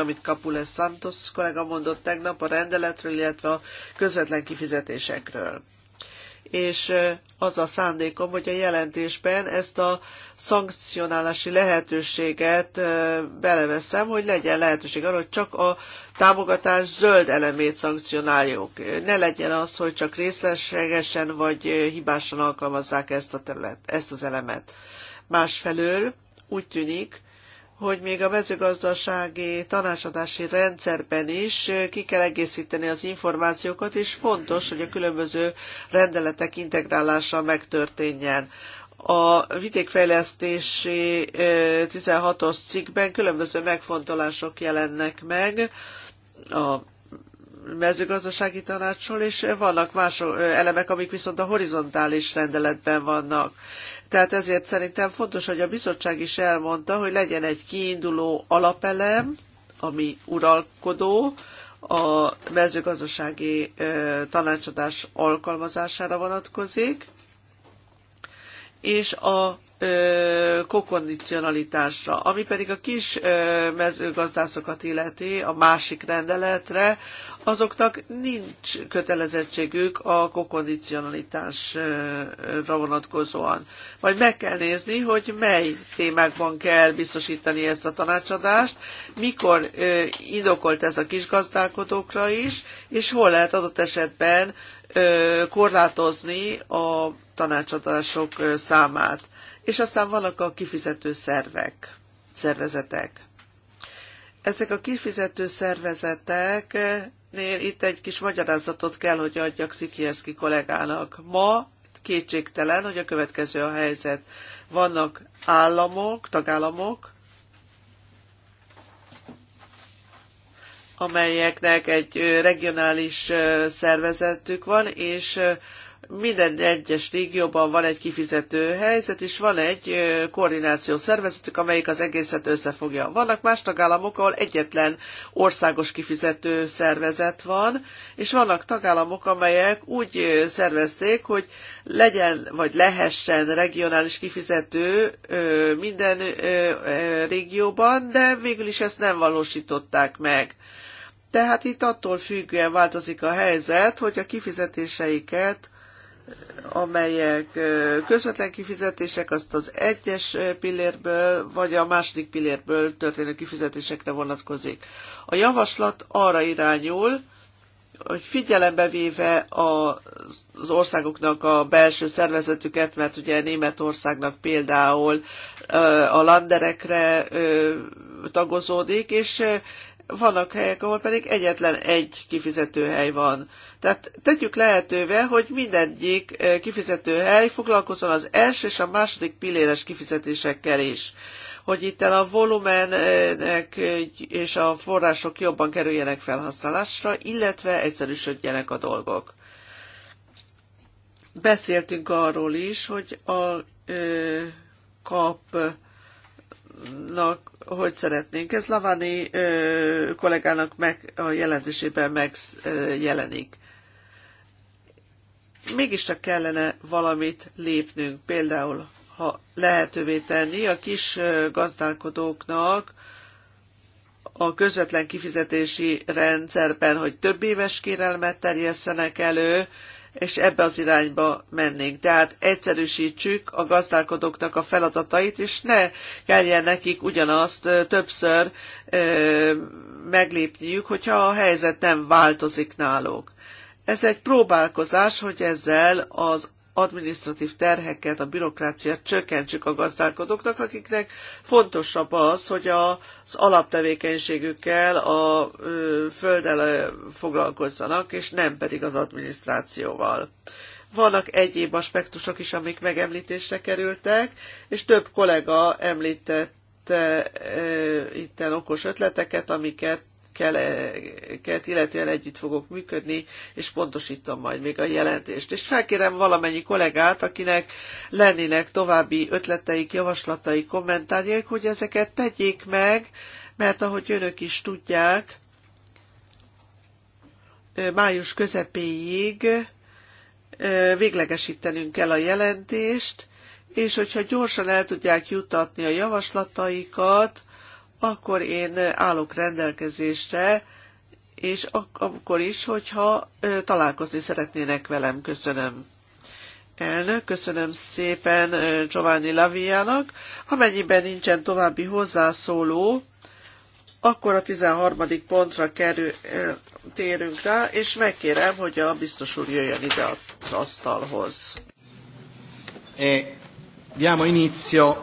amit Kapule Santos kollega mondott tegnap a rendeletről, illetve a közvetlen kifizetésekről. És az a szándékom, hogy a jelentésben ezt a szankcionálási lehetőséget beleveszem, hogy legyen lehetőség arra, hogy csak a támogatás zöld elemét szankcionáljuk. Ne legyen az, hogy csak részlegesen vagy hibásan alkalmazzák ezt, a terület, ezt az elemet. Másfelől úgy tűnik, hogy még a mezőgazdasági tanácsadási rendszerben is ki kell egészíteni az információkat, és fontos, hogy a különböző rendeletek integrálása megtörténjen. A vidékfejlesztési 16-os eh, cikkben különböző megfontolások jelennek meg, a mezőgazdasági tanácsról, és vannak más elemek, amik viszont a horizontális rendeletben vannak. Tehát ezért szerintem fontos, hogy a bizottság is elmondta, hogy legyen egy kiinduló alapelem, ami uralkodó, a mezőgazdasági tanácsadás alkalmazására vonatkozik, és a kokondicionalitásra, ami pedig a kis mezőgazdászokat illeti a másik rendeletre, azoknak nincs kötelezettségük a kokondicionalitásra vonatkozóan. Vagy meg kell nézni, hogy mely témákban kell biztosítani ezt a tanácsadást, mikor indokolt ez a kis gazdálkodókra is, és hol lehet adott esetben korlátozni a tanácsadások számát és aztán vannak a kifizető szervek, szervezetek. Ezek a kifizető szervezetek Nél itt egy kis magyarázatot kell, hogy adjak Szikierszki kollégának. Ma kétségtelen, hogy a következő a helyzet. Vannak államok, tagállamok, amelyeknek egy regionális szervezetük van, és minden egyes régióban van egy kifizető helyzet, és van egy koordináció szervezetük, amelyik az egészet összefogja. Vannak más tagállamok, ahol egyetlen országos kifizető szervezet van, és vannak tagállamok, amelyek úgy szervezték, hogy legyen vagy lehessen regionális kifizető minden régióban, de végül is ezt nem valósították meg. Tehát itt attól függően változik a helyzet, hogy a kifizetéseiket amelyek közvetlen kifizetések, azt az egyes pillérből, vagy a második pillérből történő kifizetésekre vonatkozik. A javaslat arra irányul, hogy figyelembe véve az országoknak a belső szervezetüket, mert ugye Németországnak például a landerekre tagozódik, és vannak helyek, ahol pedig egyetlen egy kifizetőhely van. Tehát tegyük lehetővé, hogy mindegyik eh, kifizetőhely foglalkozzon az első és a második pilléres kifizetésekkel is hogy itt a volumenek eh, és a források jobban kerüljenek felhasználásra, illetve egyszerűsödjenek a dolgok. Beszéltünk arról is, hogy a eh, kap nak, hogy szeretnénk. Ez Lavani ö, kollégának meg, a jelentésében megjelenik. Mégiscsak kellene valamit lépnünk, például ha lehetővé tenni a kis gazdálkodóknak a közvetlen kifizetési rendszerben, hogy több éves kérelmet terjesszenek elő, és ebbe az irányba mennénk. Tehát egyszerűsítsük a gazdálkodóknak a feladatait, és ne kelljen nekik ugyanazt többször ö, meglépniük, hogyha a helyzet nem változik náluk. Ez egy próbálkozás, hogy ezzel az administratív terheket, a bürokráciát csökkentsük a gazdálkodóknak, akiknek fontosabb az, hogy az alaptevékenységükkel a földdel foglalkozzanak, és nem pedig az adminisztrációval. Vannak egyéb aspektusok is, amik megemlítésre kerültek, és több kollega említett itt itten okos ötleteket, amiket kelleket, illetően együtt fogok működni, és pontosítom majd még a jelentést. És felkérem valamennyi kollégát, akinek lennének további ötleteik, javaslatai, kommentárjaik, hogy ezeket tegyék meg, mert ahogy önök is tudják, május közepéig véglegesítenünk kell a jelentést, és hogyha gyorsan el tudják jutatni a javaslataikat, akkor én állok rendelkezésre, és ak- akkor is, hogyha ö, találkozni szeretnének velem. Köszönöm. Elnök, köszönöm szépen Giovanni Laviának. Amennyiben nincsen további hozzászóló, akkor a 13. pontra kerül, térünk rá, és megkérem, hogy a biztos úr jöjjön ide az asztalhoz. E, diamo inizio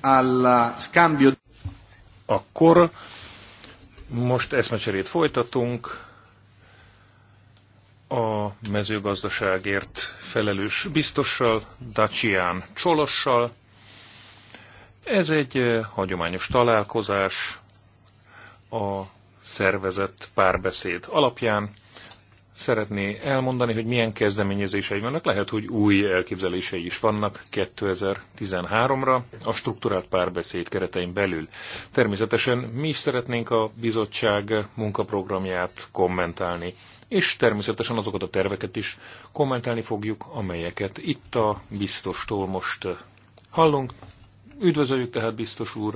al scambio akkor most eszmecserét folytatunk a mezőgazdaságért felelős biztossal, Dacian Csolossal. Ez egy eh, hagyományos találkozás a szervezett párbeszéd alapján szeretné elmondani, hogy milyen kezdeményezései vannak. Lehet, hogy új elképzelései is vannak 2013-ra a struktúrált párbeszéd keretein belül. Természetesen mi is szeretnénk a bizottság munkaprogramját kommentálni, és természetesen azokat a terveket is kommentálni fogjuk, amelyeket itt a biztostól most hallunk. Üdvözöljük tehát biztos úr,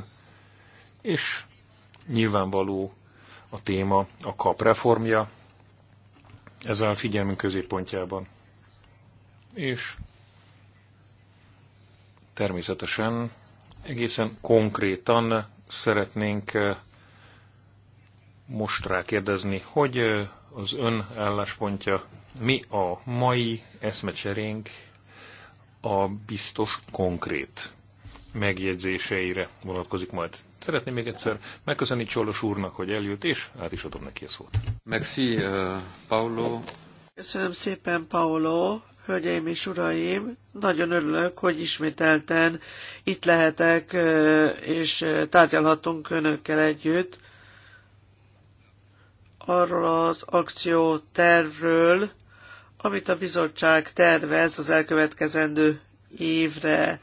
és nyilvánvaló a téma a kapreformja. reformja, ez a figyelmünk középpontjában. És természetesen egészen konkrétan szeretnénk eh, most rákérdezni, hogy eh, az ön álláspontja mi a mai eszmecserénk a biztos konkrét megjegyzéseire vonatkozik majd. Szeretném még egyszer megköszönni Csolos úrnak, hogy eljött, és át is adom neki a szót. Merci, uh, Paolo. Köszönöm szépen, Paolo. Hölgyeim és uraim, nagyon örülök, hogy ismételten itt lehetek, uh, és uh, tárgyalhatunk önökkel együtt arról az akció tervről, amit a bizottság tervez az elkövetkezendő évre.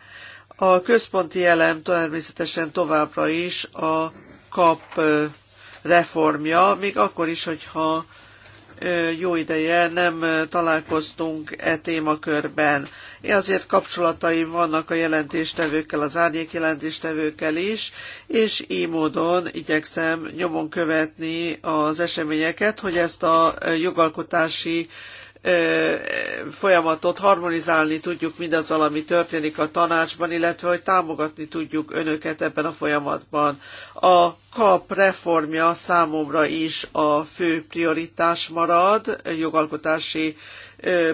A központi elem természetesen továbbra is a kap reformja, még akkor is, hogyha jó ideje nem találkoztunk e témakörben. Én azért kapcsolataim vannak a jelentéstevőkkel, az árnyék jelentéstevőkkel is, és így módon igyekszem nyomon követni az eseményeket, hogy ezt a jogalkotási folyamatot harmonizálni tudjuk mindazzal, ami történik a tanácsban, illetve hogy támogatni tudjuk önöket ebben a folyamatban. A KAP reformja számomra is a fő prioritás marad, jogalkotási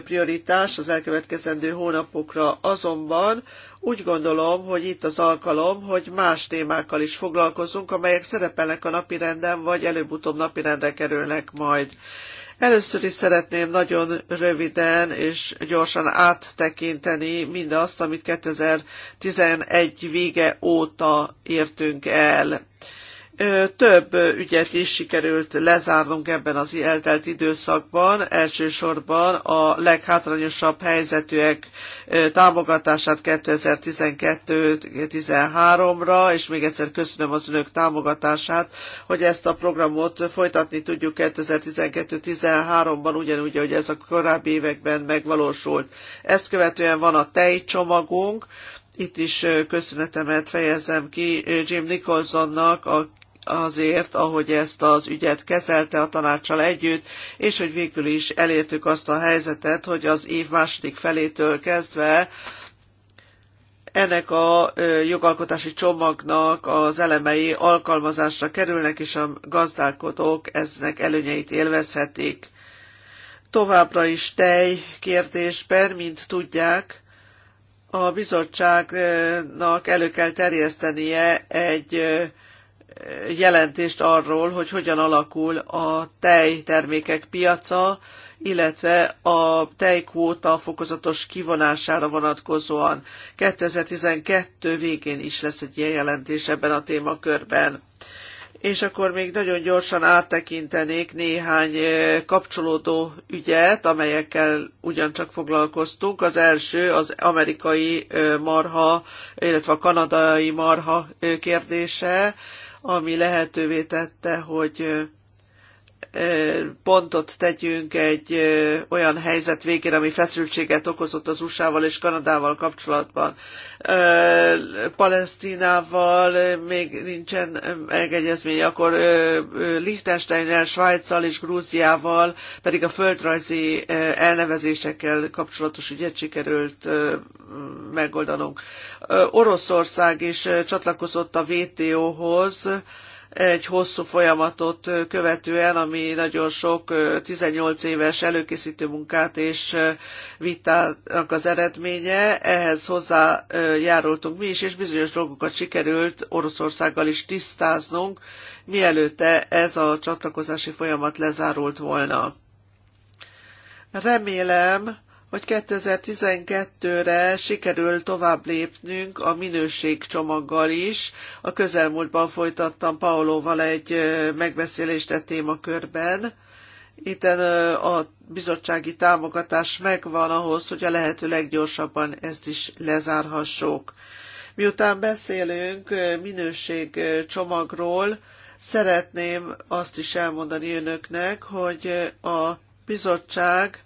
prioritás az elkövetkezendő hónapokra. Azonban úgy gondolom, hogy itt az alkalom, hogy más témákkal is foglalkozunk, amelyek szerepelnek a napirenden, vagy előbb-utóbb napirendre kerülnek majd. Először is szeretném nagyon röviden és gyorsan áttekinteni mindazt, amit 2011 vége óta értünk el több ügyet is sikerült lezárnunk ebben az eltelt időszakban, elsősorban a leghátrányosabb helyzetűek támogatását 2012-13-ra, és még egyszer köszönöm az önök támogatását, hogy ezt a programot folytatni tudjuk 2012-13-ban, ugyanúgy, ahogy ez a korábbi években megvalósult. Ezt követően van a tejcsomagunk, itt is köszönetemet fejezem ki Jim Nicholsonnak, a azért, ahogy ezt az ügyet kezelte a tanácsal együtt, és hogy végül is elértük azt a helyzetet, hogy az év második felétől kezdve ennek a jogalkotási csomagnak az elemei alkalmazásra kerülnek, és a gazdálkodók eznek előnyeit élvezhetik. Továbbra is tej kérdésben, mint tudják, a bizottságnak elő kell terjesztenie egy jelentést arról, hogy hogyan alakul a tejtermékek piaca, illetve a tejkvóta fokozatos kivonására vonatkozóan. 2012 végén is lesz egy ilyen jelentés ebben a témakörben. És akkor még nagyon gyorsan áttekintenék néhány kapcsolódó ügyet, amelyekkel ugyancsak foglalkoztunk. Az első az amerikai marha, illetve a kanadai marha kérdése ami lehetővé tette, hogy pontot tegyünk egy olyan helyzet végén, ami feszültséget okozott az USA-val és Kanadával kapcsolatban. Palesztinával még nincsen megegyezmény, akkor Liechtensteinnel, Svájccal és Grúziával pedig a földrajzi elnevezésekkel kapcsolatos ügyet sikerült megoldanunk. Oroszország is csatlakozott a WTO-hoz, egy hosszú folyamatot követően, ami nagyon sok 18 éves előkészítő munkát és vitának az eredménye, ehhez hozzájárultunk mi is, és bizonyos dolgokat sikerült Oroszországgal is tisztáznunk, mielőtte ez a csatlakozási folyamat lezárult volna. Remélem, hogy 2012-re sikerül tovább lépnünk a minőségcsomaggal is. A közelmúltban folytattam Paolóval egy megbeszélést a e témakörben. Itt a bizottsági támogatás megvan ahhoz, hogy a lehető leggyorsabban ezt is lezárhassuk. Miután beszélünk minőségcsomagról, szeretném azt is elmondani önöknek, hogy a bizottság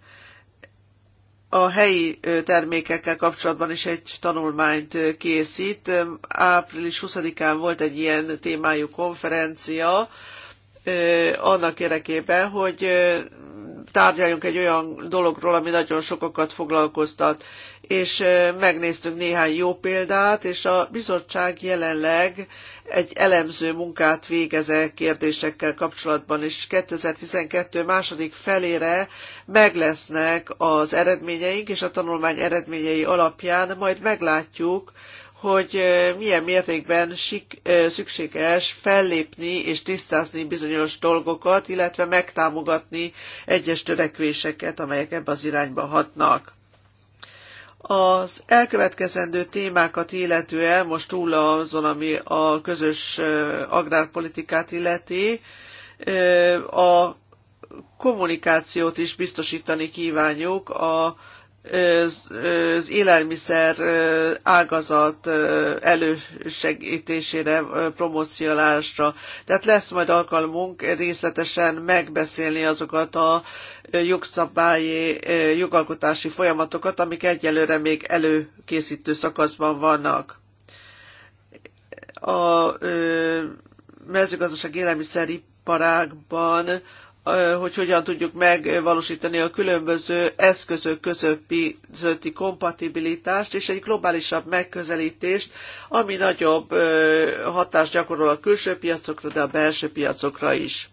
a helyi termékekkel kapcsolatban is egy tanulmányt készít. Április 20-án volt egy ilyen témájú konferencia, annak érdekében, hogy tárgyaljunk egy olyan dologról, ami nagyon sokakat foglalkoztat és megnéztünk néhány jó példát, és a bizottság jelenleg egy elemző munkát végez -e kérdésekkel kapcsolatban, és 2012 második felére meg lesznek az eredményeink, és a tanulmány eredményei alapján majd meglátjuk, hogy milyen mértékben sik, szükséges fellépni és tisztázni bizonyos dolgokat, illetve megtámogatni egyes törekvéseket, amelyek ebbe az irányba hatnak. Az elkövetkezendő témákat illetően, most túl azon, ami a közös agrárpolitikát illeti, a kommunikációt is biztosítani kívánjuk a az élelmiszer ágazat elősegítésére, promocionálásra. Tehát lesz majd alkalmunk részletesen megbeszélni azokat a jogszabályi, jogalkotási folyamatokat, amik egyelőre még előkészítő szakaszban vannak. A mezőgazdaság élelmiszeriparágban hogy hogyan tudjuk megvalósítani a különböző eszközök közötti kompatibilitást és egy globálisabb megközelítést, ami nagyobb hatást gyakorol a külső piacokra, de a belső piacokra is.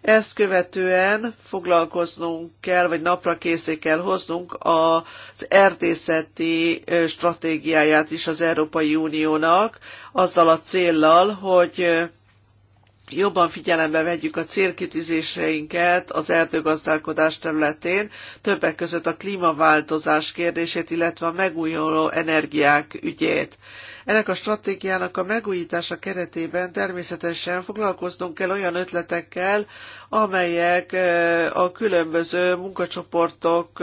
Ezt követően foglalkoznunk kell, vagy napra készé kell hoznunk az erdészeti stratégiáját is az Európai Uniónak, azzal a céllal, hogy jobban figyelembe vegyük a célkitűzéseinket az erdőgazdálkodás területén, többek között a klímaváltozás kérdését, illetve a megújuló energiák ügyét. Ennek a stratégiának a megújítása keretében természetesen foglalkoznunk kell olyan ötletekkel, amelyek a különböző munkacsoportok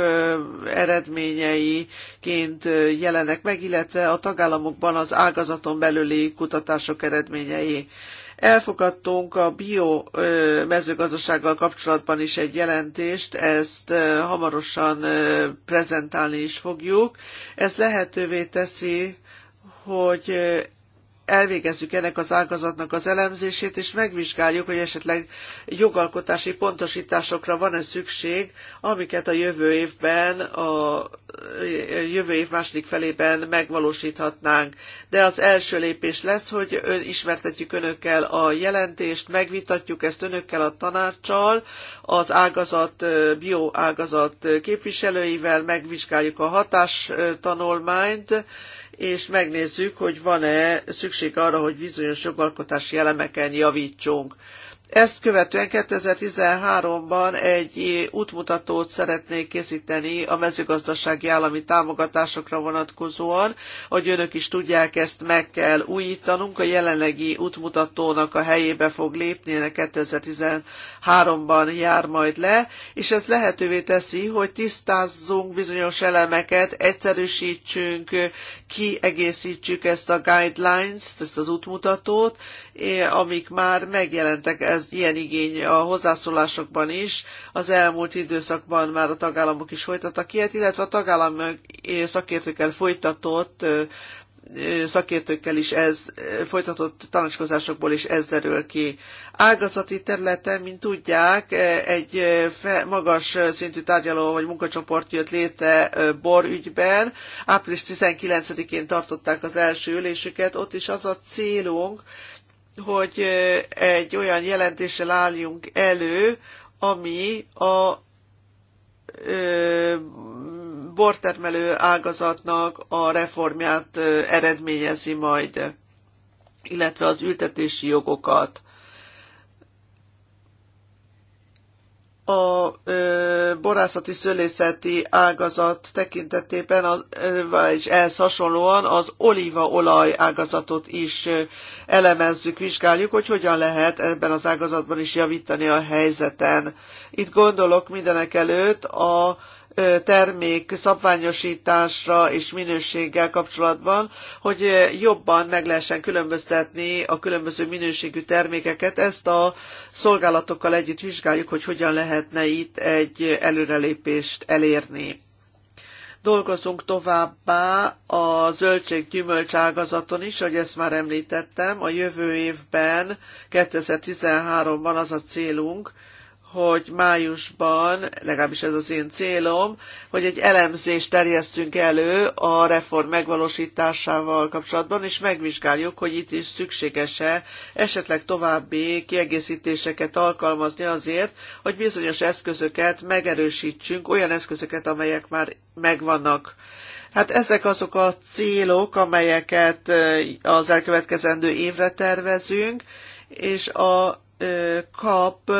eredményeiként jelenek meg, illetve a tagállamokban az ágazaton belüli kutatások eredményei. Elfogadtunk a bio kapcsolatban is egy jelentést, ezt hamarosan prezentálni is fogjuk. Ez lehetővé teszi, hogy elvégezzük ennek az ágazatnak az elemzését, és megvizsgáljuk, hogy esetleg jogalkotási pontosításokra van-e szükség, amiket a jövő évben, a jövő év második felében megvalósíthatnánk. De az első lépés lesz, hogy ön, ismertetjük önökkel a jelentést, megvitatjuk ezt önökkel a tanácssal, az ágazat, bioágazat képviselőivel, megvizsgáljuk a hatástanulmányt, és megnézzük, hogy van-e szükség arra, hogy bizonyos jogalkotási elemeken javítsunk. Ezt követően 2013-ban egy útmutatót szeretnék készíteni a mezőgazdasági állami támogatásokra vonatkozóan. Hogy önök is tudják, ezt meg kell újítanunk. A jelenlegi útmutatónak a helyébe fog lépni, 2013-ban jár majd le, és ez lehetővé teszi, hogy tisztázzunk bizonyos elemeket, egyszerűsítsünk, kiegészítsük ezt a guidelines-t, ezt az útmutatót, eh, amik már megjelentek ez, ilyen igény a hozzászólásokban is. Az elmúlt időszakban már a tagállamok is folytattak ilyet, illetve a tagállamok szakértőkkel folytatott szakértőkkel is ez folytatott tanácskozásokból is ez derül ki. Ágazati területen, mint tudják, egy magas szintű tárgyaló vagy munkacsoport jött létre bor ügyben. Április 19-én tartották az első ülésüket, ott is az a célunk, hogy egy olyan jelentéssel álljunk elő, ami a bortermelő ágazatnak a reformját eredményezi majd, illetve az ültetési jogokat. a ö, borászati szőlészeti ágazat tekintetében, az, ö, ehhez hasonlóan az olívaolaj ágazatot is ö, elemezzük, vizsgáljuk, hogy hogyan lehet ebben az ágazatban is javítani a helyzeten. Itt gondolok mindenek előtt a termék szabványosításra és minőséggel kapcsolatban, hogy jobban meg lehessen különböztetni a különböző minőségű termékeket. Ezt a szolgálatokkal együtt vizsgáljuk, hogy hogyan lehetne itt egy előrelépést elérni. Dolgozunk továbbá a zöldség gyümölcs ágazaton is, hogy ezt már említettem, a jövő évben, 2013-ban az a célunk, hogy májusban, legalábbis ez az én célom, hogy egy elemzést terjesztünk elő a reform megvalósításával kapcsolatban, és megvizsgáljuk, hogy itt is szükséges-e esetleg további kiegészítéseket alkalmazni azért, hogy bizonyos eszközöket megerősítsünk, olyan eszközöket, amelyek már megvannak. Hát ezek azok a célok, amelyeket eh, az elkövetkezendő évre tervezünk, és a kap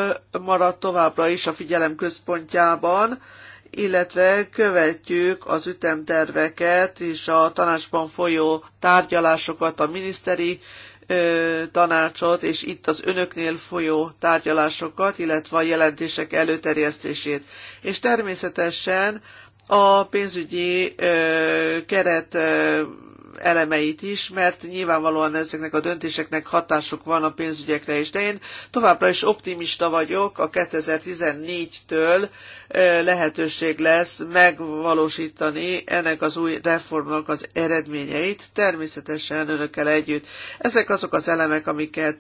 marad továbbra is a figyelem központjában, illetve követjük az ütemterveket és a tanácsban folyó tárgyalásokat, a miniszteri tanácsot, és itt az önöknél folyó tárgyalásokat, illetve a jelentések előterjesztését. És természetesen a pénzügyi keret elemeit is, mert nyilvánvalóan ezeknek a döntéseknek hatásuk van a pénzügyekre is. De én továbbra is optimista vagyok a 2014-től lehetőség lesz megvalósítani ennek az új reformnak az eredményeit, természetesen önökkel együtt. Ezek azok az elemek, amiket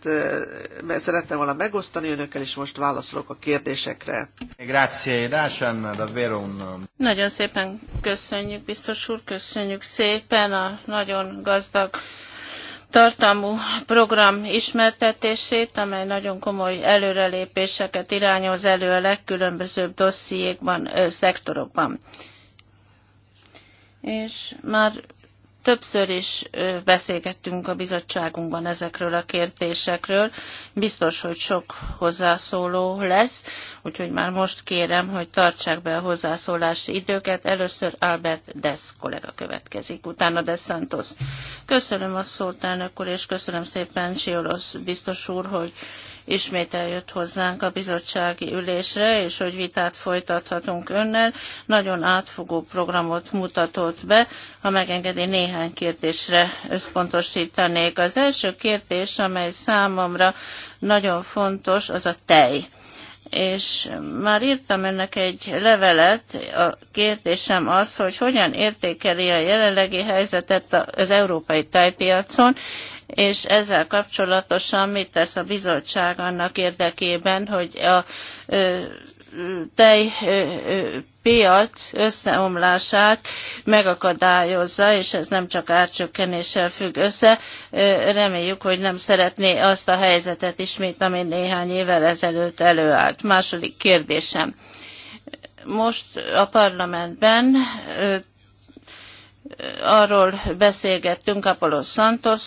szerettem volna megosztani önökkel, és most válaszolok a kérdésekre. Grazie, davvero un... Um, nagyon szépen köszönjük, biztos úr, köszönjük szépen a nagyon gazdag tartalmú program ismertetését, amely nagyon komoly előrelépéseket irányoz elő a legkülönbözőbb dossziékban, szektorokban. És már Többször is beszélgettünk a bizottságunkban ezekről a kérdésekről. Biztos, hogy sok hozzászóló lesz, úgyhogy már most kérem, hogy tartsák be a hozzászólási időket. Először Albert Dess kollega következik, utána Dess Santos. Köszönöm a szót, elnök úr, és köszönöm szépen Csiolosz biztos úr, hogy ismét eljött hozzánk a bizottsági ülésre, és hogy vitát folytathatunk önnel. Nagyon átfogó programot mutatott be. Ha megengedi, néhány kérdésre összpontosítanék. Az első kérdés, amely számomra nagyon fontos, az a tej és már írtam önnek egy levelet, a kérdésem az, hogy hogyan értékeli a jelenlegi helyzetet az európai tájpiacon, és ezzel kapcsolatosan mit tesz a bizottság annak érdekében, hogy a tejpiac összeomlását megakadályozza, és ez nem csak árcsökkenéssel függ össze. Reméljük, hogy nem szeretné azt a helyzetet ismét, ami néhány évvel ezelőtt előállt. Második kérdésem. Most a parlamentben arról beszélgettünk Apolos Santos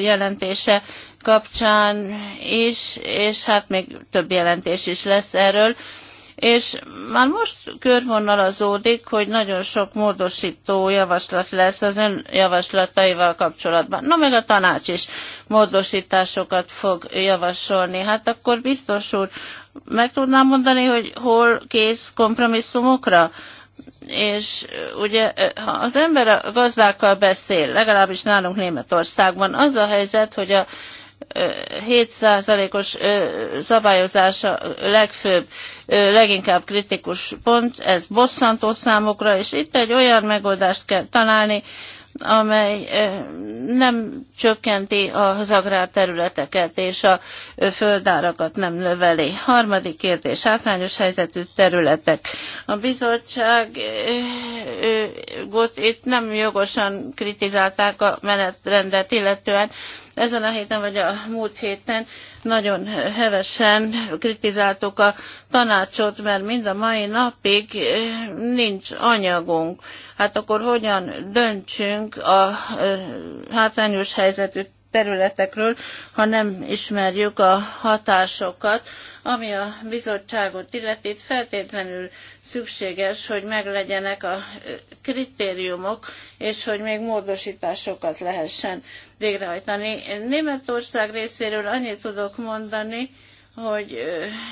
jelentése kapcsán is, és hát még több jelentés is lesz erről. És már most körvonalazódik, hogy nagyon sok módosító javaslat lesz az ön javaslataival kapcsolatban. Na, meg a tanács is módosításokat fog javasolni. Hát akkor biztos úr, meg tudnám mondani, hogy hol kész kompromisszumokra? és ugye, ha az ember a gazdákkal beszél, legalábbis nálunk Németországban, az a helyzet, hogy a 7%-os szabályozása legfőbb, leginkább kritikus pont, ez bosszantó számokra, és itt egy olyan megoldást kell találni, amely nem csökkenti az agrárterületeket és a földárakat nem növeli. Harmadik kérdés, hátrányos helyzetű területek. A bizottságot itt nem jogosan kritizálták a menetrendet illetően, ezen a héten vagy a múlt héten nagyon hevesen kritizáltuk a tanácsot, mert mind a mai napig eh, nincs anyagunk. Hát akkor hogyan döntsünk a eh, hátrányos helyzetű területekről, ha nem ismerjük a hatásokat. Ami a bizottságot illeti, itt feltétlenül szükséges, hogy meglegyenek a kritériumok, és hogy még módosításokat lehessen végrehajtani. Németország részéről annyit tudok mondani, hogy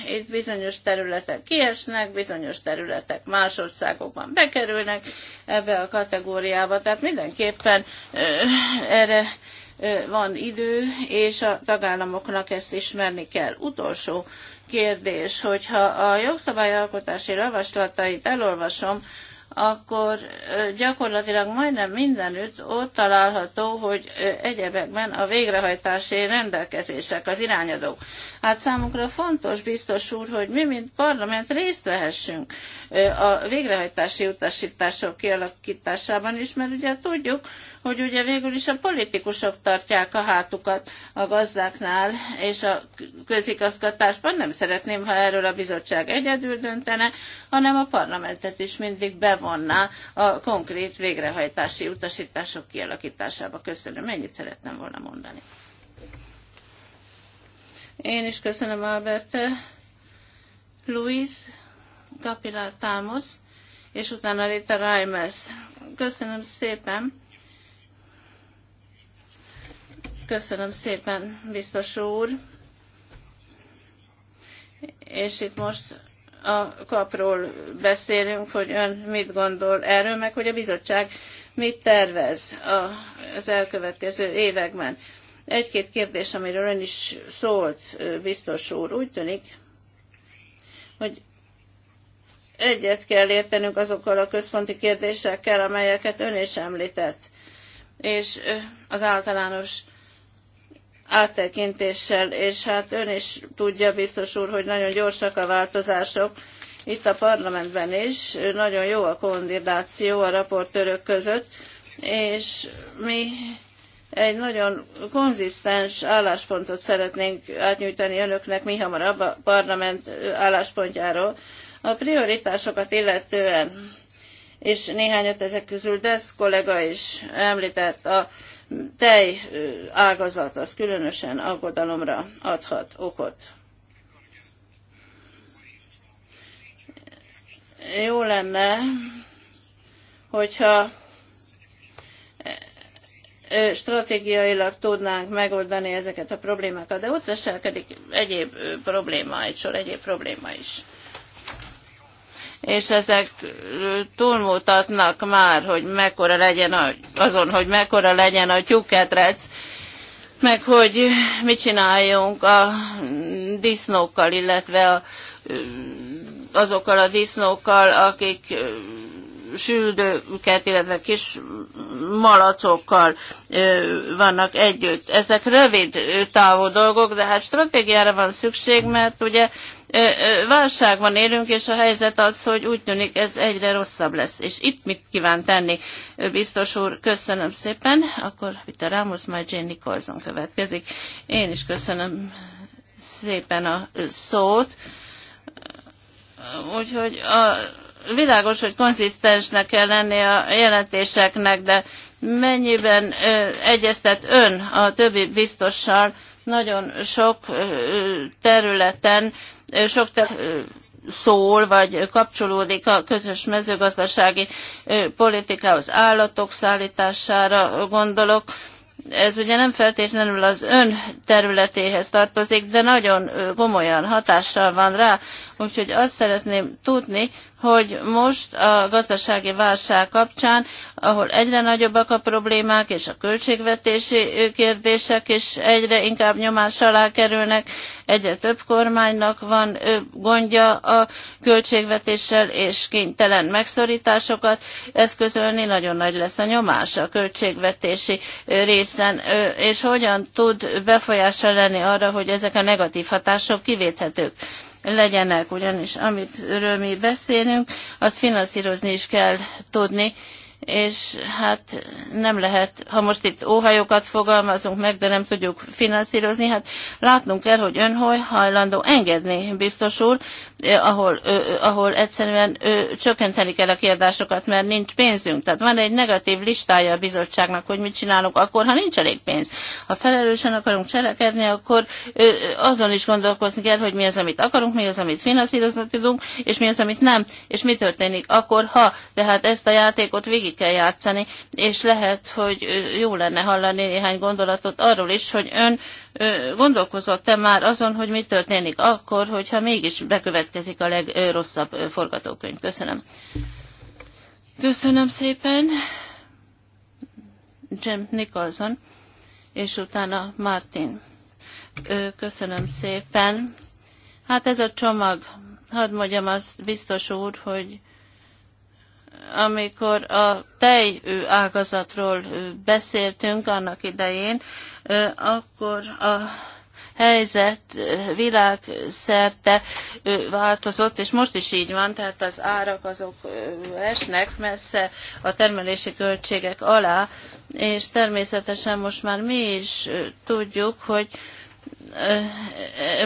itt bizonyos területek kiesnek, bizonyos területek más országokban bekerülnek ebbe a kategóriába. Tehát mindenképpen erre van idő, és a tagállamoknak ezt ismerni kell. Utolsó kérdés, hogyha a jogszabályalkotási javaslatait elolvasom, akkor gyakorlatilag majdnem mindenütt ott található, hogy egyebekben a végrehajtási rendelkezések, az irányadók. Hát számunkra fontos, biztos úr, hogy mi, mint parlament részt vehessünk a végrehajtási utasítások kialakításában is, mert ugye tudjuk, hogy ugye végül is a politikusok tartják a hátukat a gazdáknál, és a közigazgatásban nem szeretném, ha erről a bizottság egyedül döntene, hanem a parlamentet is mindig bevonná a konkrét végrehajtási utasítások kialakításába. Köszönöm, ennyit szerettem volna mondani. Én is köszönöm, Albert. Luis, Kapilár Támosz, és utána Rita Reimers. Köszönöm szépen. Köszönöm szépen, biztos úr. És itt most a kapról beszélünk, hogy ön mit gondol erről, meg hogy a bizottság mit tervez az elkövetkező években. Egy-két kérdés, amiről ön is szólt, biztos úr, úgy tűnik, hogy egyet kell értenünk azokkal a központi kérdésekkel, amelyeket ön is említett, és az általános áttekintéssel, és hát ön is tudja, biztos úr, hogy nagyon gyorsak a változások. Itt a parlamentben is nagyon jó a koordináció a raportőrök között, és mi egy nagyon konzisztens álláspontot szeretnénk átnyújtani önöknek mi hamarabb a parlament álláspontjáról. A prioritásokat illetően, és néhányat ezek közül Desz kollega is említett, a tej ágazat az különösen aggodalomra adhat okot. Jó lenne, hogyha stratégiailag tudnánk megoldani ezeket a problémákat, de ott leselkedik egyéb probléma, egy sor egyéb probléma is és ezek túlmutatnak már, hogy mekkora legyen a, azon, hogy mekkora legyen a tyúketrec, meg hogy mit csináljunk a disznókkal, illetve a, azokkal a disznókkal, akik süldőket, illetve kis malacokkal vannak együtt. Ezek rövid távú dolgok, de hát stratégiára van szükség, mert ugye válságban élünk, és a helyzet az, hogy úgy tűnik ez egyre rosszabb lesz. És itt mit kíván tenni, biztos úr? Köszönöm szépen. Akkor a Ramos, majd Jane Nicholson következik. Én is köszönöm szépen a szót. Úgyhogy a, világos, hogy konzisztensnek kell lenni a jelentéseknek, de mennyiben ö, egyeztet ön a többi biztossal, nagyon sok területen sok szól, vagy kapcsolódik a közös mezőgazdasági politikához, állatok szállítására gondolok. Ez ugye nem feltétlenül az ön területéhez tartozik, de nagyon komolyan hatással van rá, úgyhogy azt szeretném tudni, hogy most a gazdasági válság kapcsán, ahol egyre nagyobbak a problémák és a költségvetési kérdések is egyre inkább nyomás alá kerülnek, egyre több kormánynak van gondja a költségvetéssel és kénytelen megszorításokat eszközölni, nagyon nagy lesz a nyomás a költségvetési részen, és hogyan tud befolyása lenni arra, hogy ezek a negatív hatások kivéthetők legyenek, ugyanis amit mi beszélünk, azt finanszírozni is kell tudni, és hát nem lehet, ha most itt óhajokat fogalmazunk meg, de nem tudjuk finanszírozni, hát látnunk kell, hogy ön hogy hajlandó engedni, biztos úr, eh, ahol, ahol egyszerűen csökkenteni kell a kérdásokat, mert nincs pénzünk. Tehát van egy negatív listája a bizottságnak, hogy mit csinálunk akkor, ha nincs elég pénz. Ha felelősen akarunk cselekedni, akkor azon is gondolkozni kell, hogy mi az, amit akarunk, mi az, amit finanszírozni tudunk, és mi az, amit nem, és mi történik akkor, ha. Tehát ezt a játékot végig végig kell játszani, és lehet, hogy jó lenne hallani néhány gondolatot arról is, hogy ön gondolkozott-e már azon, hogy mi történik akkor, hogyha mégis bekövetkezik a legrosszabb forgatókönyv. Köszönöm. Köszönöm szépen. Jim Nicholson, és utána Martin. Köszönöm szépen. Hát ez a csomag, hadd mondjam azt, biztos úr, hogy amikor a tej ágazatról beszéltünk annak idején, akkor a helyzet világszerte változott, és most is így van, tehát az árak azok esnek messze a termelési költségek alá, és természetesen most már mi is tudjuk, hogy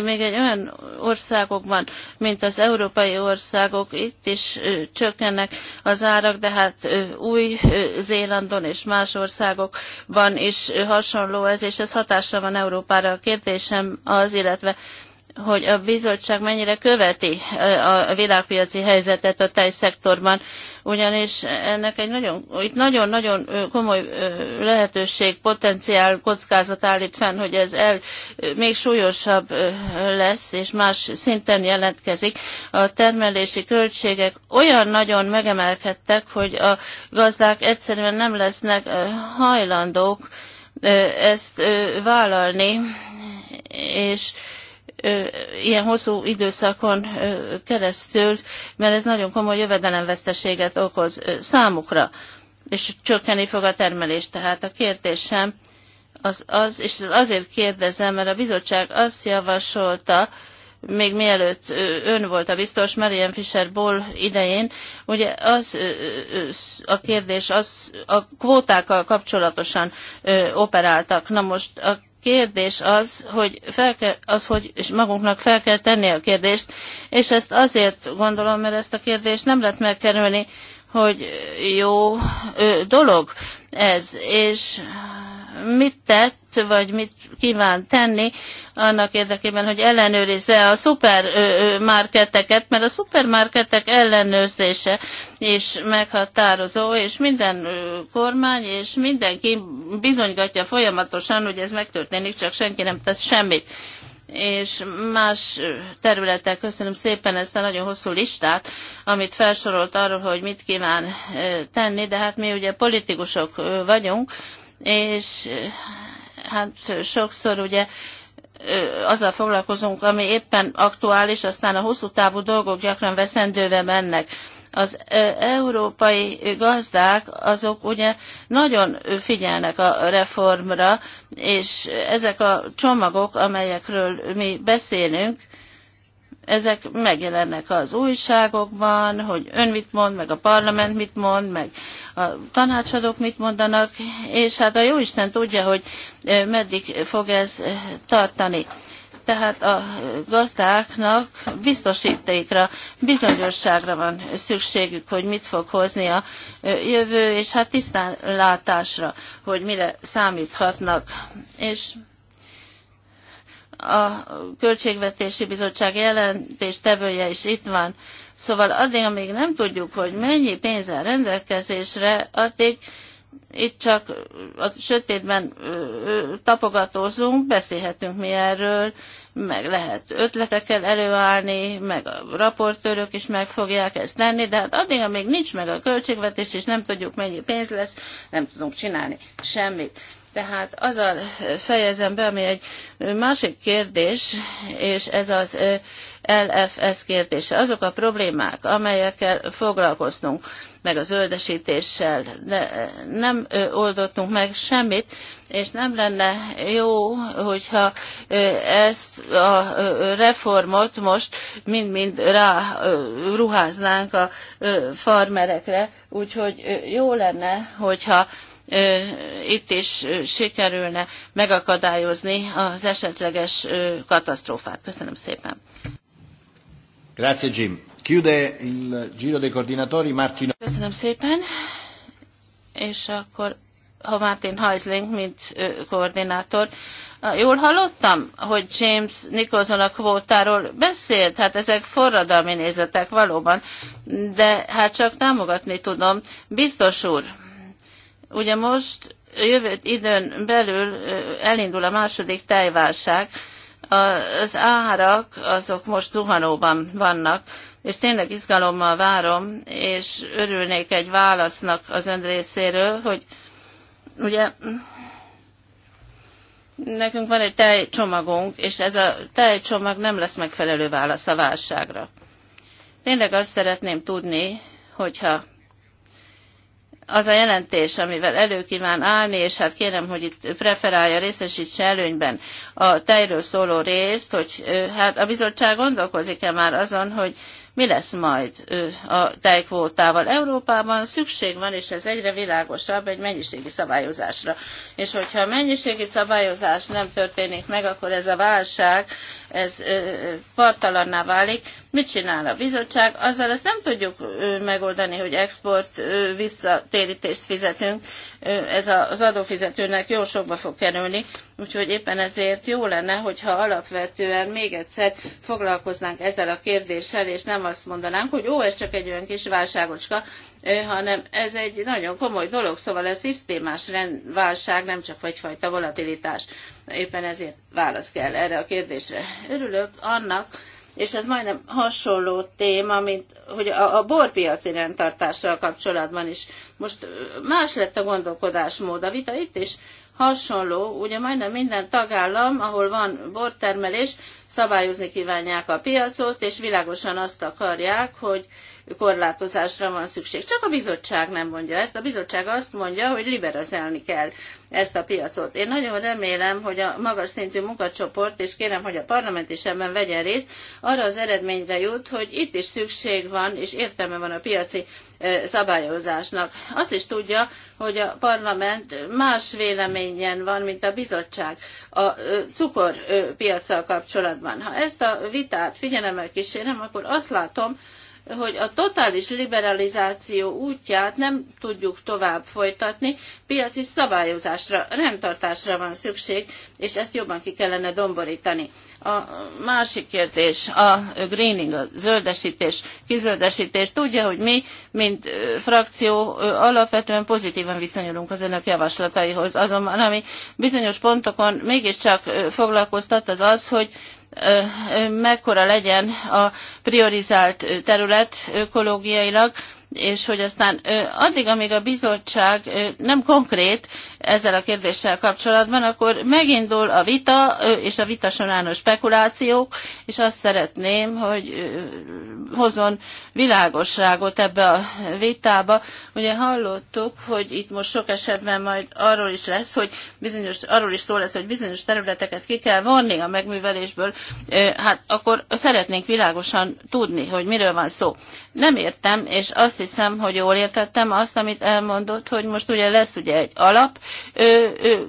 még egy olyan országokban, mint az európai országok, itt is csökkennek az árak, de hát Új-Zélandon és más országokban is hasonló ez, és ez hatással van Európára. A kérdésem az, illetve hogy a bizottság mennyire követi a világpiaci helyzetet a tejszektorban, ugyanis ennek egy nagyon, itt nagyon-nagyon komoly lehetőség, potenciál, kockázat állít fenn, hogy ez el még súlyosabb lesz, és más szinten jelentkezik. A termelési költségek olyan nagyon megemelkedtek, hogy a gazdák egyszerűen nem lesznek hajlandók ezt vállalni, és ilyen hosszú időszakon keresztül, mert ez nagyon komoly jövedelemveszteséget okoz számukra, és csökkenni fog a termelés. Tehát a kérdésem az, az és azért kérdezem, mert a bizottság azt javasolta, még mielőtt ön volt a biztos, Marian Fisher ból idején, ugye az a kérdés, az a kvótákkal kapcsolatosan operáltak. Na most a kérdés az, hogy, fel kell, az, hogy és magunknak fel kell tenni a kérdést, és ezt azért gondolom, mert ezt a kérdést nem lehet megkerülni, hogy jó ö, dolog ez, és mit tett, vagy mit kíván tenni annak érdekében, hogy ellenőrizze a szupermarketeket, mert a szupermarketek ellenőrzése is meghatározó, és minden kormány és mindenki bizonygatja folyamatosan, hogy ez megtörténik, csak senki nem tesz semmit és más területek. Köszönöm szépen ezt a nagyon hosszú listát, amit felsorolt arról, hogy mit kíván tenni, de hát mi ugye politikusok vagyunk, és hát sokszor ugye azzal foglalkozunk, ami éppen aktuális, aztán a hosszú távú dolgok gyakran veszendőbe mennek. Az európai gazdák azok ugye nagyon figyelnek a reformra, és ezek a csomagok, amelyekről mi beszélünk, ezek megjelennek az újságokban, hogy ön mit mond, meg a parlament mit mond, meg a tanácsadók mit mondanak, és hát a jóisten tudja, hogy meddig fog ez tartani tehát a gazdáknak biztosítékra, bizonyosságra van szükségük, hogy mit fog hozni a jövő, és hát látásra, hogy mire számíthatnak. És a Költségvetési Bizottság jelentés tevője is itt van. Szóval addig, amíg nem tudjuk, hogy mennyi pénz áll rendelkezésre, addig itt csak a sötétben tapogatózunk, beszélhetünk mi erről, meg lehet ötletekkel előállni, meg a raportőrök is meg fogják ezt tenni, de hát addig, amíg nincs meg a költségvetés, és nem tudjuk mennyi pénz lesz, nem tudunk csinálni semmit. Tehát azzal fejezem be, ami egy másik kérdés, és ez az LFS kérdése. Azok a problémák, amelyekkel foglalkoznunk, meg a zöldesítéssel, de nem oldottunk meg semmit, és nem lenne jó, hogyha ezt a reformot most mind-mind rá ruháznánk a farmerekre, úgyhogy jó lenne, hogyha itt is sikerülne megakadályozni az esetleges katasztrófát. Köszönöm szépen. Grazie Jim. Chiude il giro dei coordinatori Martino. Köszönöm szépen. És akkor ha Martin Heisling, mint koordinátor. Jól hallottam, hogy James Nicholson a kvótáról beszélt, hát ezek forradalmi nézetek valóban, de hát csak támogatni tudom. Biztos úr, Ugye most jövő időn belül elindul a második tejválság, az árak azok most zuhanóban vannak, és tényleg izgalommal várom, és örülnék egy válasznak az ön részéről, hogy ugye nekünk van egy tejcsomagunk, és ez a tejcsomag nem lesz megfelelő válasz a válságra. Tényleg azt szeretném tudni, hogyha az a jelentés, amivel elő kíván állni, és hát kérem, hogy itt preferálja, részesítse előnyben a tejről szóló részt, hogy hát a bizottság gondolkozik-e már azon, hogy mi lesz majd a tejkvótával. Európában szükség van, és ez egyre világosabb, egy mennyiségi szabályozásra. És hogyha a mennyiségi szabályozás nem történik meg, akkor ez a válság ez partalanná válik. Mit csinál a bizottság? Azzal ezt nem tudjuk megoldani, hogy export visszatérítést fizetünk. Ez az adófizetőnek jó sokba fog kerülni, úgyhogy éppen ezért jó lenne, hogyha alapvetően még egyszer foglalkoznánk ezzel a kérdéssel, és nem azt mondanánk, hogy ó, ez csak egy olyan kis válságocska, hanem ez egy nagyon komoly dolog, szóval ez szisztémás válság, nem csak egyfajta volatilitás. Éppen ezért válasz kell erre a kérdésre. Örülök annak, és ez majdnem hasonló téma, mint hogy a, a borpiaci rendtartással kapcsolatban is. Most más lett a gondolkodásmód, a vita itt is hasonló, ugye majdnem minden tagállam, ahol van bortermelés, szabályozni kívánják a piacot, és világosan azt akarják, hogy korlátozásra van szükség. Csak a bizottság nem mondja ezt. A bizottság azt mondja, hogy liberalizálni kell ezt a piacot. Én nagyon remélem, hogy a magas szintű munkacsoport, és kérem, hogy a parlament is ebben vegyen részt, arra az eredményre jut, hogy itt is szükség van, és értelme van a piaci szabályozásnak. Azt is tudja, hogy a parlament más véleményen van, mint a bizottság a cukorpiacsal kapcsolatban. Ha ezt a vitát figyelemmel kísérem, akkor azt látom, hogy a totális liberalizáció útját nem tudjuk tovább folytatni, piaci szabályozásra, rendtartásra van szükség, és ezt jobban ki kellene domborítani. A másik kérdés, a greening, a zöldesítés, kizöldesítés. Tudja, hogy mi, mint frakció alapvetően pozitívan viszonyulunk az önök javaslataihoz. Azonban, ami bizonyos pontokon mégiscsak foglalkoztat, az az, hogy mekkora legyen a priorizált terület ökológiailag, és hogy aztán addig, amíg a bizottság nem konkrét ezzel a kérdéssel kapcsolatban, akkor megindul a vita, és a vita során a spekulációk, és azt szeretném, hogy hozzon világosságot ebbe a vitába. Ugye hallottuk, hogy itt most sok esetben majd arról is lesz, hogy bizonyos, arról is szó lesz, hogy bizonyos területeket ki kell vonni a megművelésből, hát akkor szeretnénk világosan tudni, hogy miről van szó. Nem értem, és azt hiszem, hogy jól értettem azt, amit elmondott, hogy most ugye lesz ugye egy alap,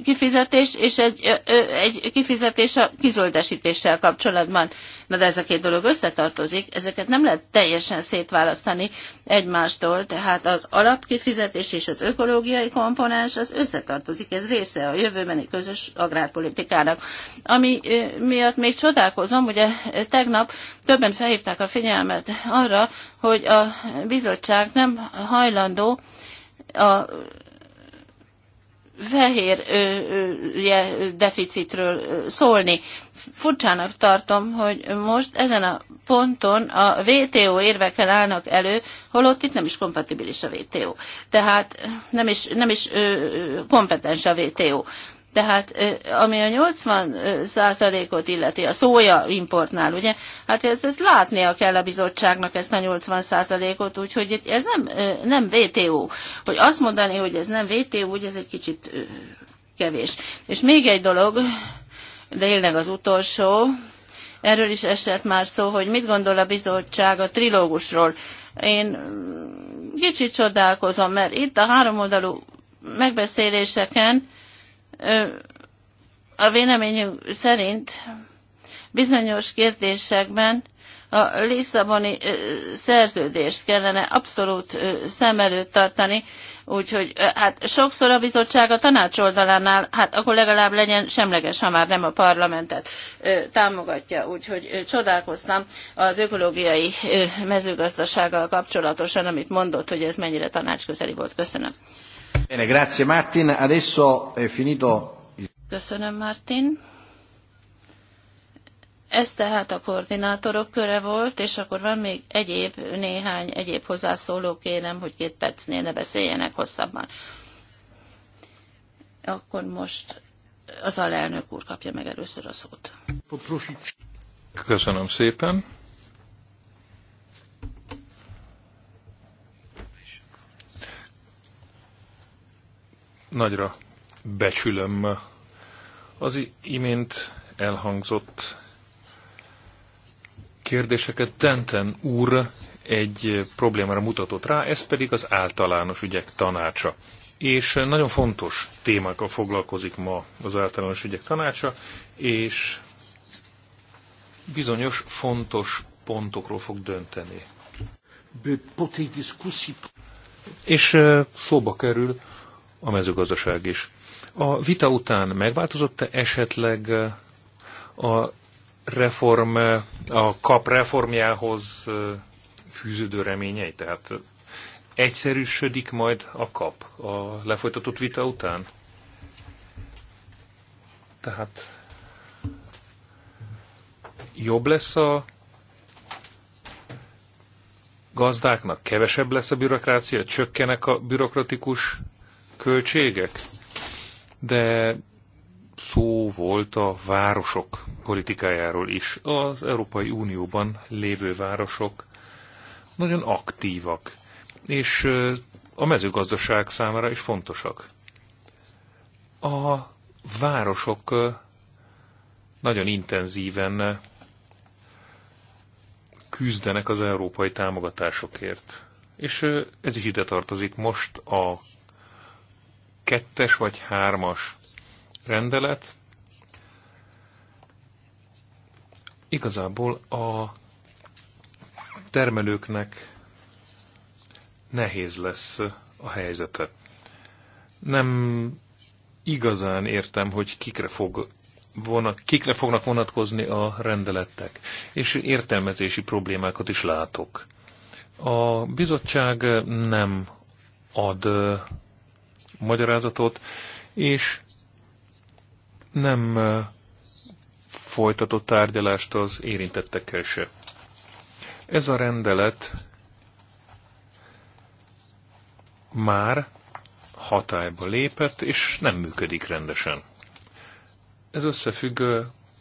kifizetés, és egy, egy kifizetés a kizöldesítéssel kapcsolatban. Na de ez a két dolog összetartozik, ezeket nem lehet teljesen szétválasztani egymástól, tehát az alapkifizetés és az ökológiai komponens az összetartozik, ez része a jövőbeni közös agrárpolitikának. Ami miatt még csodálkozom, ugye tegnap többen felhívták a figyelmet arra, hogy a bizottság nem hajlandó a fehérje deficitről szólni. Furcsának tartom, hogy most ezen a ponton a WTO érvekkel állnak elő, holott itt nem is kompatibilis a WTO. Tehát nem is, nem is ö, kompetens a WTO. Tehát ami a 80 százalékot illeti, a szója importnál, ugye, hát ez, ez látnia kell a bizottságnak ezt a 80 százalékot, úgyhogy ez nem, nem VTO. Hogy azt mondani, hogy ez nem VTO, ugye ez egy kicsit kevés. És még egy dolog, de élnek az utolsó, erről is esett már szó, hogy mit gondol a bizottság a trilógusról. Én mm, kicsit csodálkozom, mert itt a háromoldalú megbeszéléseken a véleményünk szerint bizonyos kérdésekben a Lisszaboni szerződést kellene abszolút szem előtt tartani, úgyhogy hát sokszor a bizottság a tanács oldalánál, hát akkor legalább legyen semleges, ha már nem a parlamentet támogatja, úgyhogy csodálkoztam az ökológiai mezőgazdasággal kapcsolatosan, amit mondott, hogy ez mennyire tanácsközeli volt. Köszönöm. Bene, grazie Martin. Adesso è finito. Köszönöm, Martin. Ez tehát a koordinátorok köre volt, és akkor van még egyéb, néhány egyéb hozzászóló, kérem, hogy két percnél ne beszéljenek hosszabban. Akkor most az alelnök úr kapja meg először a szót. Köszönöm szépen. Nagyra becsülöm az imént elhangzott kérdéseket. Denten úr egy problémára mutatott rá, ez pedig az általános ügyek tanácsa. És nagyon fontos témákkal foglalkozik ma az általános ügyek tanácsa, és bizonyos fontos pontokról fog dönteni. És e, szóba kerül a mezőgazdaság is. A vita után megváltozott-e esetleg a reform, a kap reformjához fűződő reményei? Tehát egyszerűsödik majd a kap a lefolytatott vita után? Tehát jobb lesz a gazdáknak, kevesebb lesz a bürokrácia, csökkenek a bürokratikus költségek, de szó volt a városok politikájáról is. Az Európai Unióban lévő városok nagyon aktívak, és a mezőgazdaság számára is fontosak. A városok nagyon intenzíven küzdenek az európai támogatásokért. És ez is ide tartozik most a kettes vagy hármas rendelet igazából a termelőknek nehéz lesz a helyzete. Nem igazán értem, hogy kikre, fog vonat, kikre fognak vonatkozni a rendeletek, és értelmezési problémákat is látok. A bizottság nem ad magyarázatot, és nem folytatott tárgyalást az érintettekkel se. Ez a rendelet már hatályba lépett, és nem működik rendesen. Ez összefügg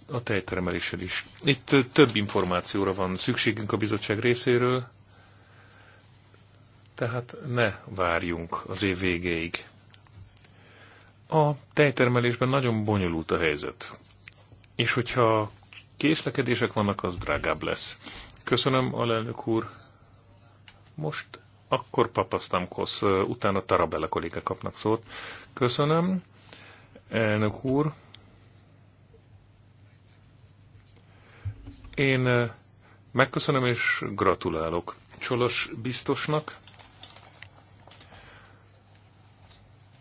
a tejtermeléssel is. Itt több információra van szükségünk a bizottság részéről, tehát ne várjunk az év végéig. A tejtermelésben nagyon bonyolult a helyzet. És hogyha késlekedések vannak, az drágább lesz. Köszönöm, alelnök úr. Most akkor papasztamkosz, utána Tarabella kolléga kapnak szót. Köszönöm, elnök úr. Én megköszönöm és gratulálok Csolos biztosnak,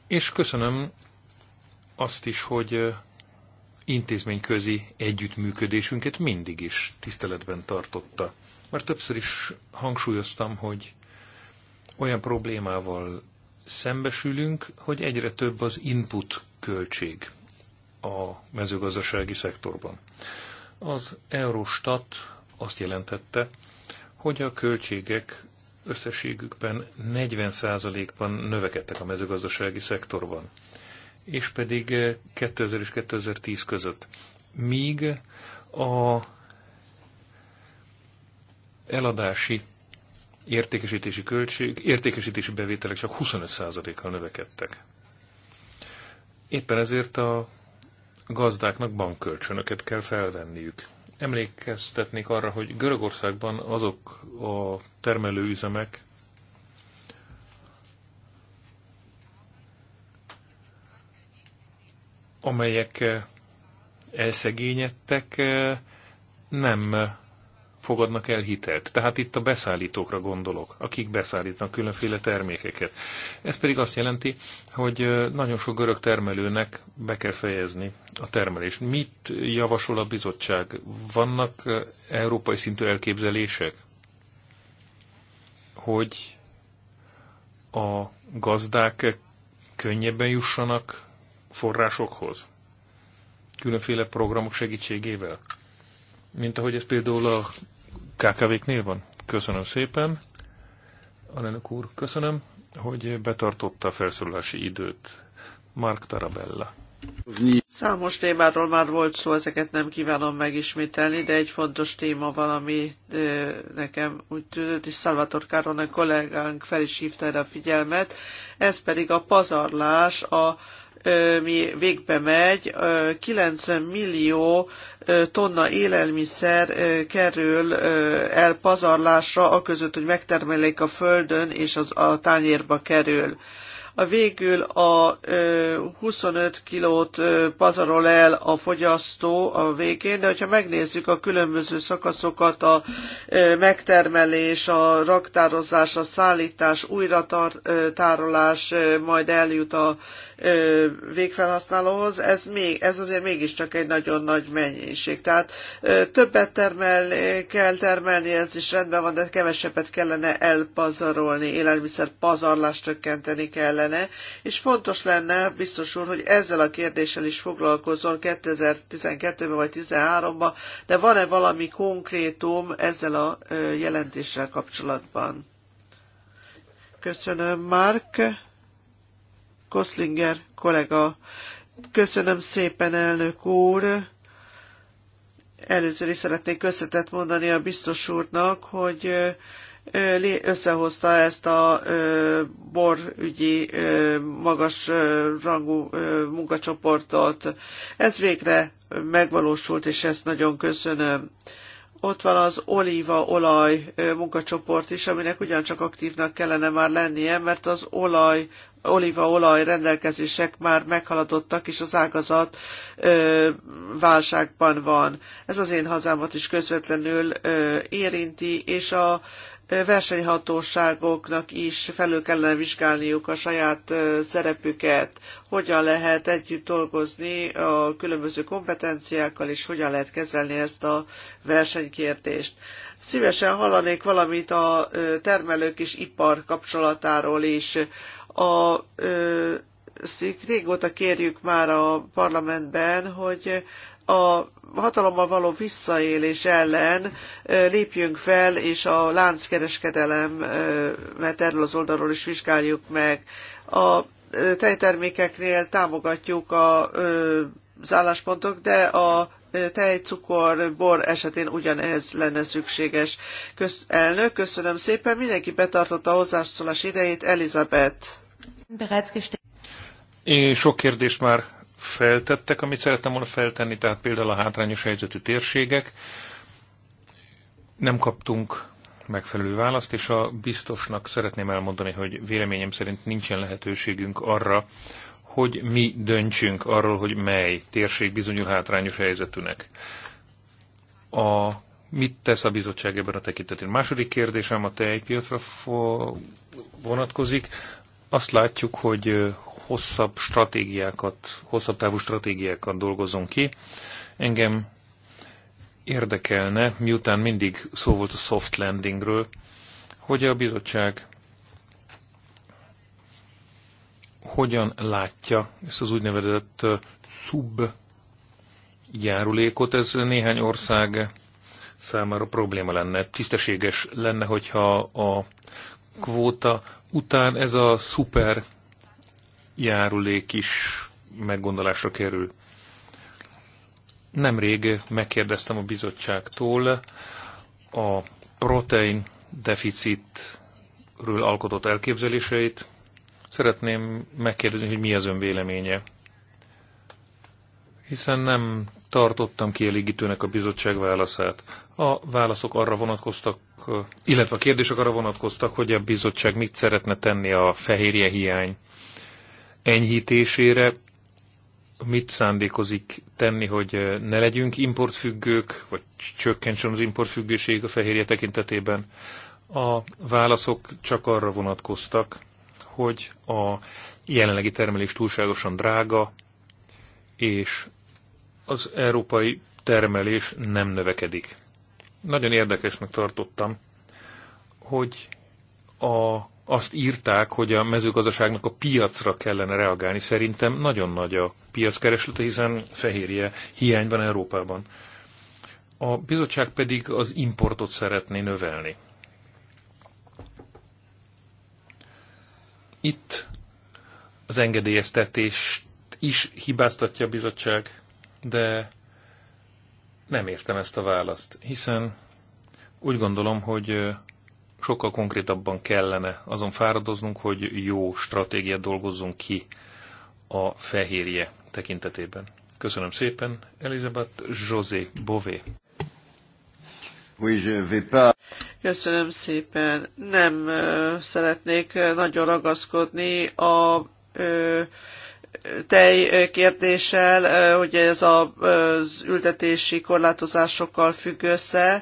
és köszönöm azt is, hogy intézményközi együttműködésünket mindig is tiszteletben tartotta. mert többször is hangsúlyoztam, hogy olyan problémával szembesülünk, hogy egyre több az input költség a mezőgazdasági szektorban. Az Eurostat azt jelentette, hogy a költségek összességükben 40%-ban növekedtek a mezőgazdasági szektorban és pedig 2000 eh, és 2010 között. Míg a eladási értékesítési költség, értékesítési bevételek csak 25%-kal növekedtek. Éppen ezért a gazdáknak bankkölcsönöket kell felvenniük. Emlékeztetnék arra, hogy Görögországban azok a termelőüzemek, amelyek eh, elszegényedtek, eh, nem eh, fogadnak el hitelt. Tehát itt a beszállítókra gondolok, akik beszállítnak különféle termékeket. Ez pedig azt jelenti, hogy nagyon sok görög termelőnek be kell fejezni a termelést. Mit javasol a bizottság? Vannak európai szintű elképzelések, hogy a gazdák könnyebben jussanak forrásokhoz, különféle programok segítségével, mint ahogy ez például a KKV-knél van. Köszönöm szépen, a úr, köszönöm, hogy betartotta a felszólalási időt. Mark Tarabella. Számos témáról már volt szó, ezeket nem kívánom megismételni, de egy fontos téma valami nekem úgy tűnt, és Káron a kollégánk fel is hívta erre a figyelmet, ez pedig a pazarlás, a mi végbe megy, 90 millió tonna élelmiszer kerül elpazarlásra, aközött, hogy megtermelik a földön, és az a tányérba kerül. A végül a 25 kilót pazarol el a fogyasztó a végén, de hogyha megnézzük a különböző szakaszokat, a megtermelés, a raktározás, a szállítás, újratárolás, majd eljut a végfelhasználóhoz, ez, még, ez azért mégiscsak egy nagyon nagy mennyiség. Tehát többet termel, kell termelni, ez is rendben van, de kevesebbet kellene elpazarolni, élelmiszer pazarlást csökkenteni kellene, és fontos lenne, biztos úr, hogy ezzel a kérdéssel is foglalkozzon 2012-ben vagy 2013-ban, de van-e valami konkrétum ezzel a jelentéssel kapcsolatban? Köszönöm, Mark. Koszlinger kollega. Köszönöm szépen, elnök úr! Először is szeretnék köszönetet mondani a biztos úrnak, hogy összehozta ezt a borügyi magas rangú munkacsoportot. Ez végre megvalósult, és ezt nagyon köszönöm. Ott van az olívaolaj munkacsoport is, aminek ugyancsak aktívnak kellene már lennie, mert az olaj, olívaolaj rendelkezések már meghaladottak, és az ágazat ö, válságban van. Ez az én hazámat is közvetlenül ö, érinti, és a versenyhatóságoknak is felül kellene vizsgálniuk a saját szerepüket, hogyan lehet együtt dolgozni a különböző kompetenciákkal, és hogyan lehet kezelni ezt a versenykérdést. Szívesen hallanék valamit a termelők és ipar kapcsolatáról is. A, régóta kérjük már a parlamentben, hogy a hatalommal való visszaélés ellen lépjünk fel, és a lánckereskedelemet erről az oldalról is vizsgáljuk meg. A tejtermékeknél támogatjuk a, az álláspontok, de a tej, cukor, bor esetén ugyanez lenne szükséges. Kösz, elnök, köszönöm szépen. Mindenki betartotta a hozzászólás idejét. Elizabeth. Én sok kérdést már feltettek, amit szerettem volna feltenni, tehát például a hátrányos helyzetű térségek. Nem kaptunk megfelelő választ, és a biztosnak szeretném elmondani, hogy véleményem szerint nincsen lehetőségünk arra, hogy mi döntsünk arról, hogy mely térség bizonyul hátrányos helyzetűnek. A, mit tesz a bizottság ebben a tekintetben? Második kérdésem a tejpiacra vonatkozik. Azt látjuk, hogy hosszabb stratégiákat, hosszabb távú stratégiákat dolgozunk ki. Engem érdekelne, miután mindig szó volt a soft landingről, hogy a bizottság hogyan látja ezt az úgynevezett sub járulékot. Ez néhány ország számára probléma lenne. Tisztességes lenne, hogyha a kvóta után ez a szuper járulék is meggondolásra kerül. Nemrég megkérdeztem a bizottságtól a protein deficitről alkotott elképzeléseit. Szeretném megkérdezni, hogy mi az ön véleménye. Hiszen nem tartottam kielégítőnek a bizottság válaszát. A válaszok arra vonatkoztak, illetve a kérdések arra vonatkoztak, hogy a bizottság mit szeretne tenni a fehérje hiány enyhítésére mit szándékozik tenni, hogy ne legyünk importfüggők, vagy csökkentsen az importfüggőség a fehérje tekintetében? A válaszok csak arra vonatkoztak, hogy a jelenlegi termelés túlságosan drága, és az európai termelés nem növekedik. Nagyon érdekesnek tartottam, hogy a azt írták, hogy a mezőgazdaságnak a piacra kellene reagálni. Szerintem nagyon nagy a piackereslete, hiszen fehérje hiány van Európában. A bizottság pedig az importot szeretné növelni. Itt az engedélyeztetést is hibáztatja a bizottság, de nem értem ezt a választ, hiszen úgy gondolom, hogy sokkal konkrétabban kellene azon fáradoznunk, hogy jó stratégiát dolgozzunk ki a fehérje tekintetében. Köszönöm szépen, Elizabeth José Bové. Köszönöm szépen. Nem ö, szeretnék nagyon ragaszkodni a ö, tej kérdéssel, hogy ez az ültetési korlátozásokkal függ össze. Ö,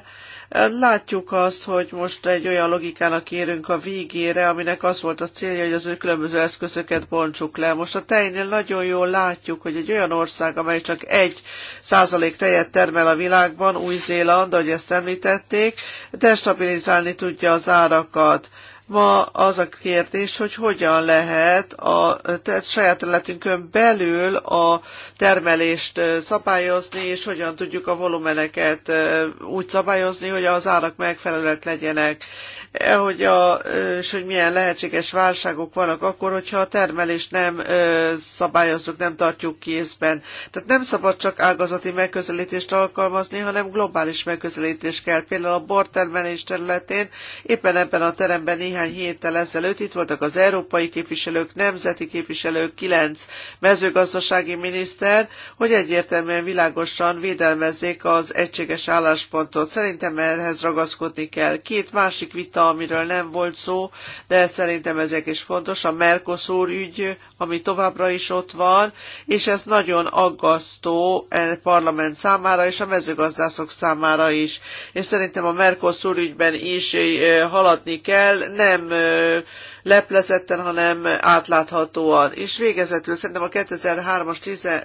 Látjuk azt, hogy most egy olyan logikának érünk a végére, aminek az volt a célja, hogy az ő különböző eszközöket bontsuk le. Most a tejnél nagyon jól látjuk, hogy egy olyan ország, amely csak egy százalék tejet termel a világban, Új-Zéland, ahogy ezt említették, destabilizálni tudja az árakat Ma az a kérdés, hogy hogyan lehet a tehát saját területünkön belül a termelést szabályozni, és hogyan tudjuk a volumeneket úgy szabályozni, hogy az árak megfelelőek legyenek. Hogy a, és hogy milyen lehetséges válságok vannak akkor, hogyha a termelést nem szabályozzuk, nem tartjuk kézben. Tehát nem szabad csak ágazati megközelítést alkalmazni, hanem globális megközelítést kell. Például a bortermelés területén éppen ebben a teremben néhány néhány héttel ezelőtt itt voltak az európai képviselők, nemzeti képviselők, kilenc mezőgazdasági miniszter, hogy egyértelműen világosan védelmezzék az egységes álláspontot. Szerintem ehhez ragaszkodni kell. Két másik vita, amiről nem volt szó, de szerintem ezek is fontos, a Mercosur ügy, ami továbbra is ott van, és ez nagyon aggasztó a e parlament számára és a mezőgazdászok számára is. És szerintem a Mercosur ügyben is haladni kell, ne nem leplezetten, hanem átláthatóan. És végezetül szerintem a 2003-as,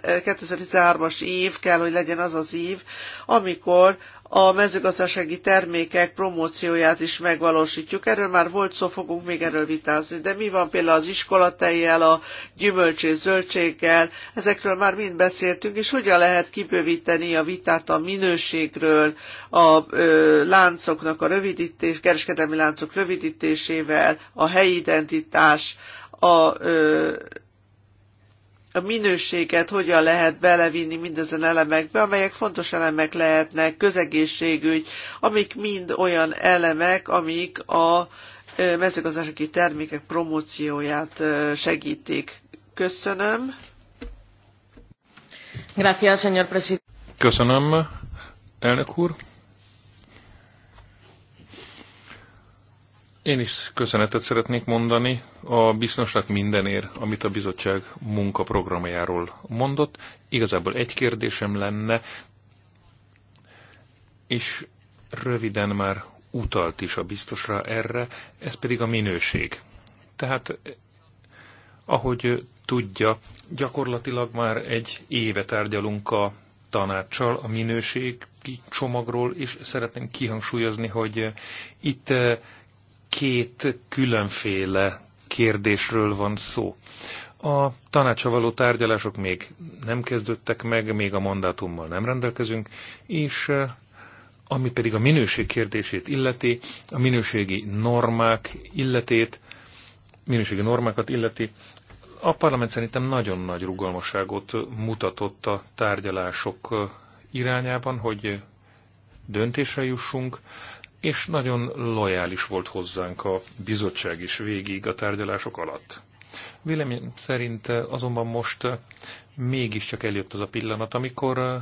2013-as év kell, hogy legyen az az év, amikor a mezőgazdasági termékek promócióját is megvalósítjuk. Erről már volt szó, fogunk még erről vitázni. De mi van például az iskolatejjel, a gyümölcs és zöldséggel, ezekről már mind beszéltünk, és hogyan lehet kibővíteni a vitát a minőségről, a ö, láncoknak a rövidítés, kereskedelmi láncok rövidítésével, a helyi identitás, a ö, a minőséget hogyan lehet belevinni mindezen elemekbe, amelyek fontos elemek lehetnek, közegészségügy, amik mind olyan elemek, amik a mezőgazdasági termékek promócióját segítik. Köszönöm. Gracias, señor presidente. Köszönöm, elnök úr. Én is köszönetet szeretnék mondani a biztosnak mindenért, amit a bizottság munkaprogramjáról mondott. Igazából egy kérdésem lenne, és röviden már utalt is a biztosra erre, ez pedig a minőség. Tehát, ahogy tudja, gyakorlatilag már egy éve tárgyalunk a tanácssal a minőség csomagról, és szeretném kihangsúlyozni, hogy itt két különféle kérdésről van szó. A tanácsa való tárgyalások még nem kezdődtek meg, még a mandátummal nem rendelkezünk, és eh, ami pedig a minőség kérdését illeti, a minőségi normák illetét, minőségi normákat illeti, a parlament szerintem nagyon nagy rugalmasságot mutatott a tárgyalások eh, irányában, hogy döntésre jussunk, és nagyon lojális volt hozzánk a bizottság is végig a tárgyalások alatt. Vélemény szerint azonban most mégiscsak eljött az a pillanat, amikor eh,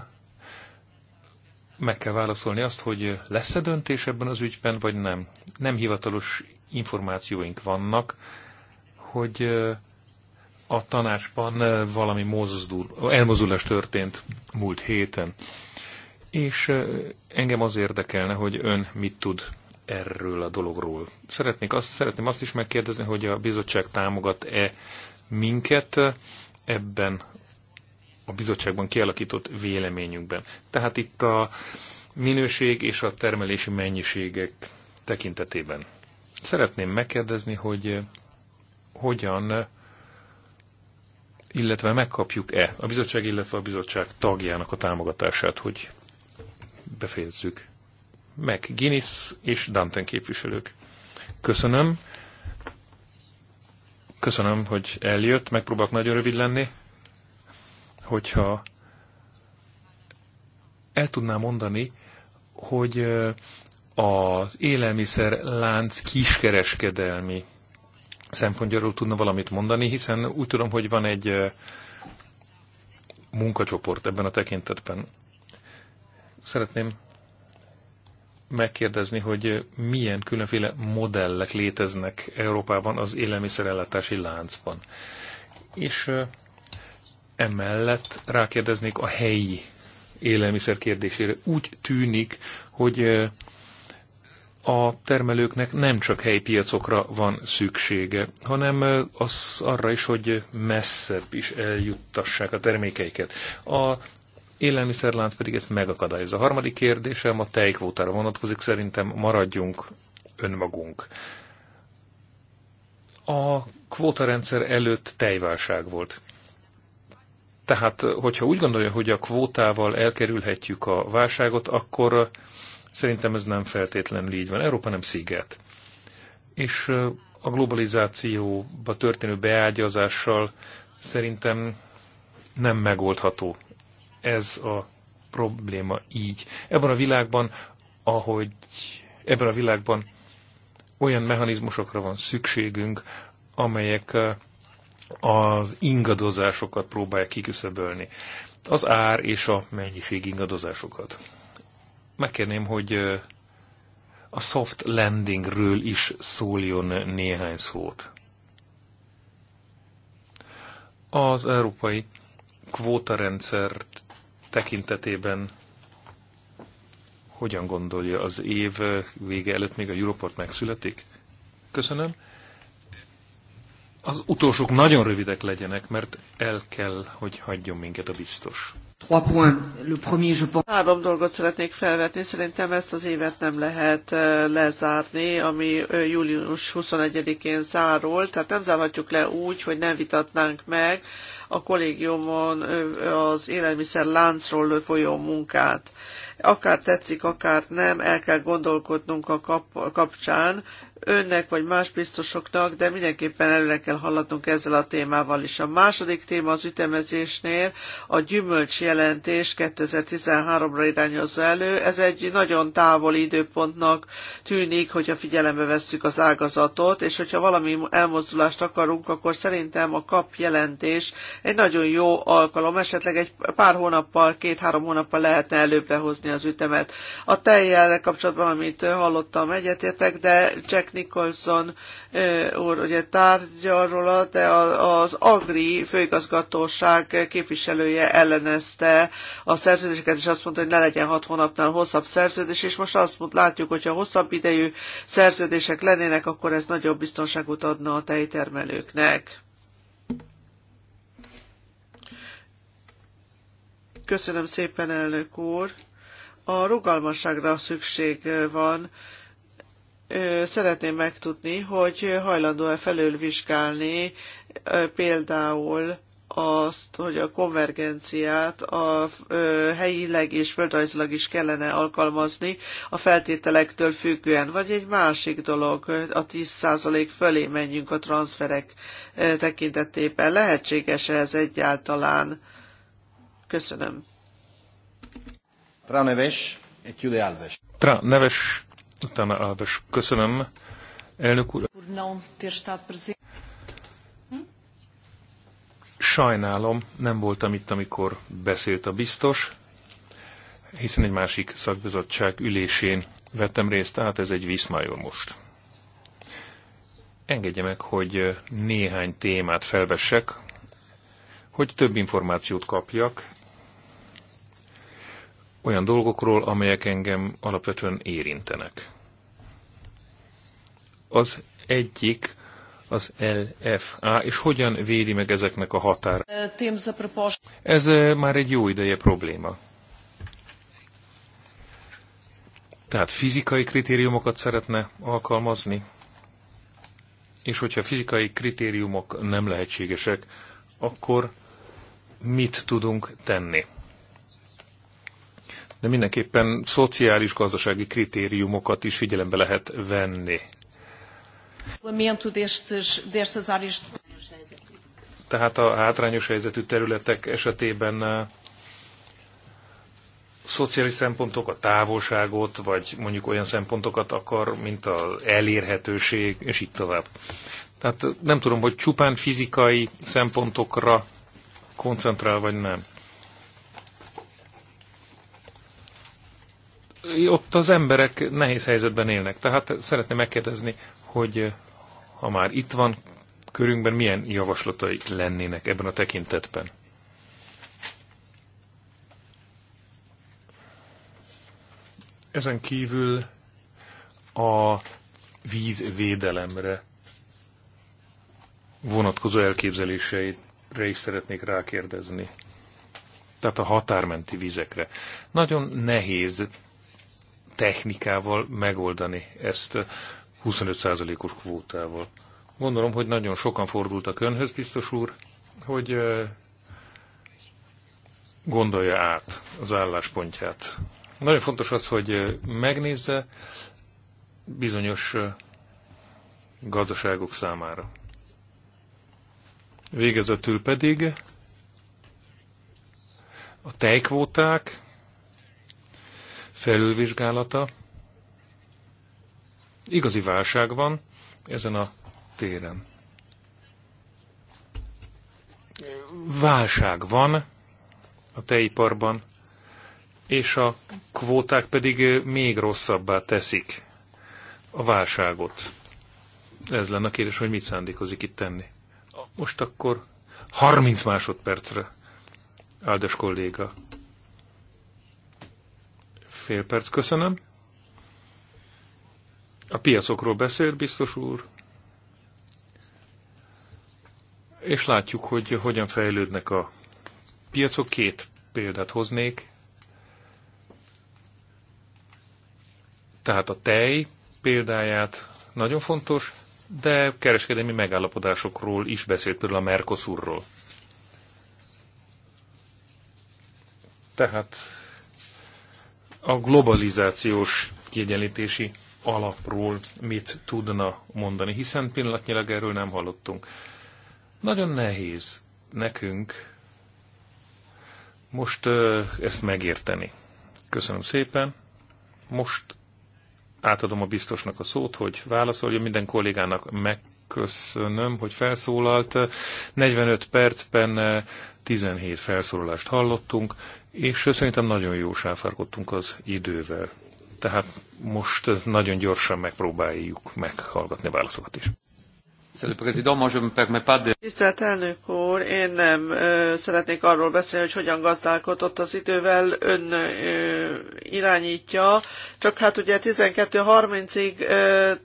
meg kell válaszolni azt, hogy lesz-e döntés ebben az ügyben, vagy nem. Nem hivatalos információink vannak, hogy eh, a tanácsban eh, valami mozdul, elmozdulás történt múlt héten és engem az érdekelne, hogy ön mit tud erről a dologról. Szeretnék azt, szeretném azt is megkérdezni, hogy a bizottság támogat-e minket ebben a bizottságban kialakított véleményünkben. Tehát itt a minőség és a termelési mennyiségek tekintetében. Szeretném megkérdezni, hogy hogyan, illetve megkapjuk-e a bizottság, illetve a bizottság tagjának a támogatását, hogy befejezzük. Meg Guinness és Danten képviselők. Köszönöm. Köszönöm, hogy eljött. Megpróbálok nagyon rövid lenni. Hogyha el tudná mondani, hogy az élelmiszer lánc kiskereskedelmi szempontjáról tudna valamit mondani, hiszen úgy tudom, hogy van egy munkacsoport ebben a tekintetben szeretném megkérdezni, hogy milyen különféle modellek léteznek Európában az élelmiszerellátási láncban. És emellett rákérdeznék a helyi élelmiszer kérdésére. Úgy tűnik, hogy a termelőknek nem csak helyi piacokra van szüksége, hanem az arra is, hogy messzebb is eljuttassák a termékeiket. A élelmiszerlánc pedig ezt megakadályozza. A harmadik kérdésem a tejkvótára vonatkozik, szerintem maradjunk önmagunk. A kvótarendszer előtt tejválság volt. Tehát, hogyha úgy gondolja, hogy a kvótával elkerülhetjük a válságot, akkor szerintem ez nem feltétlenül így van. Európa nem sziget. És a globalizációba történő beágyazással szerintem nem megoldható ez a probléma így. Ebben a világban, ahogy ebben a világban olyan mechanizmusokra van szükségünk, amelyek az ingadozásokat próbálják kiküszöbölni. Az ár és a mennyiség ingadozásokat. Megkérném, hogy a soft landingről is szóljon néhány szót. Az európai kvótarendszert tekintetében hogyan gondolja az év vége előtt még a Europort megszületik? Köszönöm. Az utolsók nagyon rövidek legyenek, mert el kell, hogy hagyjon minket a biztos. Három dolgot szeretnék felvetni. Szerintem ezt az évet nem lehet lezárni, ami július 21-én zárul, tehát nem zárhatjuk le úgy, hogy nem vitatnánk meg a kollégiumon az élelmiszer láncról folyó munkát. Akár tetszik, akár nem, el kell gondolkodnunk a kap- kapcsán, önnek vagy más biztosoknak, de mindenképpen előre kell hallatnunk ezzel a témával is. A második téma az ütemezésnél a gyümölcs jelentés 2013-ra irányozza elő. Ez egy nagyon távoli időpontnak tűnik, hogyha figyelembe vesszük az ágazatot, és hogyha valami elmozdulást akarunk, akkor szerintem a kap jelentés egy nagyon jó alkalom, esetleg egy pár hónappal, két-három hónappal lehetne előbbre hozni az ütemet. A tejjelre kapcsolatban, amit hallottam, egyetértek, de Jack Nicholson úr ugye tárgyal róla, de az Agri főigazgatóság képviselője ellenezte a szerződéseket, és azt mondta, hogy ne legyen hat hónapnál hosszabb szerződés, és most azt mondta, látjuk, hogy ha hosszabb idejű szerződések lennének, akkor ez nagyobb biztonságot adna a tejtermelőknek. Köszönöm szépen, elnök úr. A rugalmasságra szükség van szeretném megtudni, hogy hajlandó-e felülvizsgálni például azt, hogy a konvergenciát a helyileg és földrajzilag is kellene alkalmazni a feltételektől függően, vagy egy másik dolog, a 10% fölé menjünk a transferek tekintetében. Lehetséges -e ez egyáltalán? Köszönöm. Tra Neves, Tra Neves Utána Álves. Köszönöm, elnök úr. Sajnálom, nem voltam itt, amikor beszélt a biztos, hiszen egy másik szakbizottság ülésén vettem részt, tehát ez egy viszmajor most. Engedje meg, hogy néhány témát felvessek, hogy több információt kapjak olyan dolgokról, amelyek engem alapvetően érintenek. Az egyik az LFA, és hogyan védi meg ezeknek a határ? Eh, Ez eh, már egy jó ideje probléma. Tehát fizikai kritériumokat szeretne alkalmazni, és hogyha fizikai kritériumok nem lehetségesek, akkor mit tudunk tenni? de mindenképpen szociális-gazdasági kritériumokat is figyelembe lehet venni. Tehát a hátrányos helyzetű területek esetében eh, szociális szempontok, a távolságot, vagy mondjuk olyan szempontokat akar, mint az elérhetőség, és így tovább. Tehát nem tudom, hogy csupán fizikai szempontokra koncentrál, vagy nem. ott az emberek nehéz helyzetben élnek. Tehát szeretném megkérdezni, hogy eh, ha már itt van körünkben, milyen javaslatai lennének ebben a tekintetben? Ezen kívül a vízvédelemre vonatkozó elképzeléseire is szeretnék rákérdezni. Tehát a határmenti vizekre. Nagyon nehéz technikával megoldani ezt 25%-os kvótával. Gondolom, hogy nagyon sokan fordultak önhöz, biztos úr, hogy eh, gondolja át az álláspontját. Nagyon fontos az, hogy eh, megnézze bizonyos eh, gazdaságok számára. Végezetül pedig a tejkvóták felülvizsgálata. Igazi válság van ezen a téren. Válság van a tejiparban, és a kvóták pedig még rosszabbá teszik a válságot. Ez lenne a kérdés, hogy mit szándékozik itt tenni. Most akkor 30 másodpercre, áldás kolléga. Fél perc, köszönöm. A piacokról beszélt, biztos úr. És látjuk, hogy hogyan fejlődnek a piacok. Két példát hoznék. Tehát a tej példáját nagyon fontos, de kereskedelmi megállapodásokról is beszélt, például a Mercosurról. Tehát a globalizációs kiegyenlítési alapról mit tudna mondani, hiszen pillanatnyilag erről nem hallottunk. Nagyon nehéz nekünk most ezt megérteni. Köszönöm szépen. Most átadom a biztosnak a szót, hogy válaszoljon minden kollégának meg köszönöm, hogy felszólalt. 45 percben 17 felszólalást hallottunk, és szerintem nagyon jó sáfárkodtunk az idővel. Tehát most nagyon gyorsan megpróbáljuk meghallgatni a válaszokat is. Tisztelt elnök úr, én nem ö, szeretnék arról beszélni, hogy hogyan gazdálkodott az idővel, ön ö, irányítja, csak hát ugye 12.30-ig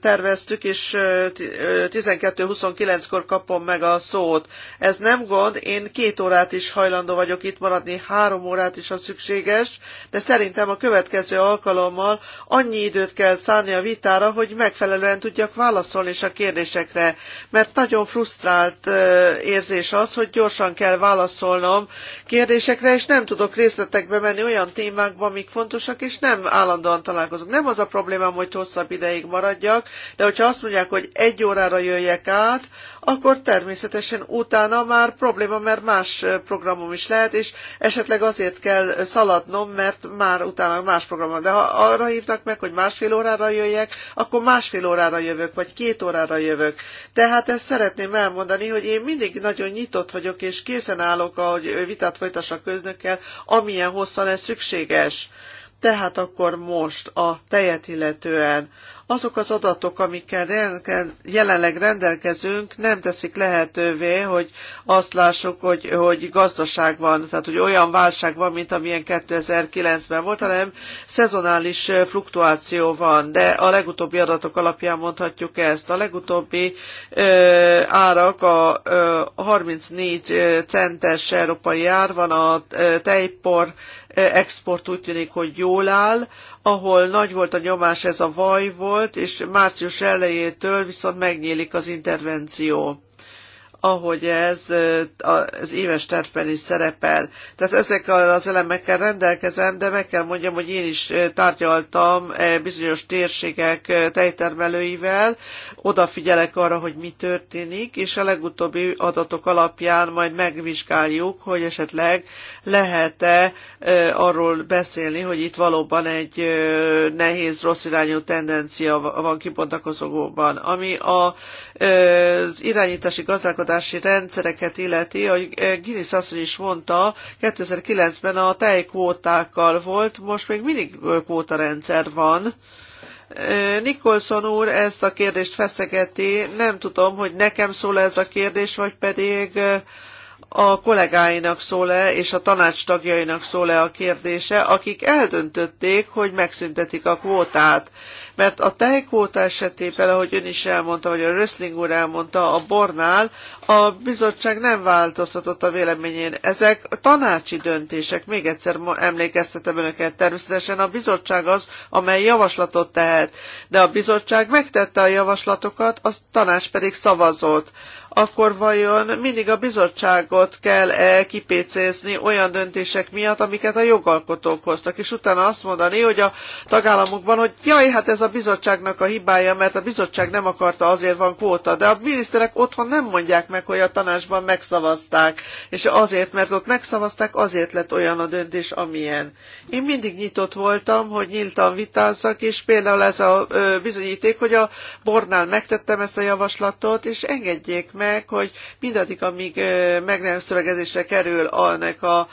terveztük, és 12.29-kor kapom meg a szót. Ez nem gond, én két órát is hajlandó vagyok itt maradni, három órát is, ha szükséges, de szerintem a következő alkalommal annyi időt kell szánni a vitára, hogy megfelelően tudjak válaszolni is a kérdésekre mert nagyon frusztrált érzés az, hogy gyorsan kell válaszolnom kérdésekre, és nem tudok részletekbe menni olyan témákba, amik fontosak, és nem állandóan találkozunk. Nem az a problémám, hogy hosszabb ideig maradjak, de hogyha azt mondják, hogy egy órára jöjjek át, akkor természetesen utána már probléma, mert más programom is lehet, és esetleg azért kell szaladnom, mert már utána más programom. De ha arra hívnak meg, hogy másfél órára jöjjek, akkor másfél órára jövök, vagy két órára jövök. Tehát ezt szeretném elmondani, hogy én mindig nagyon nyitott vagyok, és készen állok, hogy vitát folytassak köznökkel, amilyen hosszan ez szükséges. Tehát akkor most a tejet illetően azok az adatok, amikkel jelenleg rendelkezünk, nem teszik lehetővé, hogy azt lássuk, hogy, hogy gazdaság van, tehát hogy olyan válság van, mint amilyen 2009-ben volt, hanem szezonális fluktuáció van, de a legutóbbi adatok alapján mondhatjuk ezt. A legutóbbi ö, árak, a ö, 34 centes európai ár van, a tejpor export úgy tűnik, hogy jól áll, ahol nagy volt a nyomás, ez a vaj volt, és március elejétől viszont megnyílik az intervenció ahogy ez az éves tervben is szerepel. Tehát ezekkel az elemekkel rendelkezem, de meg kell mondjam, hogy én is tárgyaltam bizonyos térségek tejtermelőivel, odafigyelek arra, hogy mi történik, és a legutóbbi adatok alapján majd megvizsgáljuk, hogy esetleg lehet-e arról beszélni, hogy itt valóban egy nehéz, rossz irányú tendencia van kibontakozóban. Ami az irányítási gazdálkodás elszámadási rendszereket illeti, hogy eh, Guinness asszony is mondta, 2009-ben a tejkvótákkal volt, most még mindig eh, kvótarendszer van. Eh, Nikolson úr ezt a kérdést feszegeti, nem tudom, hogy nekem szól ez a kérdés, vagy pedig a kollégáinak szól-e, és a tanács tagjainak szól-e a kérdése, akik eldöntötték, hogy megszüntetik a kvótát mert a tejkvóta esetében, ahogy ön is elmondta, vagy a Röszling úr elmondta, a bornál a bizottság nem változtatott a véleményén. Ezek tanácsi döntések, még egyszer emlékeztetem önöket, természetesen a bizottság az, amely javaslatot tehet, de a bizottság megtette a javaslatokat, a tanács pedig szavazott akkor vajon mindig a bizottságot kell -e kipécézni olyan döntések miatt, amiket a jogalkotók hoztak, és utána azt mondani, hogy a tagállamokban, hogy jaj, hát ez a bizottságnak a hibája, mert a bizottság nem akarta, azért van kvóta, de a miniszterek otthon nem mondják meg, hogy a tanácsban megszavazták, és azért, mert ott megszavazták, azért lett olyan a döntés, amilyen. Én mindig nyitott voltam, hogy nyíltan vitázzak, és például ez a bizonyíték, hogy a bornál megtettem ezt a javaslatot, és engedjék meg, meg, hogy mindaddig, amíg szövegezésre kerül annak a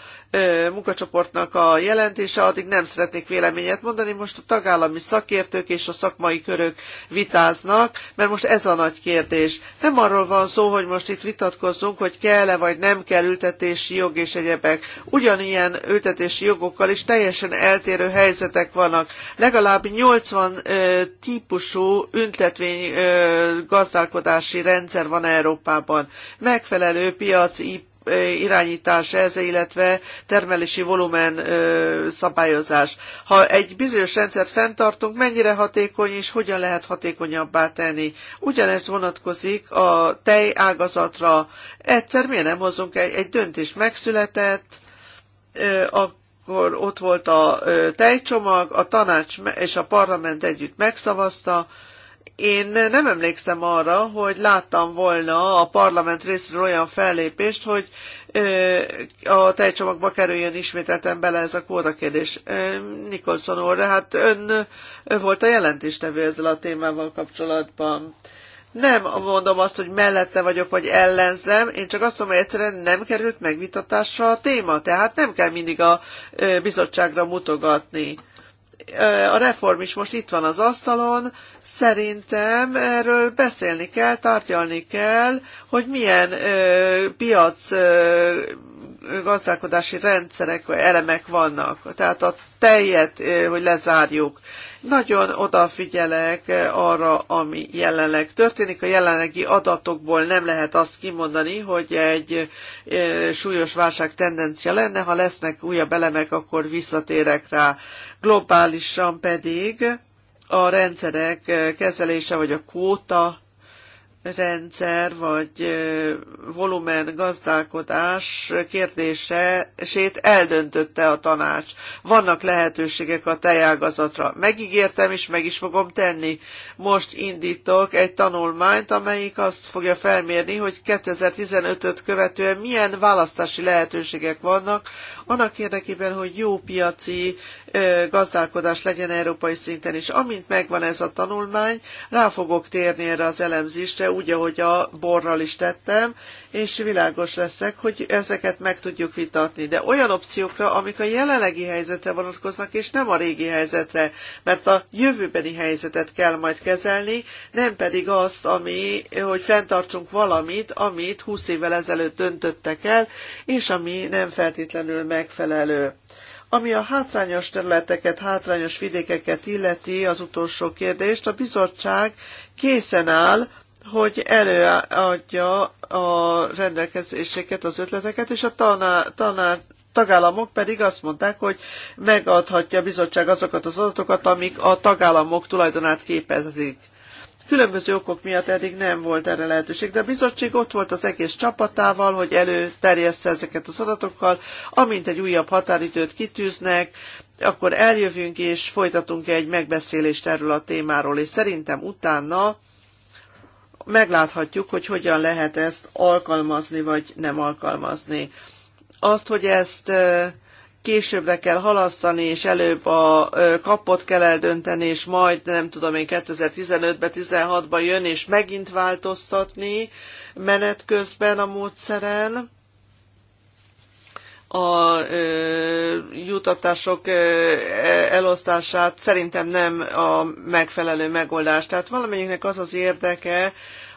munkacsoportnak a jelentése, addig nem szeretnék véleményet mondani. Most a tagállami szakértők és a szakmai körök vitáznak, mert most ez a nagy kérdés. Nem arról van szó, hogy most itt vitatkozzunk, hogy kell-e vagy nem kell ültetési jog és egyebek. Ugyanilyen ültetési jogokkal is teljesen eltérő helyzetek vannak. Legalább 80 ö, típusú üntetvény ö, gazdálkodási rendszer van Európában. Megfelelő piaci irányítás ez, illetve termelési volumen szabályozás. Ha egy bizonyos rendszert fenntartunk, mennyire hatékony és hogyan lehet hatékonyabbá tenni. Ugyanez vonatkozik a tej ágazatra. Egyszer miért nem hozunk egy, egy döntés megszületett, akkor ott volt a tejcsomag, a tanács és a parlament együtt megszavazta, én nem emlékszem arra, hogy láttam volna a parlament részről olyan fellépést, hogy a tejcsomagba kerüljön ismételten bele ez a kérdés. Nikolson úr, hát ön volt a jelentéstevő ezzel a témával kapcsolatban. Nem mondom azt, hogy mellette vagyok, vagy ellenzem, én csak azt mondom, hogy egyszerűen nem került megvitatásra a téma, tehát nem kell mindig a bizottságra mutogatni a reform is most itt van az asztalon, szerintem erről beszélni kell, tartjálni kell, hogy milyen ö, piac ö, gazdálkodási rendszerek, elemek vannak. Tehát a teljet, hogy lezárjuk. Nagyon odafigyelek arra, ami jelenleg történik. A jelenlegi adatokból nem lehet azt kimondani, hogy egy e, súlyos válság tendencia lenne. Ha lesznek újabb elemek, akkor visszatérek rá. Globálisan pedig a rendszerek kezelése vagy a kvóta rendszer vagy volumen gazdálkodás kérdését eldöntötte a tanács. Vannak lehetőségek a tejágazatra. Megígértem és meg is fogom tenni. Most indítok egy tanulmányt, amelyik azt fogja felmérni, hogy 2015-öt követően milyen választási lehetőségek vannak, annak érdekében, hogy jó piaci gazdálkodás legyen európai szinten is. Amint megvan ez a tanulmány, rá fogok térni erre az elemzésre, úgy, ahogy a borral is tettem, és világos leszek, hogy ezeket meg tudjuk vitatni. De olyan opciókra, amik a jelenlegi helyzetre vonatkoznak, és nem a régi helyzetre, mert a jövőbeni helyzetet kell majd kezelni, nem pedig azt, ami, hogy fenntartsunk valamit, amit 20 évvel ezelőtt döntöttek el, és ami nem feltétlenül megfelelő. Ami a hátrányos területeket, hátrányos vidékeket illeti, az utolsó kérdést, a bizottság készen áll, hogy előadja a rendelkezéseket, az ötleteket, és a taná, taná, tagállamok pedig azt mondták, hogy megadhatja a bizottság azokat az adatokat, amik a tagállamok tulajdonát képezik. Különböző okok miatt eddig nem volt erre lehetőség, de a bizottság ott volt az egész csapatával, hogy előterjessze ezeket az adatokkal, amint egy újabb határidőt kitűznek, akkor eljövünk és folytatunk egy megbeszélést erről a témáról, és szerintem utána megláthatjuk, hogy hogyan lehet ezt alkalmazni, vagy nem alkalmazni. Azt, hogy ezt későbbre kell halasztani, és előbb a kapot kell eldönteni, és majd nem tudom én 2015-ben, 16-ban jön, és megint változtatni menet közben a módszeren a ö, jutatások ö, elosztását szerintem nem a megfelelő megoldás. Tehát valamelyiknek az az érdeke,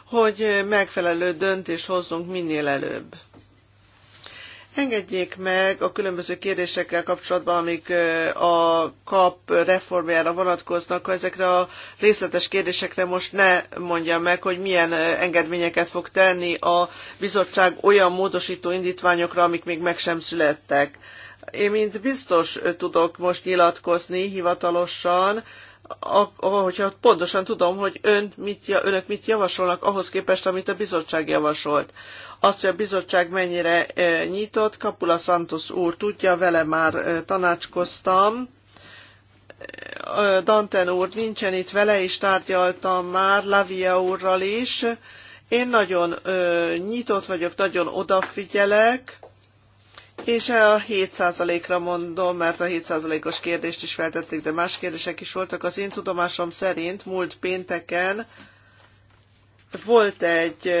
hogy megfelelő döntés hozzunk minél előbb. Engedjék meg a különböző kérdésekkel kapcsolatban, amik a KAP reformjára vonatkoznak, ha ezekre a részletes kérdésekre most ne mondja meg, hogy milyen engedményeket fog tenni a bizottság olyan módosító indítványokra, amik még meg sem születtek. Én mint biztos tudok most nyilatkozni hivatalosan, hogyha pontosan tudom, hogy ön mit, önök mit javasolnak ahhoz képest, amit a bizottság javasolt azt, hogy a bizottság mennyire e, nyitott. Kapula Santos úr tudja, vele már e, tanácskoztam. E, Danten úr nincsen itt vele, is tárgyaltam már Lavia úrral is. Én nagyon nyitott vagyok, nagyon odafigyelek, és a 7%-ra mondom, mert a 7%-os kérdést is feltették, de más kérdések is voltak. Az én tudomásom szerint múlt pénteken volt egy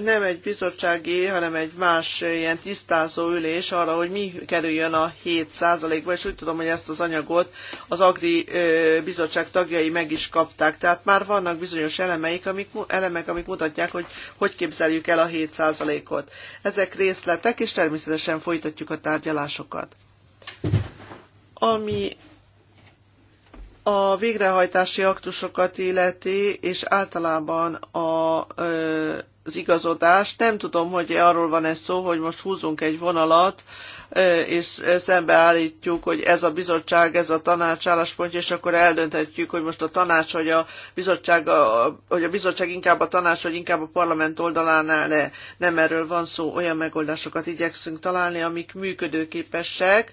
nem egy bizottsági, hanem egy más ilyen tisztázó ülés arra, hogy mi kerüljön a 7%-ba, és úgy tudom, hogy ezt az anyagot az Agri bizottság tagjai meg is kapták. Tehát már vannak bizonyos elemeik, amik, elemek, amik mutatják, hogy hogy képzeljük el a 7%-ot. Ezek részletek, és természetesen folytatjuk a tárgyalásokat. Ami a végrehajtási aktusokat illeti, és általában a ö, az igazodást. Nem tudom, hogy arról van ez szó, hogy most húzunk egy vonalat, és szembeállítjuk, hogy ez a bizottság, ez a tanács álláspontja, és akkor eldönthetjük, hogy most a tanács, hogy a bizottság, a, hogy a bizottság inkább a tanács, vagy inkább a parlament oldalán áll-e. Nem erről van szó, olyan megoldásokat igyekszünk találni, amik működőképesek.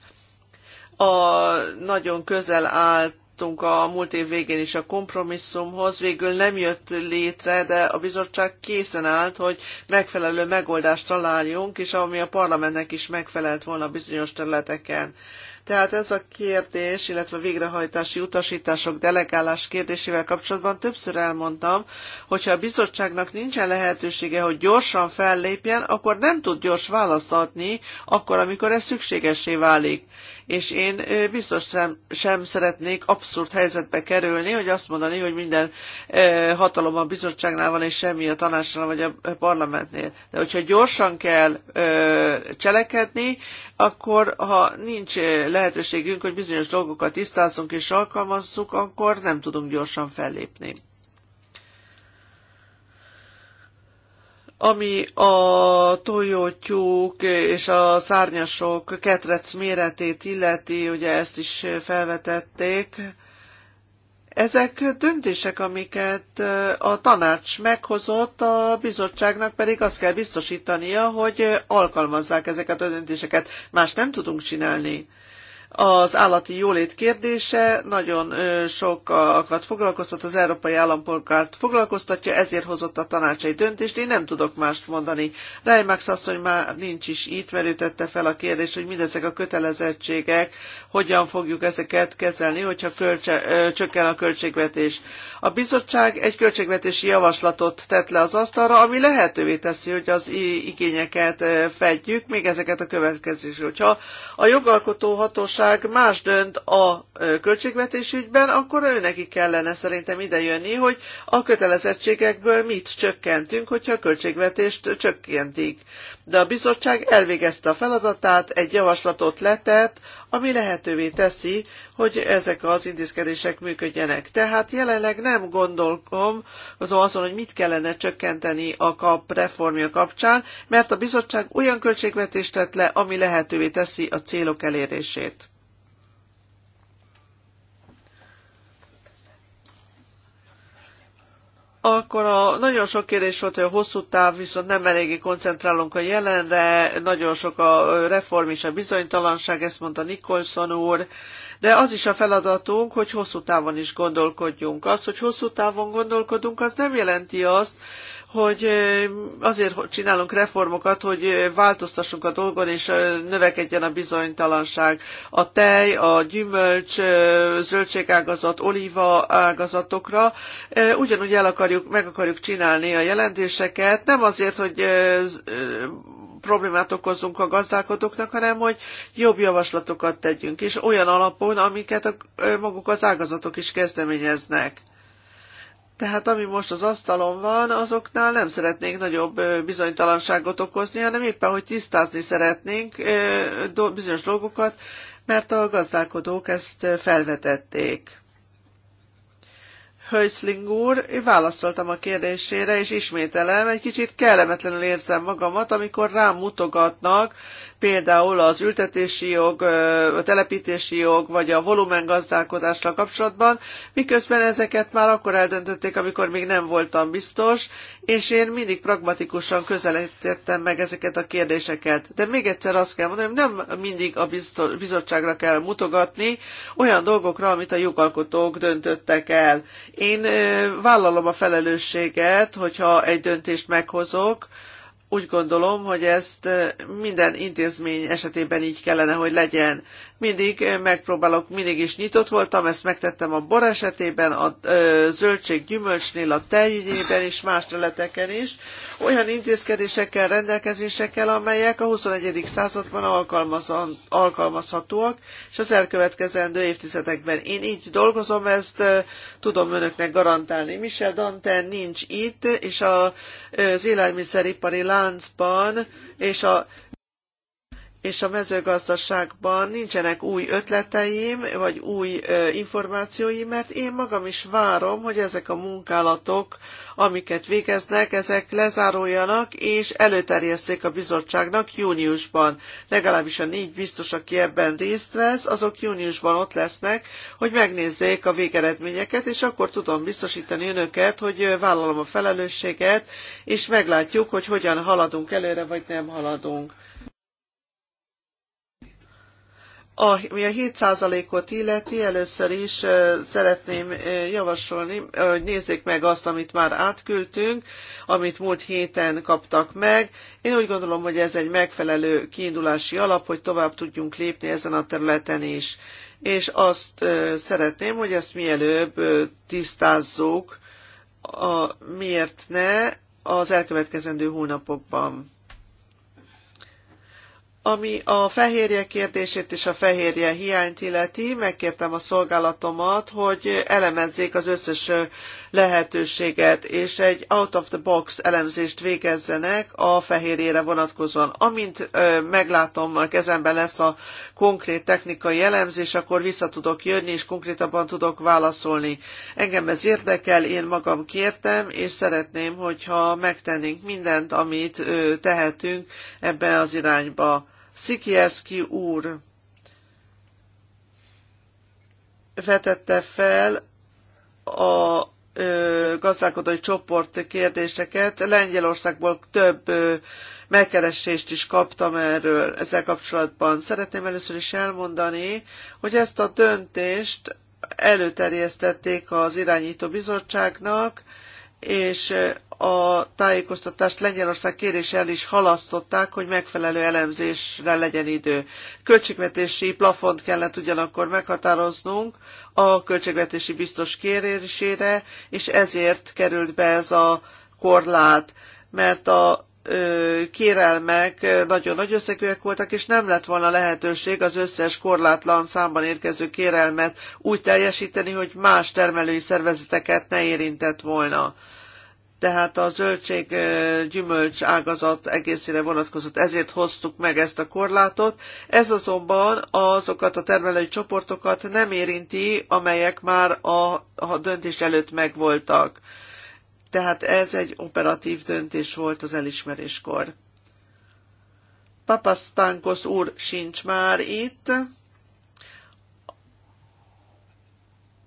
A nagyon közel állt jutottunk a múlt év végén is a kompromisszumhoz, végül nem jött létre, de a bizottság készen állt, hogy megfelelő megoldást találjunk, és ami a parlamentnek is megfelelt volna bizonyos területeken. Tehát ez a kérdés, illetve a végrehajtási utasítások delegálás kérdésével kapcsolatban többször elmondtam, hogyha a bizottságnak nincsen lehetősége, hogy gyorsan fellépjen, akkor nem tud gyors választ adni, akkor, amikor ez szükségessé válik és én biztos sem, szeretnék abszurd helyzetbe kerülni, hogy azt mondani, hogy minden hatalom a bizottságnál van, és semmi a tanácsnál vagy a parlamentnél. De hogyha gyorsan kell cselekedni, akkor ha nincs lehetőségünk, hogy bizonyos dolgokat tisztázzunk és alkalmazzuk, akkor nem tudunk gyorsan fellépni. ami a tojótyúk és a szárnyasok ketrec méretét illeti, ugye ezt is felvetették, ezek döntések, amiket a tanács meghozott, a bizottságnak pedig azt kell biztosítania, hogy alkalmazzák ezeket a döntéseket. Más nem tudunk csinálni. Az állati jólét kérdése nagyon sokakat foglalkoztat, az európai állampolgárt foglalkoztatja, ezért hozott a tanács egy döntést, én nem tudok mást mondani. Reimax asszony már nincs is itt, mert ő tette fel a kérdést, hogy mindezek a kötelezettségek, hogyan fogjuk ezeket kezelni, hogyha költse, csökken a költségvetés. A bizottság egy költségvetési javaslatot tett le az asztalra, ami lehetővé teszi, hogy az igényeket fedjük, még ezeket a következésről. hogyha a jogalkotó hatóság bizottság más dönt a költségvetés ügyben, akkor neki kellene szerintem idejönni, hogy a kötelezettségekből mit csökkentünk, hogyha a költségvetést csökkentik. De a bizottság elvégezte a feladatát, egy javaslatot letett, ami lehetővé teszi, hogy ezek az intézkedések működjenek. Tehát jelenleg nem gondolkom azon, hogy mit kellene csökkenteni a kap reformja kapcsán, mert a bizottság olyan költségvetést tett le, ami lehetővé teszi a célok elérését. Akkor a, nagyon sok kérdés volt, hogy a hosszú táv viszont nem eléggé koncentrálunk a jelenre, nagyon sok a reform és a bizonytalanság, ezt mondta Nicholson úr, de az is a feladatunk, hogy hosszú távon is gondolkodjunk. Az, hogy hosszú távon gondolkodunk, az nem jelenti azt, hogy azért csinálunk reformokat, hogy változtassunk a dolgon, és növekedjen a bizonytalanság. A tej, a gyümölcs, zöldségágazat, olíva ágazatokra ugyanúgy el akarjuk, meg akarjuk csinálni a jelentéseket, nem azért, hogy problémát okozzunk a gazdálkodóknak, hanem hogy jobb javaslatokat tegyünk, és olyan alapon, amiket a, maguk az ágazatok is kezdeményeznek. Tehát ami most az asztalon van, azoknál nem szeretnénk nagyobb bizonytalanságot okozni, hanem éppen, hogy tisztázni szeretnénk bizonyos dolgokat, mert a gazdálkodók ezt felvetették. Höjszling úr, válaszoltam a kérdésére, és ismételem, egy kicsit kellemetlenül érzem magamat, amikor rám mutogatnak, például az ültetési jog, a telepítési jog, vagy a volumengazdálkodással kapcsolatban, miközben ezeket már akkor eldöntötték, amikor még nem voltam biztos, és én mindig pragmatikusan közelítettem meg ezeket a kérdéseket. De még egyszer azt kell mondanom, nem mindig a bizottságra kell mutogatni olyan dolgokra, amit a jogalkotók döntöttek el. Én vállalom a felelősséget, hogyha egy döntést meghozok, úgy gondolom, hogy ezt eh, minden intézmény esetében így kellene, hogy legyen mindig eh, megpróbálok, mindig is nyitott voltam, ezt megtettem a bor esetében, a eh, zöldség gyümölcsnél, a tejügyében és más területeken is, olyan intézkedésekkel, rendelkezésekkel, amelyek a 21. században alkalmazhatóak, és az elkövetkezendő évtizedekben. Én így dolgozom, ezt eh, tudom önöknek garantálni. Michel Dante nincs itt, és a, az élelmiszeripari láncban, és a és a mezőgazdaságban nincsenek új ötleteim, vagy új információim, mert én magam is várom, hogy ezek a munkálatok, amiket végeznek, ezek lezáruljanak, és előterjesszék a bizottságnak júniusban. Legalábbis a négy biztos, aki ebben részt vesz, azok júniusban ott lesznek, hogy megnézzék a végeredményeket, és akkor tudom biztosítani önöket, hogy vállalom a felelősséget, és meglátjuk, hogy hogyan haladunk előre, vagy nem haladunk. Ami a 7%-ot illeti, először is szeretném javasolni, hogy nézzék meg azt, amit már átküldtünk, amit múlt héten kaptak meg. Én úgy gondolom, hogy ez egy megfelelő kiindulási alap, hogy tovább tudjunk lépni ezen a területen is. És azt szeretném, hogy ezt mielőbb tisztázzuk, a, miért ne az elkövetkezendő hónapokban. Ami a fehérje kérdését és a fehérje hiányt illeti, megkértem a szolgálatomat, hogy elemezzék az összes lehetőséget, és egy out of the box elemzést végezzenek a fehérjére vonatkozóan. Amint ö, meglátom, a kezemben lesz a konkrét technikai elemzés, akkor vissza tudok jönni, és konkrétabban tudok válaszolni. Engem ez érdekel, én magam kértem, és szeretném, hogyha megtennénk mindent, amit ö, tehetünk ebbe az irányba. Szikierszki úr vetette fel a gazdálkodói csoport kérdéseket. Lengyelországból több megkeresést is kaptam erről ezzel kapcsolatban. Szeretném először is elmondani, hogy ezt a döntést előterjesztették az irányító bizottságnak, és a tájékoztatást Lengyelország kéréssel is halasztották, hogy megfelelő elemzésre legyen idő. Költségvetési plafont kellett ugyanakkor meghatároznunk a költségvetési biztos kérésére, és ezért került be ez a korlát, mert a kérelmek nagyon nagy összegűek voltak, és nem lett volna lehetőség az összes korlátlan számban érkező kérelmet úgy teljesíteni, hogy más termelői szervezeteket ne érintett volna. Tehát a zöldség gyümölcs ágazat egészére vonatkozott, ezért hoztuk meg ezt a korlátot. Ez azonban azokat a termelői csoportokat nem érinti, amelyek már a, a döntés előtt megvoltak. voltak tehát ez egy operatív döntés volt az elismeréskor. Papasztánkosz úr sincs már itt.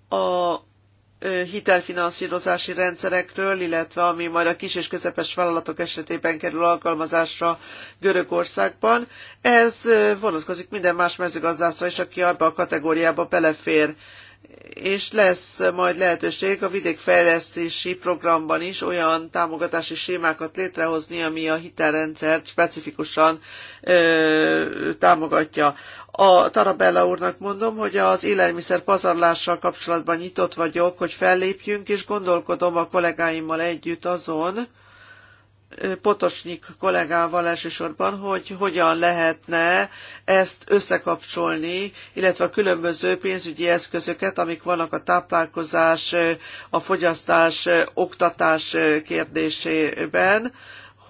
A hitelfinanszírozási rendszerekről, illetve ami majd a kis és közepes vállalatok esetében kerül alkalmazásra Görögországban. Ez vonatkozik minden más mezőgazdászra is, aki abba a kategóriába belefér és lesz majd lehetőség a vidékfejlesztési programban is olyan támogatási sémákat létrehozni, ami a hitelrendszert specifikusan ö, támogatja. A Tarabella úrnak mondom, hogy az élelmiszer pazarlással kapcsolatban nyitott vagyok, hogy fellépjünk, és gondolkodom a kollégáimmal együtt azon, Potosnyik kollégával elsősorban, hogy hogyan lehetne ezt összekapcsolni, illetve a különböző pénzügyi eszközöket, amik vannak a táplálkozás, a fogyasztás, oktatás kérdésében,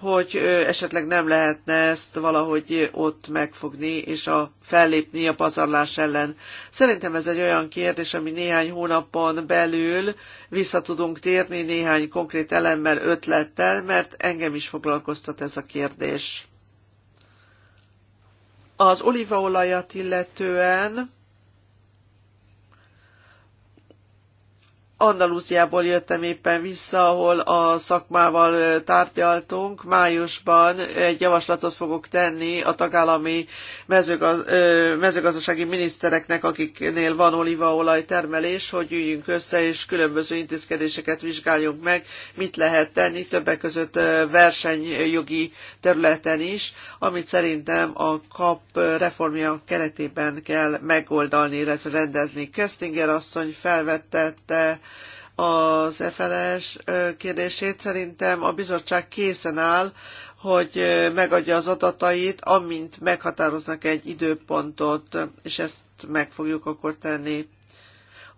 hogy esetleg nem lehetne ezt valahogy ott megfogni és a fellépni a pazarlás ellen. Szerintem ez egy olyan kérdés, ami néhány hónapon belül vissza tudunk térni néhány konkrét elemmel, ötlettel, mert engem is foglalkoztat ez a kérdés. Az olívaolajat illetően Andalúziából jöttem éppen vissza, ahol a szakmával tárgyaltunk. Májusban egy javaslatot fogok tenni a tagállami mezőgaz, mezőgazdasági minisztereknek, akiknél van olívaolaj termelés, hogy üljünk össze és különböző intézkedéseket vizsgáljunk meg, mit lehet tenni, többek között versenyjogi területen is, amit szerintem a KAP reformja keretében kell megoldani, illetve rendezni. Köztinger asszony felvettette, az efeles kérdését. Szerintem a bizottság készen áll, hogy megadja az adatait, amint meghatároznak egy időpontot, és ezt meg fogjuk akkor tenni.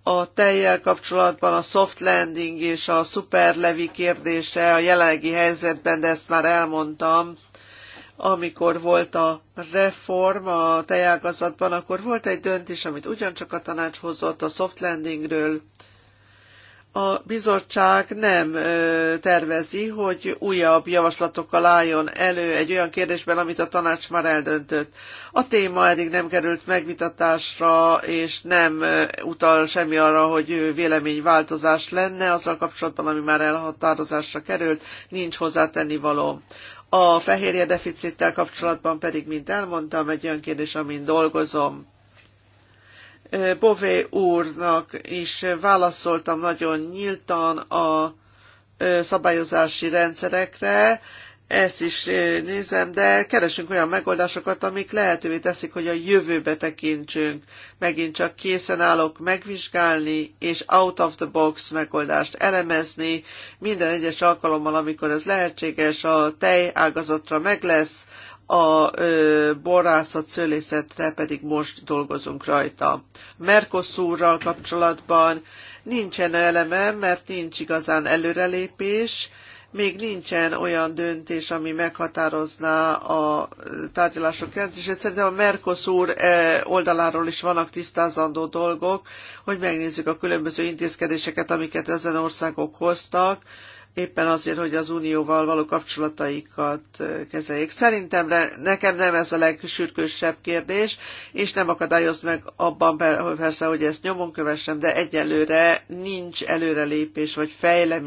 A tejjel kapcsolatban a soft landing és a szuperlevi kérdése a jelenlegi helyzetben, de ezt már elmondtam, amikor volt a reform a tejágazatban, akkor volt egy döntés, amit ugyancsak a tanács hozott a soft landingről, a bizottság nem tervezi, hogy újabb javaslatokkal álljon elő egy olyan kérdésben, amit a tanács már eldöntött. A téma eddig nem került megvitatásra, és nem utal semmi arra, hogy véleményváltozás lenne azzal kapcsolatban, ami már elhatározásra került, nincs hozzátenni való. A fehérje deficittel kapcsolatban pedig, mint elmondtam, egy olyan kérdés, amin dolgozom Bové úrnak is válaszoltam nagyon nyíltan a szabályozási rendszerekre, ezt is nézem, de keresünk olyan megoldásokat, amik lehetővé teszik, hogy a jövőbe tekintsünk. Megint csak készen állok megvizsgálni és out of the box megoldást elemezni. Minden egyes alkalommal, amikor ez lehetséges, a tej ágazatra meg lesz, a borászat szőlészetre pedig most dolgozunk rajta. Mercosurral kapcsolatban nincsen eleme, mert nincs igazán előrelépés, még nincsen olyan döntés, ami meghatározná a tárgyalások jelentését. Szerintem a Mercosur e, oldaláról is vannak tisztázandó dolgok, hogy megnézzük a különböző intézkedéseket, amiket ezen országok hoztak, éppen azért, hogy az unióval való kapcsolataikat kezeljék. Szerintem nekem nem ez a legsürgősebb kérdés, és nem akadályoz meg abban persze, hogy ezt nyomon kövessem, de egyelőre nincs előrelépés vagy fejlemény